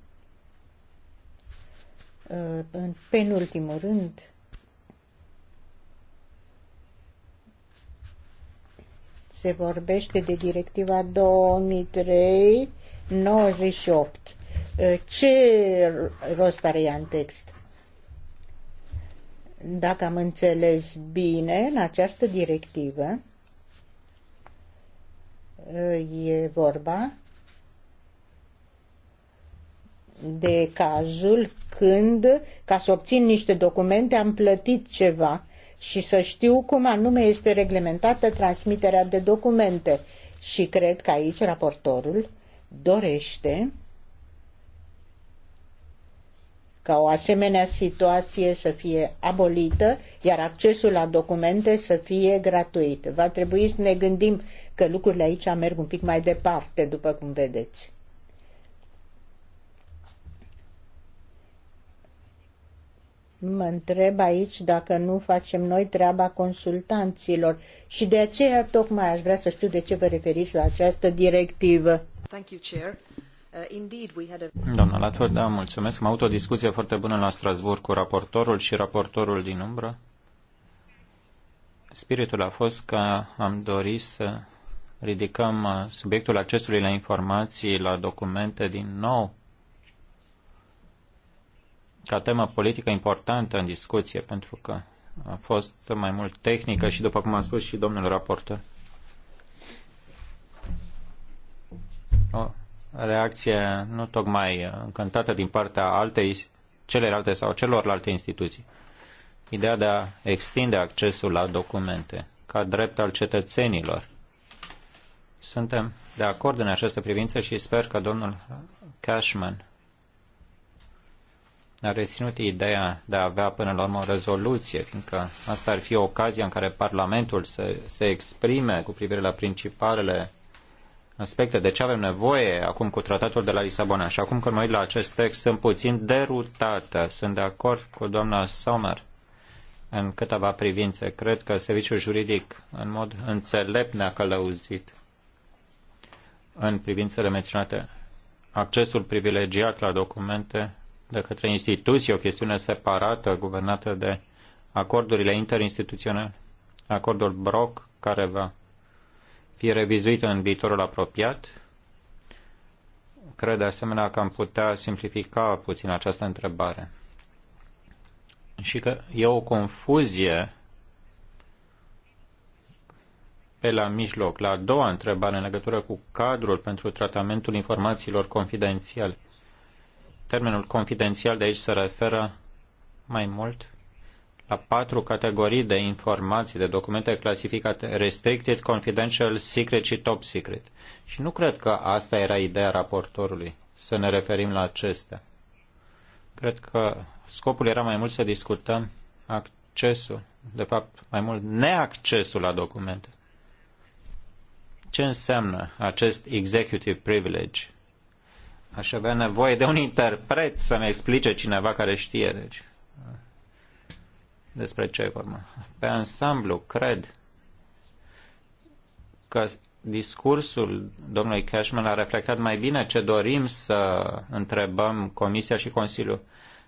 Uh, în penultimul rând, se vorbește de directiva 2003 98. Uh, ce rost are ea în text? Dacă am înțeles bine, în această directivă uh, e vorba de cazul când, ca să obțin niște documente, am plătit ceva și să știu cum anume este reglementată transmiterea de documente. Și cred că aici raportorul dorește ca o asemenea situație să fie abolită, iar accesul la documente să fie gratuit. Va trebui să ne gândim că lucrurile aici merg un pic mai departe, după cum vedeți. Mă întreb aici dacă nu facem noi treaba consultanților și de aceea tocmai aș vrea să știu de ce vă referiți la această directivă. Thank you, Chair. Uh, Doamna Latford, da, mulțumesc. Am avut o discuție foarte bună la Strasbourg cu raportorul și raportorul din umbră. Spiritul a fost că am dorit să ridicăm uh, subiectul accesului la informații, la documente din nou ca temă politică importantă în discuție, pentru că a fost mai mult tehnică și, după cum a spus și domnul raportor, o reacție nu tocmai încântată din partea altei, celelalte sau celorlalte instituții. Ideea de a extinde accesul la documente ca drept al cetățenilor. Suntem de acord în această privință și sper că domnul Cashman a reținut ideea de a avea până la urmă o rezoluție, fiindcă asta ar fi ocazia în care Parlamentul să se exprime cu privire la principalele aspecte de ce avem nevoie acum cu tratatul de la Lisabona. Și acum când mă uit la acest text, sunt puțin derutată. Sunt de acord cu doamna Sommer în câteva privințe. Cred că serviciul juridic, în mod înțelept, ne-a călăuzit în privințele menționate. Accesul privilegiat la documente de către instituții, o chestiune separată, guvernată de acordurile interinstituționale, acordul BROC, care va fi revizuit în viitorul apropiat. Cred de asemenea că am putea simplifica puțin această întrebare. Și că e o confuzie pe la mijloc, la a doua întrebare în legătură cu cadrul pentru tratamentul informațiilor confidențiale. Termenul confidențial de aici se referă mai mult la patru categorii de informații, de documente clasificate, restricted, confidential, secret și top secret. Și nu cred că asta era ideea raportorului, să ne referim la acestea. Cred că scopul era mai mult să discutăm accesul, de fapt mai mult neaccesul la documente. Ce înseamnă acest executive privilege? Aș avea nevoie de un interpret să-mi explice cineva care știe, deci, despre ce e vorba. Pe ansamblu, cred că discursul domnului Cashman a reflectat mai bine ce dorim să întrebăm Comisia și Consiliul.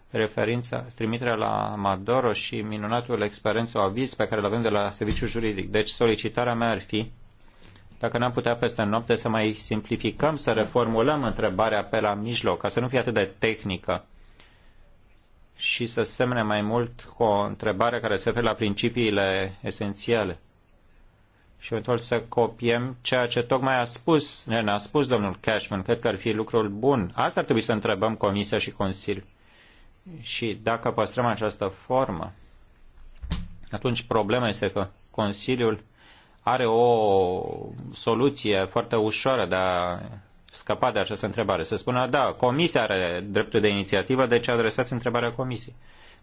Referința, trimiterea la Madoro și minunatul experiență aviz pe care îl avem de la serviciul juridic. Deci solicitarea mea ar fi dacă n-am putea peste noapte să mai simplificăm, să reformulăm întrebarea pe la mijloc, ca să nu fie atât de tehnică și să semne mai mult cu o întrebare care se referă la principiile esențiale. Și eventual să copiem ceea ce tocmai a spus, ne-a spus domnul Cashman. Cred că ar fi lucrul bun. Asta ar trebui să întrebăm Comisia și Consiliul. Și dacă păstrăm această formă, atunci problema este că Consiliul are o soluție foarte ușoară de a scăpa de această întrebare. Să spună, da, comisia are dreptul de inițiativă, deci adresați întrebarea comisiei.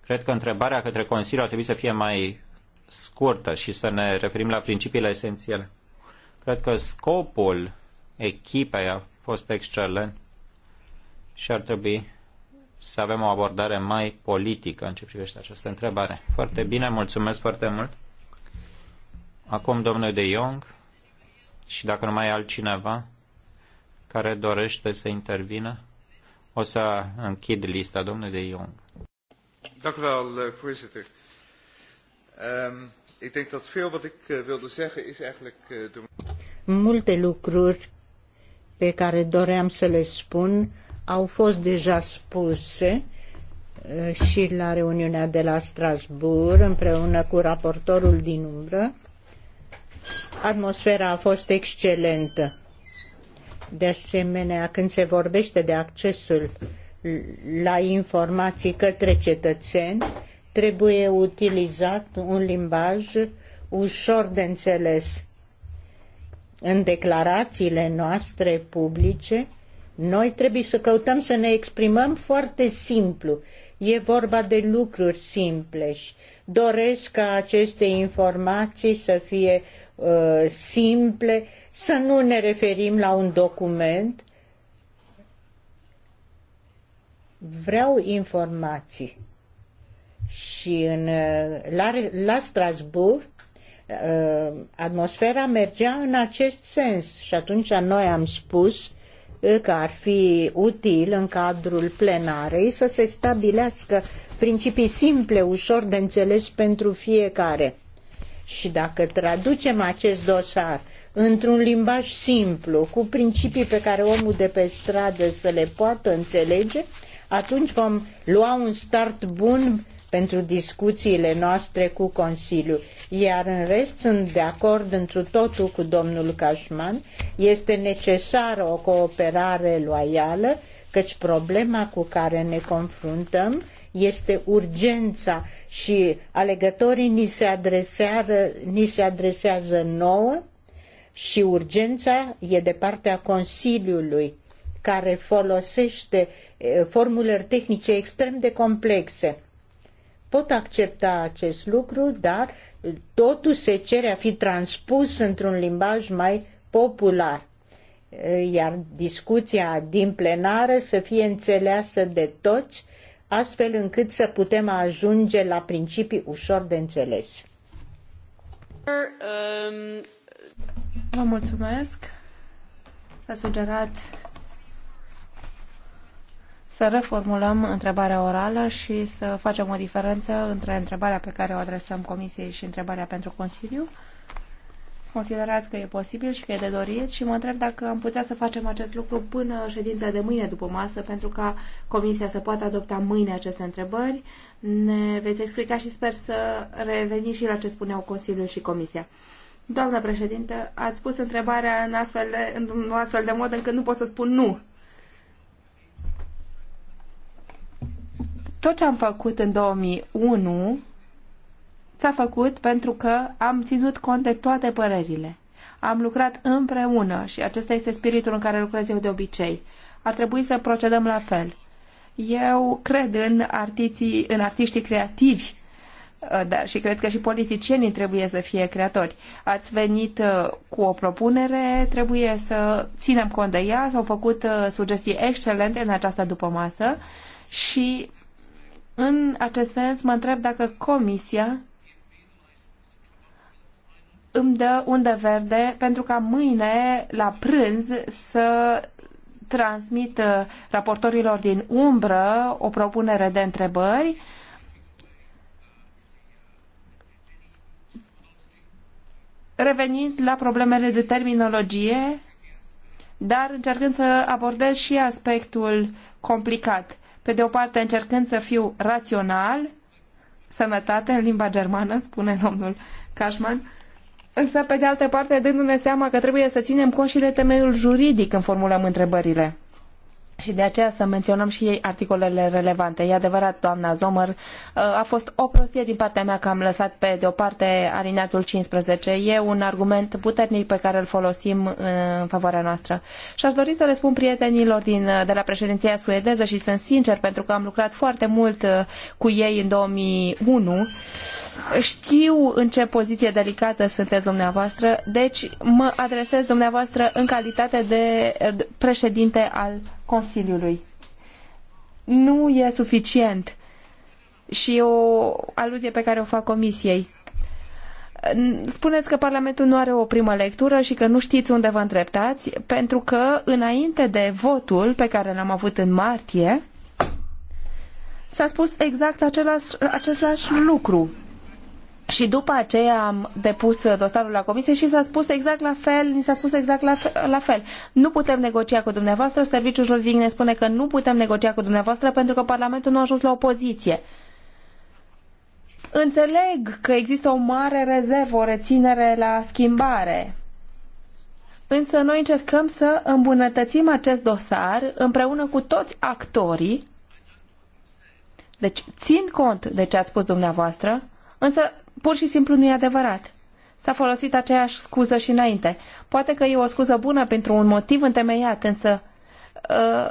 Cred că întrebarea către Consiliu ar trebui să fie mai scurtă și să ne referim la principiile esențiale. Cred că scopul echipei a fost excelent și ar trebui să avem o abordare mai politică în ce privește această întrebare. Foarte bine, mulțumesc foarte mult. Acum domnul de Jong și dacă nu mai e altcineva care dorește să intervină, o să închid lista domnului de Jong. Dank u wel, eh, voorzitter. Um, ik denk dat veel wat ik eh, wilde zeggen is eigenlijk uh, Multe lucruri pe care doream să le spun au fost deja spuse și la reuniunea de la Strasbourg împreună cu raportorul din umbră Atmosfera a fost excelentă. De asemenea, când se vorbește de accesul la informații către cetățeni, trebuie utilizat un limbaj ușor de înțeles. În declarațiile noastre publice, noi trebuie să căutăm să ne exprimăm foarte simplu. E vorba de lucruri simple și doresc ca aceste informații să fie Uh, simple, să nu ne referim la un document. Vreau informații. Și în, uh, la, la Strasbourg uh, atmosfera mergea în acest sens și atunci noi am spus că ar fi util în cadrul plenarei să se stabilească principii simple, ușor de înțeles pentru fiecare. Și dacă traducem acest dosar într-un limbaj simplu, cu principii pe care omul de pe stradă să le poată înțelege, atunci vom lua un start bun pentru discuțiile noastre cu Consiliul. Iar în rest sunt de acord întru totul cu domnul Cașman, este necesară o cooperare loială, căci problema cu care ne confruntăm este urgența și alegătorii ni se, adresează, ni se adresează nouă și urgența e de partea Consiliului, care folosește formulări tehnice extrem de complexe. Pot accepta acest lucru, dar totul se cere a fi transpus într-un limbaj mai popular iar discuția din plenară să fie înțeleasă de toți astfel încât să putem ajunge la principii ușor de înțeles. Vă mulțumesc. S-a sugerat să reformulăm întrebarea orală și să facem o diferență între întrebarea pe care o adresăm Comisiei și întrebarea pentru Consiliu considerați că e posibil și că e de dorit și mă întreb dacă am putea să facem acest lucru până ședința de mâine după masă pentru ca Comisia să poată adopta mâine aceste întrebări. Ne veți explica și sper să reveni și la ce spuneau Consiliul și Comisia. Doamnă președinte, ați pus întrebarea în astfel de, în astfel de mod încât nu pot să spun nu. Tot ce am făcut în 2001 s-a făcut pentru că am ținut cont de toate părerile. Am lucrat împreună și acesta este spiritul în care lucrez eu de obicei. Ar trebui să procedăm la fel. Eu cred în, artiții, în artiștii creativi uh, dar și cred că și politicienii trebuie să fie creatori. Ați venit uh, cu o propunere, trebuie să ținem cont de ea, s-au făcut uh, sugestii excelente în această dupămasă și în acest sens mă întreb dacă Comisia îmi dă undă verde pentru ca mâine la prânz să transmit uh, raportorilor din umbră o propunere de întrebări revenind la problemele de terminologie, dar încercând să abordez și aspectul complicat. Pe de o parte, încercând să fiu rațional, sănătate în limba germană, spune domnul Cashman, însă pe de altă parte dându-ne seama că trebuie să ținem cont și de temeiul juridic când formulăm întrebările și de aceea să menționăm și ei articolele relevante. E adevărat, doamna Zomer, uh, a fost o prostie din partea mea că am lăsat pe deoparte alineatul 15. E un argument puternic pe care îl folosim în favoarea noastră. Și aș dori să le spun prietenilor din, de la președinția suedeză și sunt sincer pentru că am lucrat foarte mult uh, cu ei în 2001. Știu în ce poziție delicată sunteți dumneavoastră, deci mă adresez dumneavoastră în calitate de președinte al Consiliului. Consiliului. Nu e suficient și o aluzie pe care o fac Comisiei. Spuneți că Parlamentul nu are o primă lectură și că nu știți unde vă îndreptați, pentru că înainte de votul pe care l-am avut în martie, s-a spus exact același, același lucru și după aceea am depus dosarul la comisie și s-a spus exact la fel, ni s-a spus exact la fel, la fel. Nu putem negocia cu dumneavoastră, serviciul juridic ne spune că nu putem negocia cu dumneavoastră pentru că Parlamentul nu a ajuns la opoziție. Înțeleg că există o mare rezervă, o reținere la schimbare. Însă noi încercăm să îmbunătățim acest dosar împreună cu toți actorii. Deci țin cont de ce ați spus dumneavoastră, însă pur și simplu nu e adevărat. S-a folosit aceeași scuză și înainte. Poate că e o scuză bună pentru un motiv întemeiat, însă uh,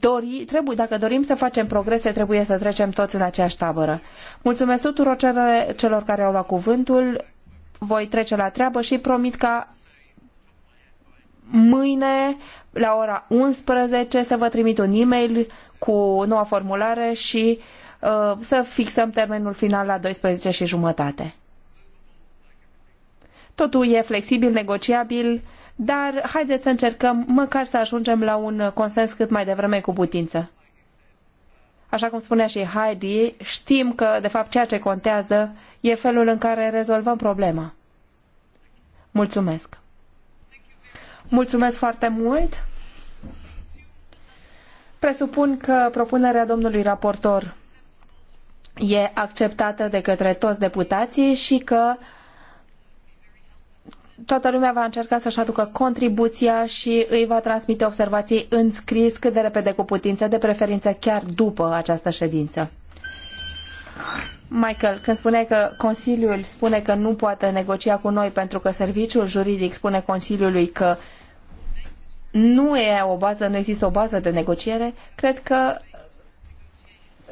dori, trebuie, dacă dorim să facem progrese, trebuie să trecem toți în aceeași tabără. Mulțumesc tuturor celor care au luat cuvântul. Voi trece la treabă și promit ca mâine la ora 11 să vă trimit un e-mail cu noua formulare și uh, Uh, să fixăm termenul final la 12 și jumătate. Totul e flexibil, negociabil, dar haideți să încercăm măcar să ajungem la un consens cât mai devreme cu putință. Așa cum spunea și Heidi, știm că, de fapt, ceea ce contează e felul în care rezolvăm problema. Mulțumesc! Mulțumesc foarte mult! Presupun că propunerea domnului raportor e acceptată de către toți deputații și că toată lumea va încerca să-și aducă contribuția și îi va transmite observații în scris cât de repede cu putință, de preferință chiar după această ședință. Michael, când spune că Consiliul spune că nu poate negocia cu noi pentru că serviciul juridic spune Consiliului că nu e o bază, nu există o bază de negociere, cred că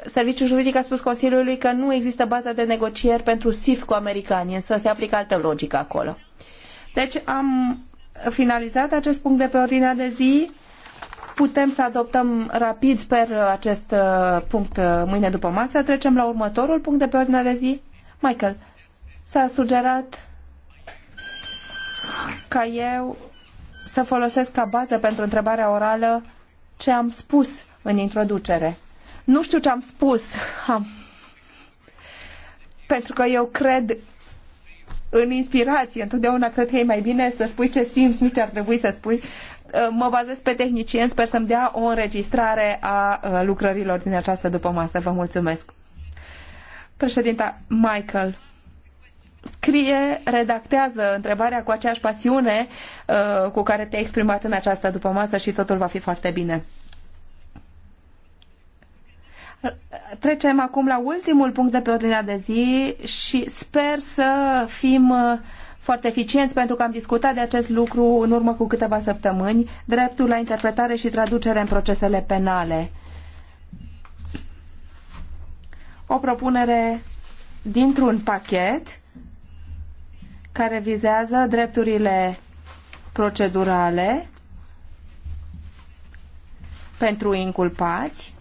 Serviciul juridic a spus Consiliului că nu există bază de negocieri pentru SIF cu americanii, însă se aplică altă logică acolo. Deci am finalizat acest punct de pe ordinea de zi. Putem să adoptăm rapid, sper, acest uh, punct uh, mâine după masă. Trecem la următorul punct de pe ordinea de zi. Michael, s-a sugerat ca eu să folosesc ca bază pentru întrebarea orală ce am spus în introducere. Nu știu ce am spus, pentru că eu cred în inspirație. Întotdeauna cred că e mai bine să spui ce simți, nu ce ar trebui să spui. Uh, mă bazez pe tehnicieni, sper să-mi dea o înregistrare a uh, lucrărilor din această după masă. Vă mulțumesc. Președinta Michael scrie, redactează întrebarea cu aceeași pasiune uh, cu care te-ai exprimat în această dupămasă și totul va fi foarte bine. Trecem acum la ultimul punct de pe ordinea de zi și sper să fim uh, foarte eficienți pentru că am discutat de acest lucru în urmă cu câteva săptămâni, dreptul la interpretare și traducere în procesele penale. O propunere dintr-un pachet care vizează drepturile procedurale pentru inculpați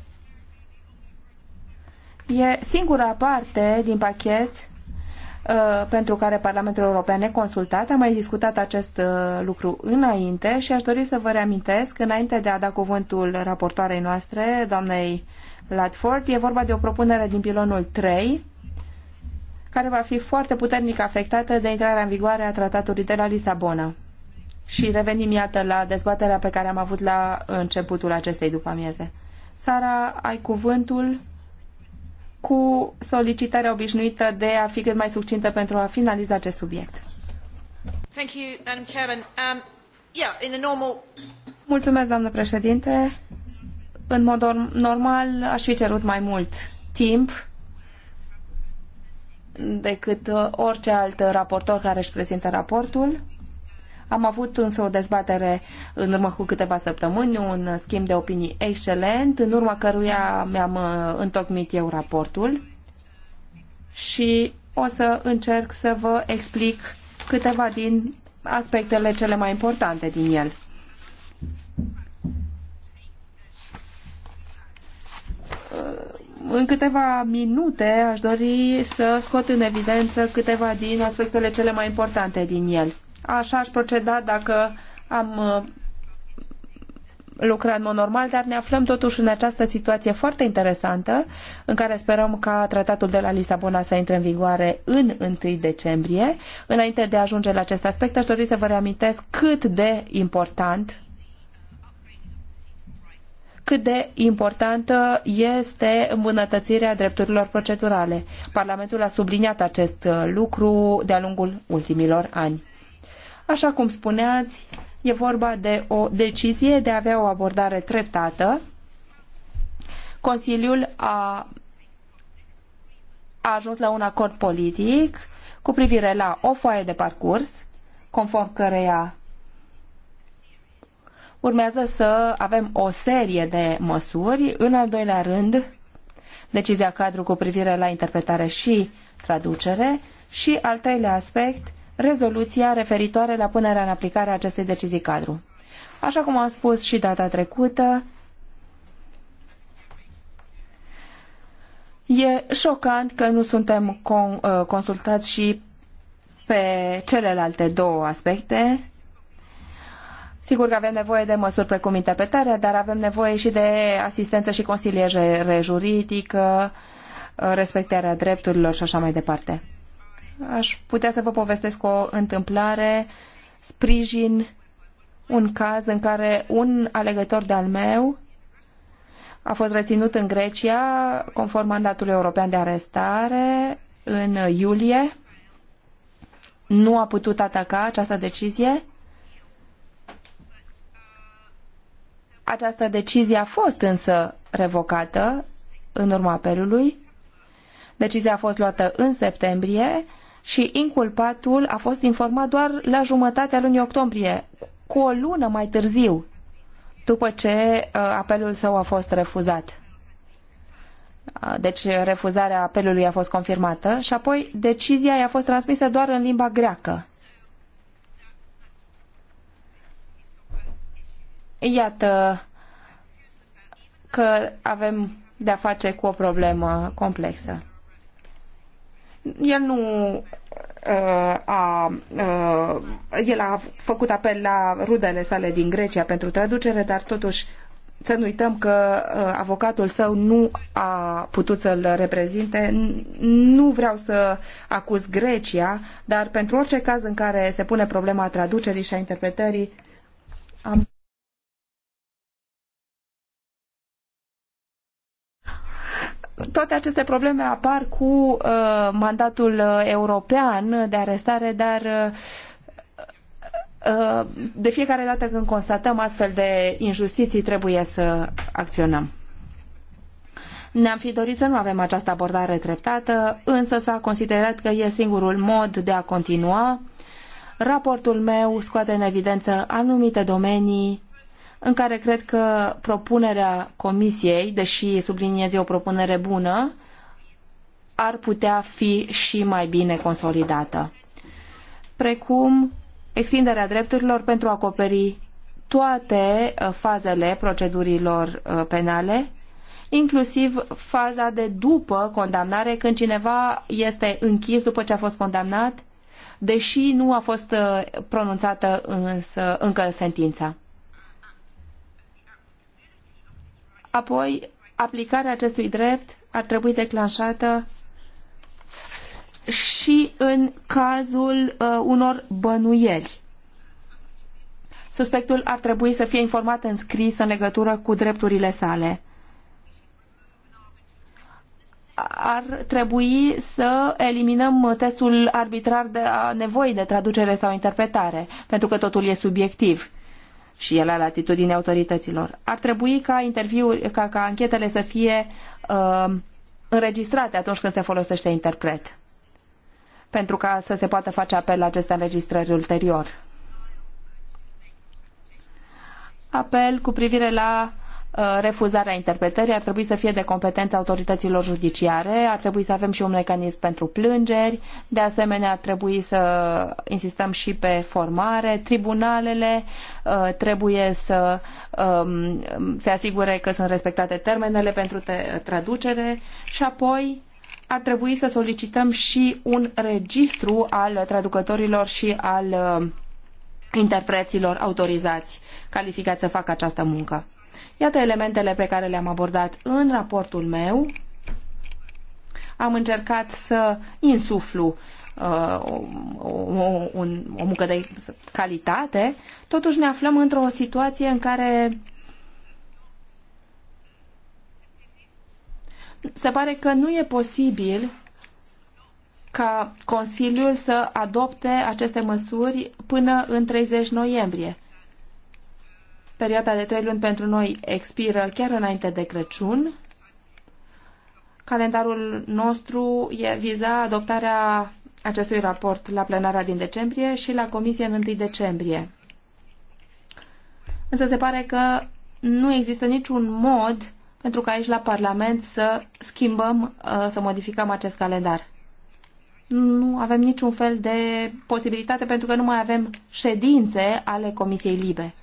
E singura parte din pachet uh, pentru care Parlamentul European e consultat. Am mai discutat acest uh, lucru înainte și aș dori să vă reamintesc, înainte de a da cuvântul raportoarei noastre, doamnei Latford, e vorba de o propunere din pilonul 3, care va fi foarte puternic afectată de intrarea în vigoare a tratatului de la Lisabona. Și revenim, iată, la dezbaterea pe care am avut la începutul acestei după amieze. Sara, ai cuvântul cu solicitarea obișnuită de a fi cât mai succintă pentru a finaliza acest subiect. Thank you, Madam Chairman. Um, yeah, in normal... Mulțumesc, doamnă președinte. În mod normal, aș fi cerut mai mult timp decât uh, orice alt raportor care își prezintă raportul. Am avut însă o dezbatere în urmă cu câteva săptămâni, un schimb de opinii excelent, în urma căruia mi-am uh, întocmit eu raportul și o să încerc să vă explic câteva din aspectele cele mai importante din el. În câteva minute aș dori să scot în evidență câteva din aspectele cele mai importante din el. Așa aș proceda dacă am uh, lucra în mod normal, dar ne aflăm totuși în această situație foarte interesantă, în care sperăm ca tratatul de la Lisabona să intre în vigoare în 1 decembrie. Înainte de a ajunge la acest aspect, aș dori să vă reamintesc cât de important cât de importantă este îmbunătățirea drepturilor procedurale. Parlamentul a subliniat acest uh, lucru de-a lungul ultimilor ani. Așa cum spuneați, e vorba de o decizie de a avea o abordare treptată. Consiliul a, a ajuns la un acord politic cu privire la o foaie de parcurs, conform căreia urmează să avem o serie de măsuri. În al doilea rând, decizia cadru cu privire la interpretare și traducere și al treilea aspect, rezoluția referitoare la punerea în aplicare a acestei decizii cadru. Așa cum am spus și data trecută, e șocant că nu suntem uh, consultați și pe celelalte două aspecte, Sigur că avem nevoie de măsuri precum interpretarea, dar avem nevoie și de asistență și consiliere juridică, uh, respectarea drepturilor și așa mai departe aș putea să vă povestesc o întâmplare, sprijin un caz în care un alegător de-al meu a fost reținut în Grecia conform mandatului european de arestare în iulie. Nu a putut ataca această decizie. Această decizie a fost însă revocată în urma apelului. Decizia a fost luată în septembrie și inculpatul a fost informat doar la jumătatea lunii octombrie, cu o lună mai târziu, după ce uh, apelul său a fost refuzat. Uh, deci refuzarea apelului a fost confirmată și apoi decizia i-a fost transmisă doar în limba greacă. Iată că avem de-a face cu o problemă complexă. El nu uh, a, uh, el a făcut apel la rudele sale din Grecia pentru traducere, dar totuși să nu uităm că uh, avocatul său nu a putut să-l reprezinte. Nu vreau să acuz Grecia, dar pentru orice caz în care se pune problema traducerii și a interpretării, am toate aceste probleme apar cu uh, mandatul uh, european de arestare, dar uh, uh, de fiecare dată când constatăm astfel de injustiții, trebuie să acționăm. Ne-am fi dorit să nu avem această abordare treptată, însă s-a considerat că e singurul mod de a continua. Raportul meu scoate în evidență anumite domenii în care cred că propunerea Comisiei, deși subliniez e o propunere bună, ar putea fi și mai bine consolidată, precum extinderea drepturilor pentru a acoperi toate uh, fazele procedurilor uh, penale, inclusiv faza de după condamnare, când cineva este închis după ce a fost condamnat, deși nu a fost uh, pronunțată însă încă sentința. Apoi, aplicarea acestui drept ar trebui declanșată și în cazul uh, unor bănuieli. Suspectul ar trebui să fie informat în scris în legătură cu drepturile sale. Ar trebui să eliminăm testul arbitrar de a nevoii de traducere sau interpretare, pentru că totul e subiectiv și e la latitudine autorităților. Ar trebui ca interviuri, ca, ca anchetele să fie uh, înregistrate atunci când se folosește interpret, pentru ca să se poată face apel la aceste înregistrări ulterior. Apel cu privire la Uh, refuzarea interpretării ar trebui să fie de competență autorităților judiciare, ar trebui să avem și un mecanism pentru plângeri, de asemenea ar trebui să insistăm și pe formare, tribunalele uh, trebuie să um, se asigure că sunt respectate termenele pentru traducere și apoi ar trebui să solicităm și un registru al traducătorilor și al uh, interpreților autorizați, calificați să facă această muncă. Iată elementele pe care le-am abordat în raportul meu. Am încercat să insuflu uh, o, o, un, o muncă de calitate, totuși ne aflăm într-o situație în care se pare că nu e posibil ca Consiliul să adopte aceste măsuri până în 30 noiembrie. Perioada de trei luni pentru noi expiră chiar înainte de Crăciun. Calendarul nostru e viza adoptarea acestui raport la plenara din decembrie și la comisie în 1 decembrie. Însă se pare că nu există niciun mod pentru că aici la Parlament să schimbăm, uh, să modificăm acest calendar. Nu avem niciun fel de posibilitate pentru că nu mai avem ședințe ale Comisiei Libe.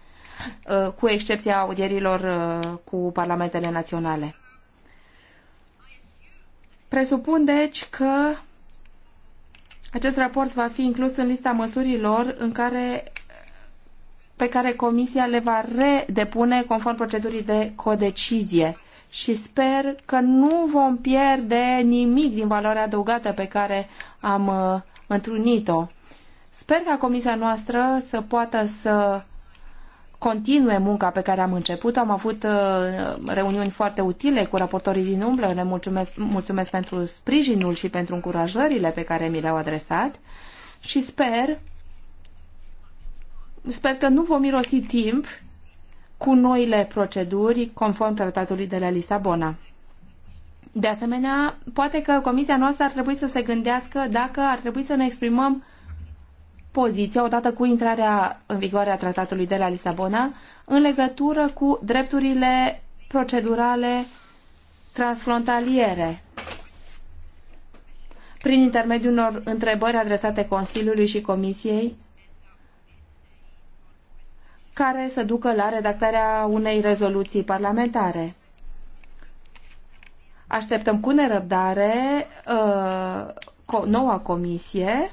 Uh, cu excepția audierilor uh, cu parlamentele naționale. Presupun, deci, că acest raport va fi inclus în lista măsurilor în care, pe care Comisia le va redepune conform procedurii de codecizie și sper că nu vom pierde nimic din valoarea adăugată pe care am uh, întrunit-o. Sper ca Comisia noastră să poată să continue munca pe care am început Am avut uh, reuniuni foarte utile cu raportorii din umbră. Le mulțumesc, mulțumesc pentru sprijinul și pentru încurajările pe care mi le-au adresat și sper sper că nu vom irosi timp cu noile proceduri conform tratatului de la Lisabona. De asemenea, poate că comisia noastră ar trebui să se gândească dacă ar trebui să ne exprimăm poziția odată cu intrarea în vigoare a tratatului de la Lisabona în legătură cu drepturile procedurale transfrontaliere prin intermediul unor întrebări adresate Consiliului și Comisiei care să ducă la redactarea unei rezoluții parlamentare. Așteptăm cu nerăbdare uh, noua comisie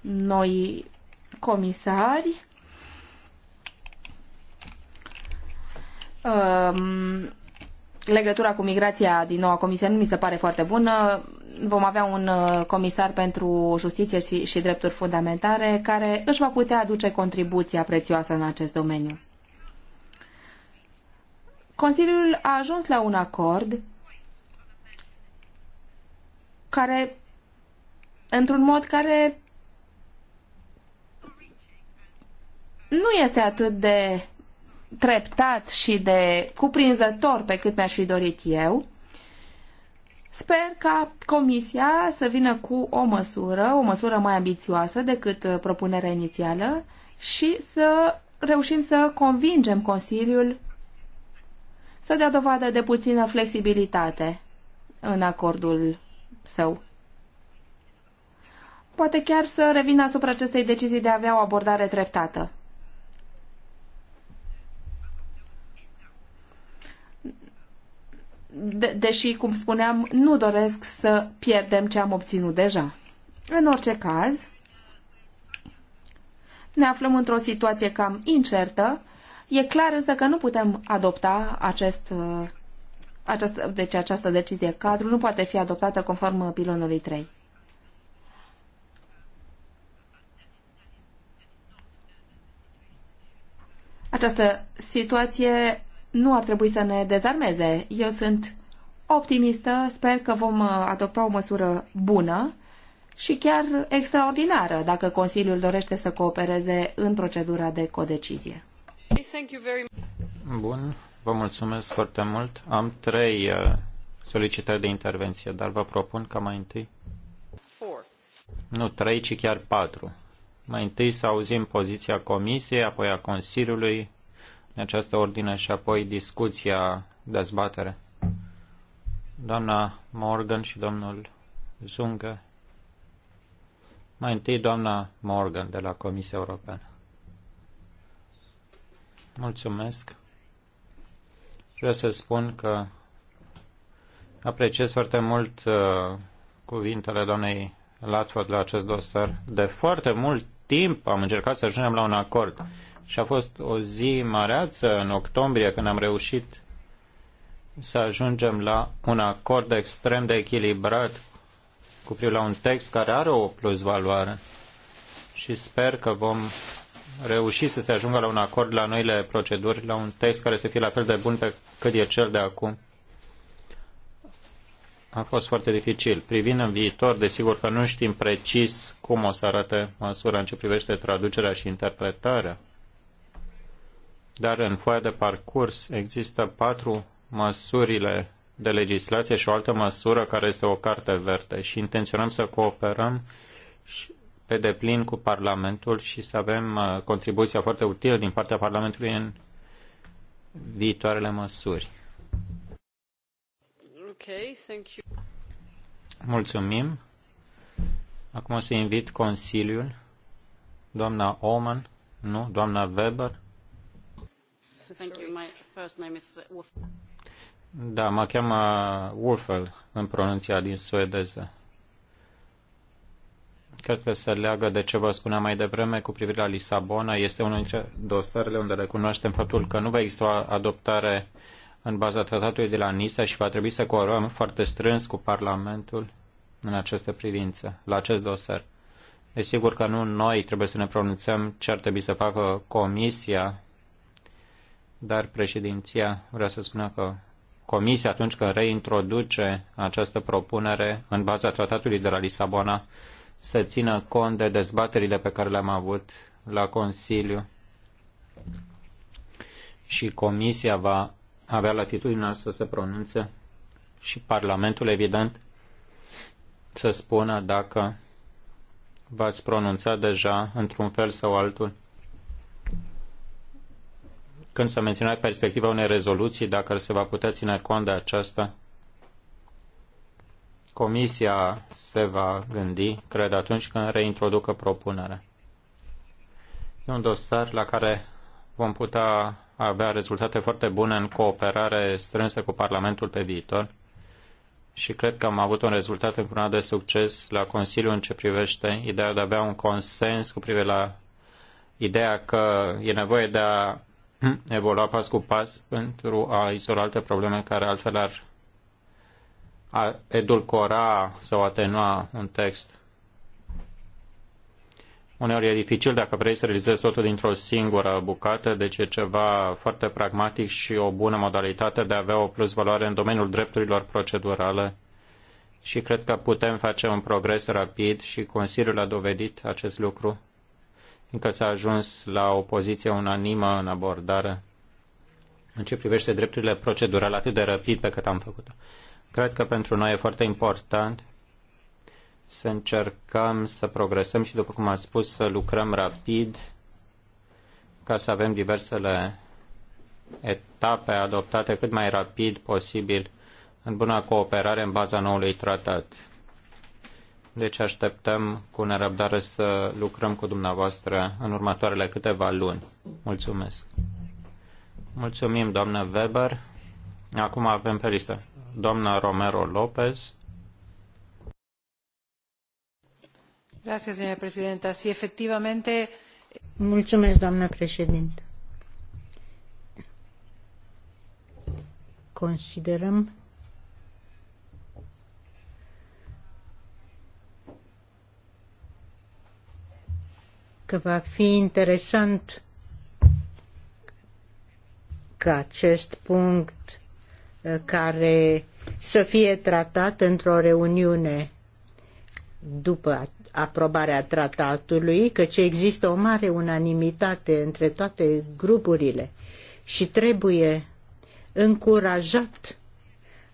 noi comisari. Um, legătura cu migrația din noua comisie nu mi se pare foarte bună. Vom avea un uh, comisar pentru justiție și, și drepturi fundamentale care își va putea aduce contribuția prețioasă în acest domeniu. Consiliul a ajuns la un acord care, într-un mod care nu este atât de treptat și de cuprinzător pe cât mi-aș fi dorit eu. Sper ca Comisia să vină cu o măsură, o măsură mai ambițioasă decât uh, propunerea inițială și să reușim să convingem Consiliul să dea dovadă de puțină flexibilitate în acordul său. Poate chiar să revină asupra acestei decizii de a avea o abordare treptată. de, deși, cum spuneam, nu doresc să pierdem ce am obținut deja. În orice caz, ne aflăm într-o situație cam incertă. E clar însă că nu putem adopta acest, uh, această, deci această decizie cadru, nu poate fi adoptată conform pilonului 3. Această situație nu ar trebui să ne dezarmeze. Eu sunt optimistă, sper că vom uh, adopta o măsură bună și chiar extraordinară dacă Consiliul dorește să coopereze în procedura de codecizie. Bun, vă mulțumesc foarte mult. Am trei uh, solicitări de intervenție, dar vă propun ca mai întâi... Nu, trei, ci chiar patru. Mai întâi să auzim poziția Comisiei, apoi a Consiliului, în această ordine și apoi discuția, dezbatere. Doamna Morgan și domnul Zungă. Mai întâi doamna Morgan de la Comisia Europeană. Mulțumesc. Vreau să spun că apreciez foarte mult uh, cuvintele doamnei Latford la acest dosar. De foarte mult timp am încercat să ajungem la un acord și a fost o zi măreață în octombrie când am reușit să ajungem la un acord extrem de echilibrat cu privire la un text care are o plusvaloare și sper că vom reuși să se ajungă la un acord la noile proceduri, la un text care să fie la fel de bun pe cât e cel de acum. A fost foarte dificil. Privind în viitor, desigur că nu știm precis cum o să arate măsura în ce privește traducerea și interpretarea dar în foaia de parcurs există patru măsurile de legislație și o altă măsură care este o carte verde și intenționăm să cooperăm pe deplin cu Parlamentul și să avem uh, contribuția foarte utilă din partea Parlamentului în viitoarele măsuri. Okay, thank you. Mulțumim. Acum o să invit Consiliul, doamna Oman, nu, doamna Weber. Thank you. My first name is uh, Wolf. Da, mă cheamă Wolfel în pronunția din suedeză. Cred că se leagă de ce vă spuneam mai devreme cu privire la Lisabona. Este unul dintre dosarele unde recunoaștem faptul că nu va exista o adoptare în baza tratatului de la Nisa și va trebui să cooperăm foarte strâns cu Parlamentul în această privință, la acest dosar. Desigur că nu noi trebuie să ne pronunțăm ce ar trebui să facă Comisia dar președinția vrea să spună că Comisia, atunci când reintroduce această propunere în baza tratatului de la Lisabona, să țină cont de dezbaterile pe care le-am avut la Consiliu și Comisia va avea latitudinea să se pronunțe și Parlamentul, evident, să spună dacă v-ați pronunțat deja într-un fel sau altul când s-a menționat perspectiva unei rezoluții, dacă se va putea ține cont de aceasta, Comisia se va gândi, cred, atunci când reintroducă propunerea. E un dosar la care vom putea avea rezultate foarte bune în cooperare strânsă cu Parlamentul pe viitor și cred că am avut un rezultat împreună de succes la Consiliu în ce privește ideea de a avea un consens cu privire la ideea că e nevoie de a Hmm? evolua pas cu pas pentru a izola alte probleme care altfel ar edulcora sau atenua un text. Uneori e dificil dacă vrei să realizezi totul dintr-o singură bucată, deci e ceva foarte pragmatic și o bună modalitate de a avea o plus valoare în domeniul drepturilor procedurale. Și cred că putem face un progres rapid și Consiliul a dovedit acest lucru încă s-a ajuns la o poziție unanimă în abordare în ce privește drepturile procedurale atât de rapid pe cât am făcut-o. Cred că pentru noi e foarte important să încercăm să progresăm și, după cum am spus, să lucrăm rapid ca să avem diversele etape adoptate cât mai rapid posibil în bună cooperare în baza noului tratat deci așteptăm cu nerăbdare să lucrăm cu dumneavoastră în următoarele câteva luni. Mulțumesc. Mulțumim, doamnă Weber. Acum avem pe listă doamna Romero Lopez. Mulțumesc, doamnă președinte. Considerăm că va fi interesant ca acest punct uh, care să fie tratat într-o reuniune după aprobarea tratatului, căci există o mare unanimitate între toate grupurile și trebuie încurajat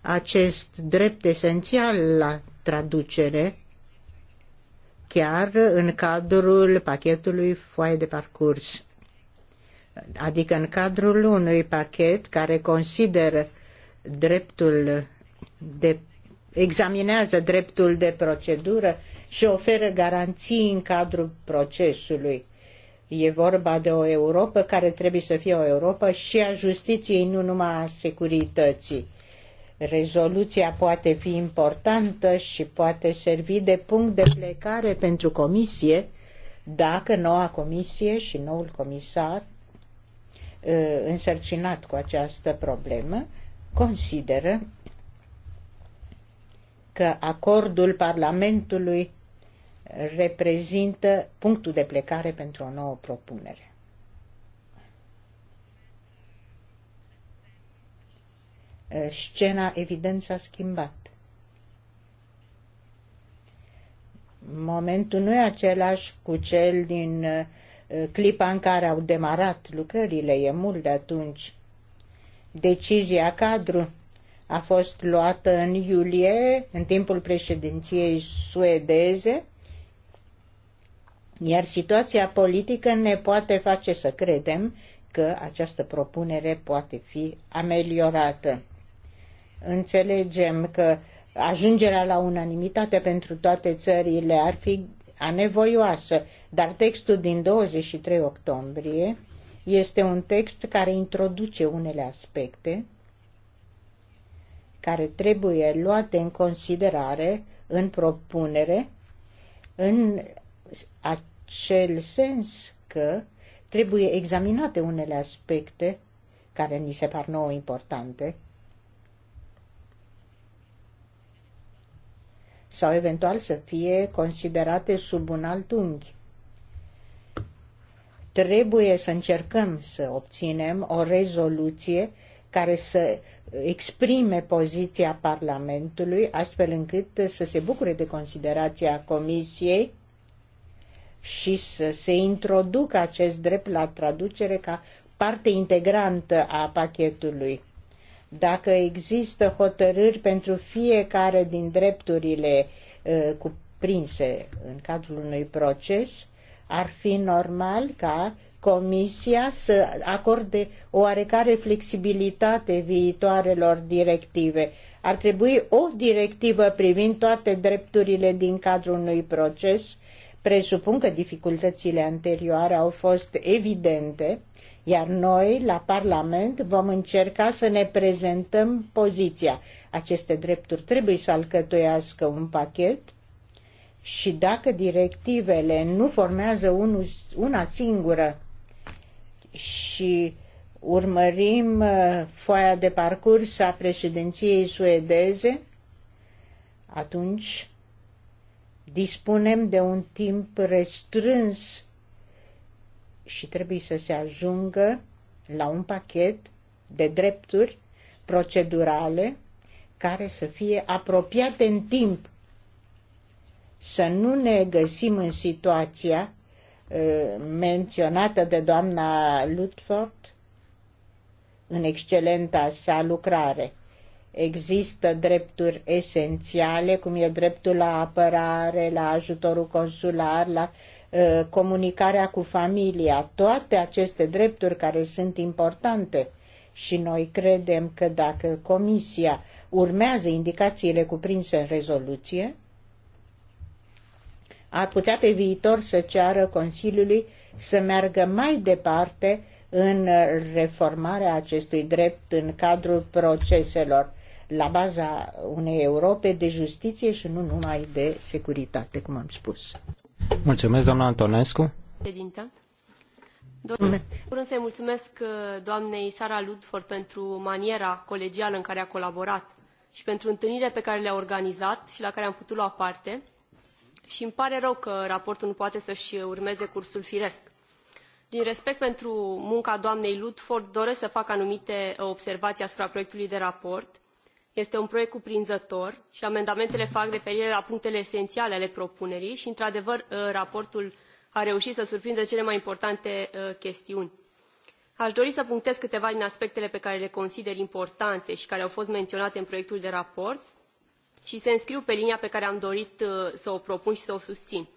acest drept esențial la traducere chiar în cadrul pachetului foaie de parcurs, adică în cadrul unui pachet care consideră dreptul de examinează dreptul de procedură și oferă garanții în cadrul procesului. E vorba de o Europa care trebuie să fie o Europa și a justiției, nu numai a securității. Rezoluția poate fi importantă și poate servi de punct de plecare pentru comisie dacă noua comisie și noul comisar uh, însărcinat cu această problemă consideră că acordul Parlamentului reprezintă punctul de plecare pentru o nouă propunere. scena evident s-a schimbat. Momentul nu e același cu cel din clipa în care au demarat lucrările, e mult de atunci. Decizia cadru a fost luată în iulie, în timpul președinției suedeze, iar situația politică ne poate face să credem că această propunere poate fi ameliorată. Înțelegem că ajungerea la unanimitate pentru toate țările ar fi anevoioasă, dar textul din 23 octombrie este un text care introduce unele aspecte care trebuie luate în considerare în propunere în acel sens că trebuie examinate unele aspecte care ni se par nouă importante sau eventual să fie considerate sub un alt unghi. Trebuie să încercăm să obținem o rezoluție care să exprime poziția Parlamentului, astfel încât să se bucure de considerația Comisiei și să se introducă acest drept la traducere ca parte integrantă a pachetului. Dacă există hotărâri pentru fiecare din drepturile uh, cuprinse în cadrul unui proces, ar fi normal ca Comisia să acorde oarecare flexibilitate viitoarelor directive. Ar trebui o directivă privind toate drepturile din cadrul unui proces. Presupun că dificultățile anterioare au fost evidente iar noi, la Parlament, vom încerca să ne prezentăm poziția. Aceste drepturi trebuie să alcătuiască un pachet și dacă directivele nu formează una singură și urmărim uh, foaia de parcurs a președinției suedeze, atunci dispunem de un timp restrâns și trebuie să se ajungă la un pachet de drepturi procedurale care să fie apropiate în timp. Să nu ne găsim în situația uh, menționată de doamna Lutford în excelenta sa lucrare. Există drepturi esențiale, cum e dreptul la apărare, la ajutorul consular, la Uh, comunicarea cu familia, toate aceste drepturi care sunt importante. Și noi credem că dacă Comisia urmează indicațiile cuprinse în rezoluție, ar putea pe viitor să ceară Consiliului să meargă mai departe în reformarea acestui drept în cadrul proceselor la baza unei Europe de justiție și nu numai de securitate, cum am spus. Mulțumesc, doamna Antonescu. Președintă. Domnule, curând să-i mulțumesc uh, doamnei Sara Ludford pentru maniera colegială în care a colaborat și pentru întâlnirile pe care le-a organizat și la care am putut lua parte. Și îmi pare rău că raportul nu poate să-și urmeze cursul firesc. Din respect pentru munca doamnei Ludford, doresc să fac anumite observații asupra proiectului de raport este un proiect cuprinzător i amendamentele fac referire la punctele eseniale ale propunerii i într adevăr ă, raportul a reuit să surprindă cele mai importante ă, chestiuni. a dori să punctez câteva din aspectele pe care le consider importante i care au fost menionate în proiectul de raport i se înscriu pe linia pe care am dorit ă, să o propun i să o susin.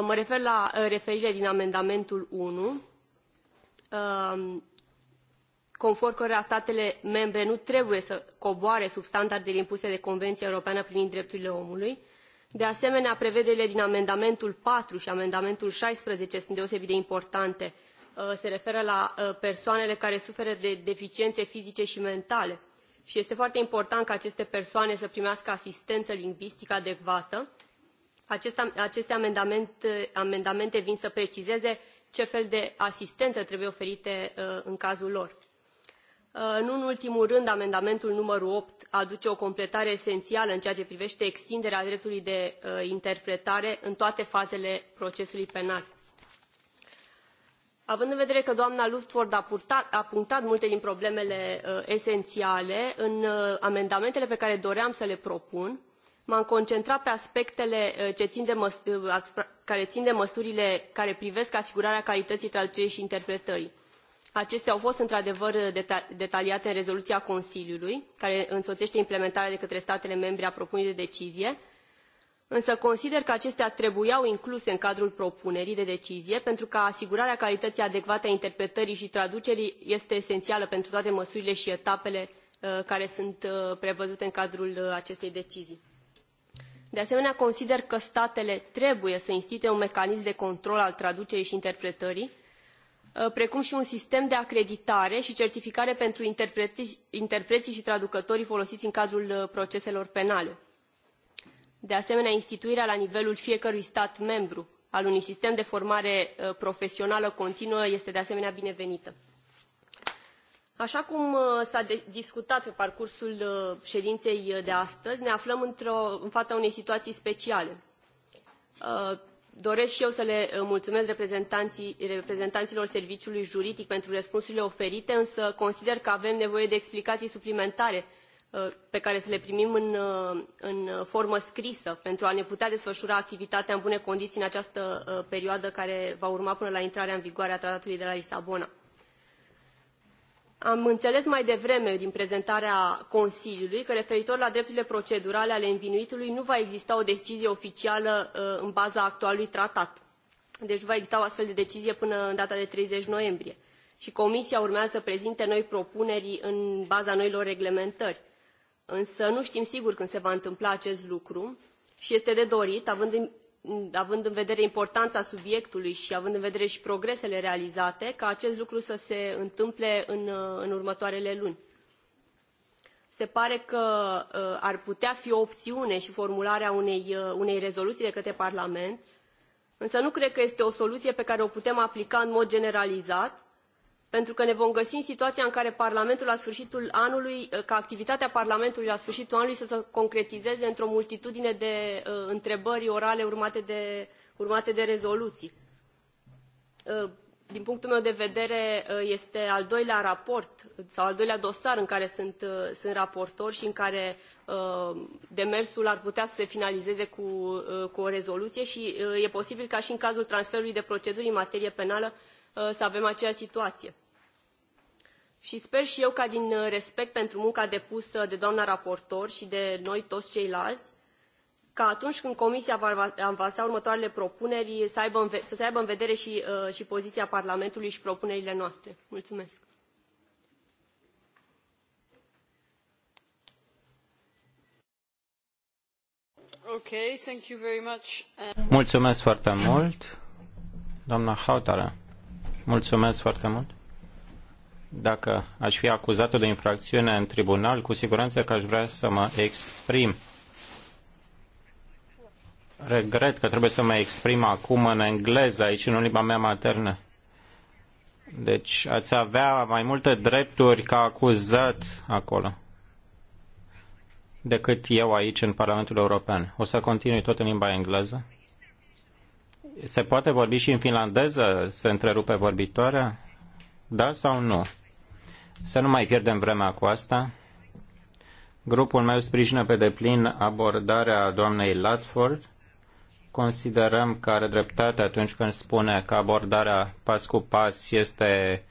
mă refer la referire din amendamentul unu conform cărora statele membre nu trebuie să coboare sub standardele impuse de Convenția Europeană privind drepturile omului. De asemenea, prevederile din amendamentul patru și amendamentul 16 sunt deosebit de importante. Uh, se referă la uh, persoanele care suferă de deficiențe fizice și mentale. Și este foarte important ca aceste persoane să primească asistență lingvistică adecvată. Aceste, aceste amendamente, amendamente vin să precizeze ce fel de asistență trebuie oferite uh, în cazul lor. Uh, nu în ultimul rând, amendamentul numărul opt aduce o completare esențială în ceea ce privește extinderea dreptului de uh, interpretare în toate fazele procesului penal. Având în vedere că doamna Luftford a, purtat, a punctat multe din problemele uh, esențiale, în amendamentele pe care doream să le propun, m-am concentrat pe aspectele ce țin de măs- care țin de măsurile care privesc asigurarea calității traducerii și interpretării Acestea au fost într-adevăr detaliate în rezoluția Consiliului, care însoțește implementarea de către statele membre a propunerii de decizie, însă consider că acestea trebuiau incluse în cadrul propunerii de decizie, pentru că asigurarea calității adecvate a interpretării i traducerii este esenială pentru toate măsurile i etapele uh, care sunt uh, prevăzute în cadrul uh, acestei decizii. De asemenea, consider că statele trebuie să instituie un mecanism de control al traducerii și interpretării, Uh, precum i un sistem de acreditare i certificare pentru interpreii i traducătorii folosii în cadrul uh, proceselor penale. de asemenea instituirea la nivelul fiecărui stat membru a unui sistem de formare uh, profesională continuă este de asemenea binevenită. Așa cum s-a discutat pe parcursul ședinței de astăzi, ne aflăm în fața unei situații speciale. Doresc și eu să le uh, mulțumesc reprezentanților serviciului juridic pentru răspunsurile oferite, însă consider că avem nevoie de explicații suplimentare uh, pe care să le primim în, uh, în formă scrisă pentru a ne putea desfășura activitatea în bune condiții în această perioadă care va urma până la intrarea în vigoare a Tratatului de la Lisabona. Am înțeles mai devreme din prezentarea Consiliului că referitor la drepturile procedurale ale învinuitului nu va exista o decizie oficială uh, în baza actualului tratat. Deci nu va exista o astfel de decizie până în data de 30 noiembrie. Și Comisia urmează să prezinte noi propuneri în baza noilor reglementări. Însă nu știm sigur când se va întâmpla acest lucru și este de dorit, având având în vedere importanța subiectului și având în vedere și progresele realizate, ca acest lucru să se întâmple în, uh, în următoarele luni. Se pare că uh, ar putea fi o opțiune și formularea unei, uh, unei rezoluții de către Parlament, însă nu cred că este o soluție pe care o putem aplica în mod generalizat, pentru că ne vom găsi în situaia în care parlamentul la sfârșitul anului ă, ca activitatea parlamentului la sfâritul anului să se concretizeze într o multitudine de uh, întrebări orale urmate de, urmate de rezoluii. Uh, ă, din punctul meu de vedere uh, este al doilea raport sau al doilea dosar în care sunt, sunt raportor i în care demersul ar putea să se finalizeze cu, cu o rezoluie i e posibil ca i în cazul transferului de proceduri în materie penală Uh, să avem aceeași situație. Și sper și eu ca din uh, respect pentru munca depusă de doamna raportor și de noi toți ceilalți, ca atunci când Comisia va avansa următoarele propuneri să, aibă în, să se aibă în vedere și, uh, și poziția Parlamentului și propunerile noastre. Mulțumesc! Okay, mulțumesc foarte mult doamna hautala Mulțumesc foarte mult. Dacă aș fi acuzat de infracțiune în tribunal, cu siguranță că aș vrea să mă exprim. Regret că trebuie să mă exprim acum în engleză, aici în limba mea maternă. Deci ați avea mai multe drepturi ca acuzat acolo decât eu aici în Parlamentul European. O să continui tot în limba engleză. Se poate vorbi și în finlandeză? Se întrerupe vorbitoarea? Da sau nu? Să nu mai pierdem vremea cu asta. Grupul meu sprijină pe deplin abordarea doamnei Latford. Considerăm că are dreptate atunci când spune că abordarea pas cu pas este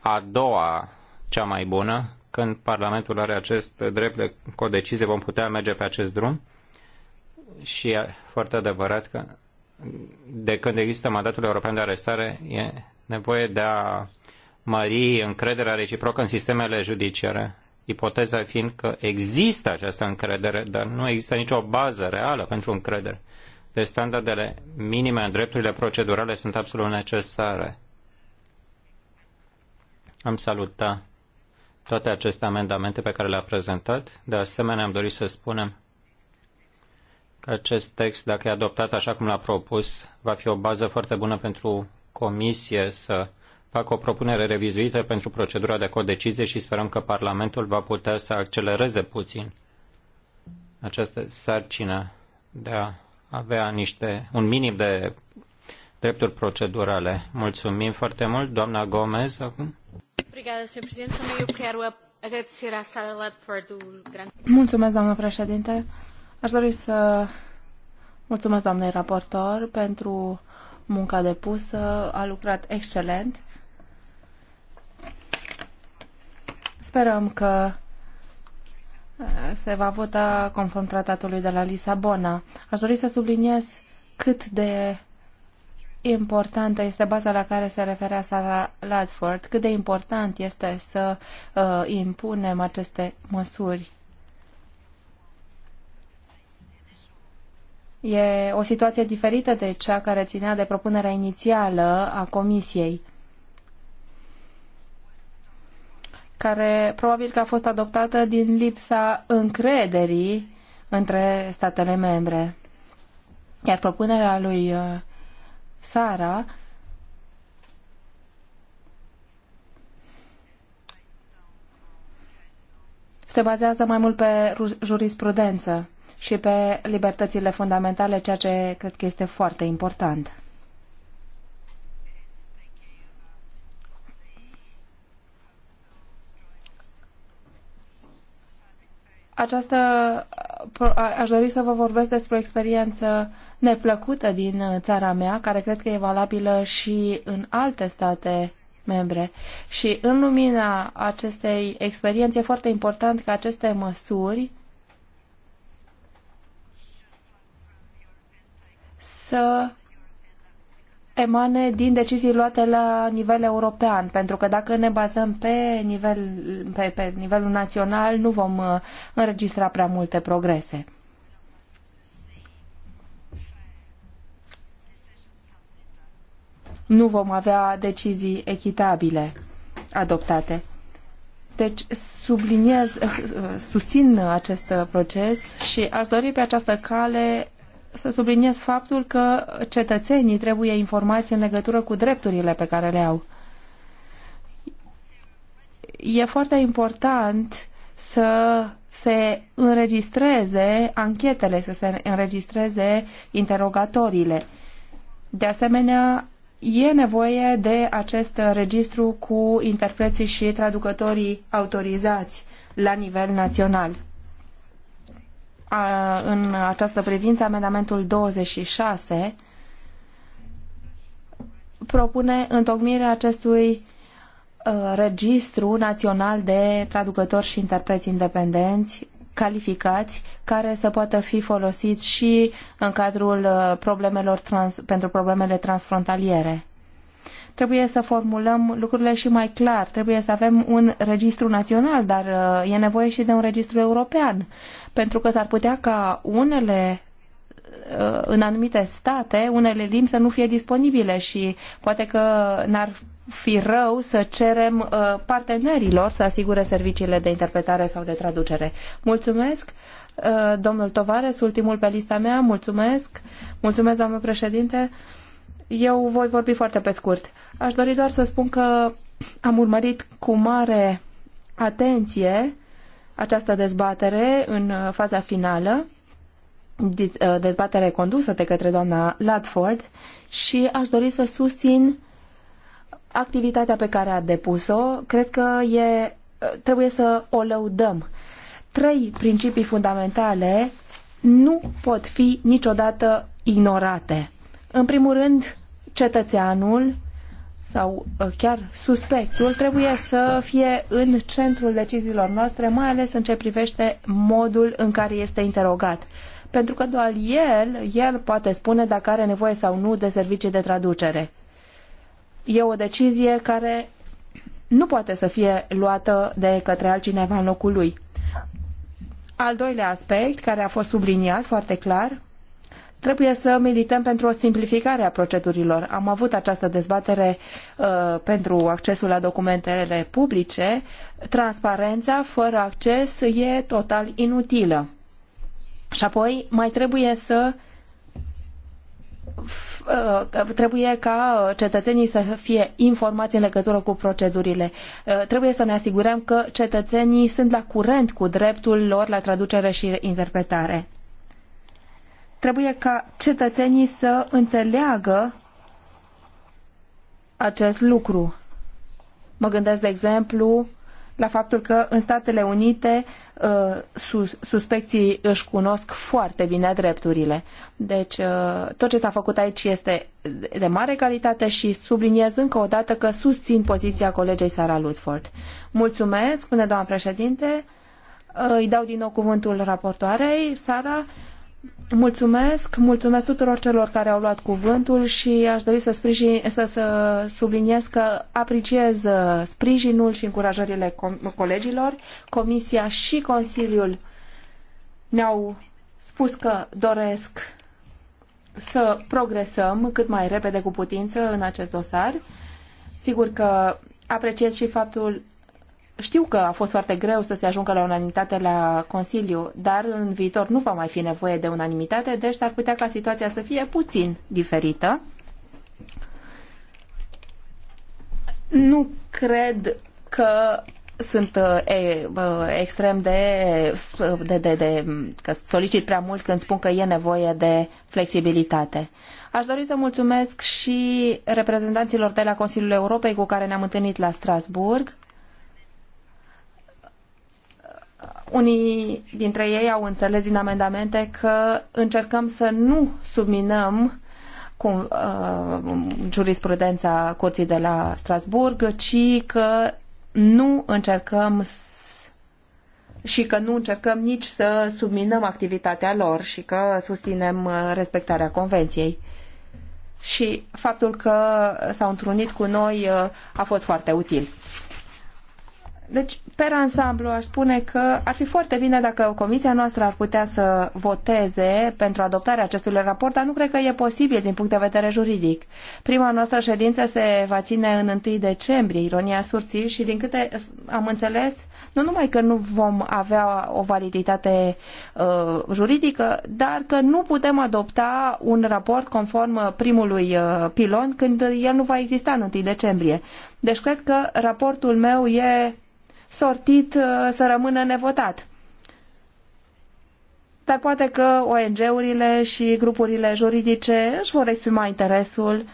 a doua cea mai bună. Când Parlamentul are acest drept de codecizie, vom putea merge pe acest drum. Și e foarte adevărat că de când există mandatul european de arestare, e nevoie de a mări încrederea reciprocă în sistemele judiciare. Ipoteza fiind că există această încredere, dar nu există nicio bază reală pentru încredere. Deci standardele minime în drepturile procedurale sunt absolut necesare. Am salutat toate aceste amendamente pe care le-a prezentat. De asemenea, am dorit să spunem că acest text, dacă e adoptat așa cum l-a propus, va fi o bază foarte bună pentru comisie să facă o propunere revizuită pentru procedura de codecizie și sperăm că Parlamentul va putea să accelereze puțin această sarcină de a avea niște, un minim de drepturi procedurale. Mulțumim foarte mult, doamna Gomez, acum. Mulțumesc, doamnă președinte. Aș dori să mulțumesc doamnei raportor pentru munca depusă. A lucrat excelent. Sperăm că uh, se va vota conform tratatului de la Lisabona. Aș dori să subliniez cât de importantă este baza la care se referea Sara Ladford, cât de important este să uh, impunem aceste măsuri E o situație diferită de cea care ținea de propunerea inițială a Comisiei, care probabil că a fost adoptată din lipsa încrederii între statele membre. Iar propunerea lui uh, Sara se bazează mai mult pe jurisprudență și pe libertățile fundamentale, ceea ce cred că este foarte important. Această, aș dori să vă vorbesc despre o experiență neplăcută din țara mea, care cred că e valabilă și în alte state membre. Și în lumina acestei experiențe e foarte important că aceste măsuri să emane din decizii luate la nivel european, pentru că dacă ne bazăm pe, nivel, pe, pe nivelul național, nu vom uh, înregistra prea multe progrese. Nu vom avea decizii echitabile adoptate. Deci subliniez, uh, uh, susțin acest proces și aș dori pe această cale să subliniez faptul că cetățenii trebuie informați în legătură cu drepturile pe care le au. E foarte important să se înregistreze anchetele, să se înregistreze interogatoriile. De asemenea, e nevoie de acest registru cu interpreții și traducătorii autorizați la nivel național a, în această privință amendamentul 26 propune întocmirea acestui uh, registru național de traducători și interpreți independenți calificați care să poată fi folosit și în cadrul uh, problemelor trans, pentru problemele transfrontaliere. Trebuie să formulăm lucrurile și mai clar. Trebuie să avem un registru național, dar uh, e nevoie și de un registru european. Pentru că s-ar putea ca unele uh, în anumite state, unele limbi să nu fie disponibile și poate că n-ar fi rău să cerem uh, partenerilor să asigure serviciile de interpretare sau de traducere. Mulțumesc! Domnul Tovares, ultimul pe lista mea, mulțumesc! Mulțumesc, doamnă președinte! Eu voi vorbi foarte pe scurt. Aș dori doar să spun că am urmărit cu mare atenție această dezbatere în uh, faza finală, uh, dezbatere condusă de către doamna Ladford și aș dori să susțin activitatea pe care a depus-o. Cred că e, uh, trebuie să o lăudăm. Trei principii fundamentale nu pot fi niciodată ignorate. În primul rând, cetățeanul sau uh, chiar suspectul trebuie să fie în centrul deciziilor noastre, mai ales în ce privește modul în care este interogat. Pentru că doar el, el poate spune dacă are nevoie sau nu de servicii de traducere. E o decizie care nu poate să fie luată de către altcineva în locul lui. Al doilea aspect, care a fost subliniat foarte clar, Trebuie să milităm pentru o simplificare a procedurilor. Am avut această dezbatere uh, pentru accesul la documentele publice. Transparența fără acces e total inutilă. Și apoi mai trebuie să uh, trebuie ca cetățenii să fie informați în legătură cu procedurile. Uh, trebuie să ne asigurăm că cetățenii sunt la curent cu dreptul lor la traducere și interpretare. Trebuie ca cetățenii să înțeleagă acest lucru. Mă gândesc, de exemplu, la faptul că în Statele Unite uh, sus, suspecții își cunosc foarte bine drepturile. Deci uh, tot ce s-a făcut aici este de mare calitate și subliniez încă o dată că susțin poziția colegei Sara Lutford. Mulțumesc, spune doamna președinte. Uh, îi dau din nou cuvântul raportoarei, Sara, Mulțumesc, mulțumesc tuturor celor care au luat cuvântul și aș dori să, sprijin, să, să subliniez că apreciez uh, sprijinul și încurajările com- colegilor. Comisia și Consiliul ne-au spus că doresc să progresăm cât mai repede cu putință în acest dosar. Sigur că apreciez și faptul știu că a fost foarte greu să se ajungă la unanimitate la Consiliu, dar în viitor nu va mai fi nevoie de unanimitate, deci ar putea ca situația să fie puțin diferită. Nu cred că sunt e, eh, eh, extrem de, de, de, de că solicit prea mult când spun că e nevoie de flexibilitate. Aș dori să mulțumesc și reprezentanților de la Consiliul Europei cu care ne-am întâlnit la Strasburg Unii dintre ei au înțeles din amendamente că încercăm să nu subminăm cu, uh, jurisprudența Curții de la Strasburg, ci că nu încercăm și că nu încercăm nici să subminăm activitatea lor și că susținem uh, respectarea convenției. Și faptul că s-au întrunit cu noi uh, a fost foarte util. Deci, Per ansamblu, aș spune că ar fi foarte bine dacă comisia noastră ar putea să voteze pentru adoptarea acestui raport, dar nu cred că e posibil din punct de vedere juridic. Prima noastră ședință se va ține în 1 decembrie, ironia surții, și din câte am înțeles, nu numai că nu vom avea o validitate uh, juridică, dar că nu putem adopta un raport conform uh, primului uh, pilon când el nu va exista în 1 decembrie. Deci cred că raportul meu e sortit uh, să rămână nevotat. Dar poate că ONG-urile și grupurile juridice își vor exprima interesul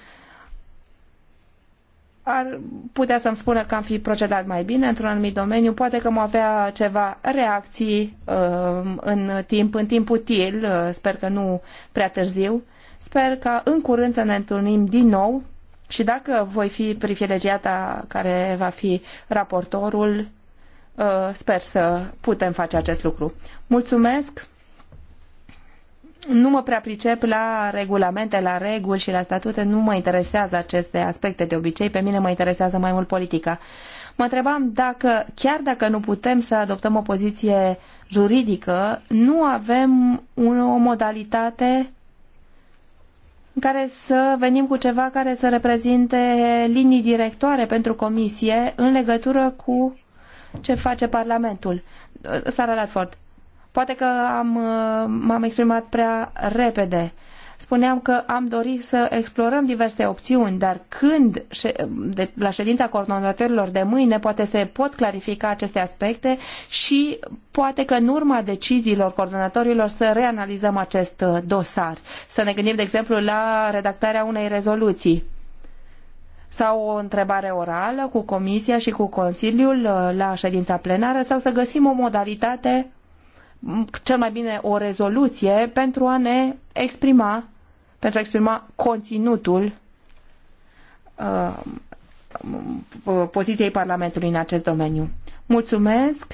ar putea să-mi spună că am fi procedat mai bine într-un anumit domeniu, poate că mă avea ceva reacții uh, în timp, în timp util, uh, sper că nu prea târziu. Sper că în curând să ne întâlnim din nou și dacă voi fi privilegiata care va fi raportorul, Uh, sper să putem face acest lucru. Mulțumesc! Nu mă prea pricep la regulamente, la reguli și la statute, nu mă interesează aceste aspecte de obicei, pe mine mă interesează mai mult politica. Mă întrebam dacă, chiar dacă nu putem să adoptăm o poziție juridică, nu avem o modalitate în care să venim cu ceva care să reprezinte linii directoare pentru comisie în legătură cu ce face Parlamentul. Sara Latford, poate că am, uh, m-am exprimat prea repede. Spuneam că am dorit să explorăm diverse opțiuni, dar când de, la ședința coordonatorilor de mâine poate se pot clarifica aceste aspecte și poate că în urma deciziilor coordonatorilor să reanalizăm acest uh, dosar. Să ne gândim, de exemplu, la redactarea unei rezoluții sau o întrebare orală cu Comisia și cu Consiliul uh, la ședința plenară sau să găsim o modalitate, cel mai bine o rezoluție, pentru a ne exprima, pentru a exprima conținutul uh, poziției Parlamentului în acest domeniu. Mulțumesc!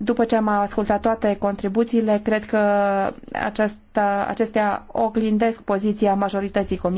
După ce am ascultat toate contribuțiile, cred că aceasta, acestea oglindesc poziția majorității Comisiei.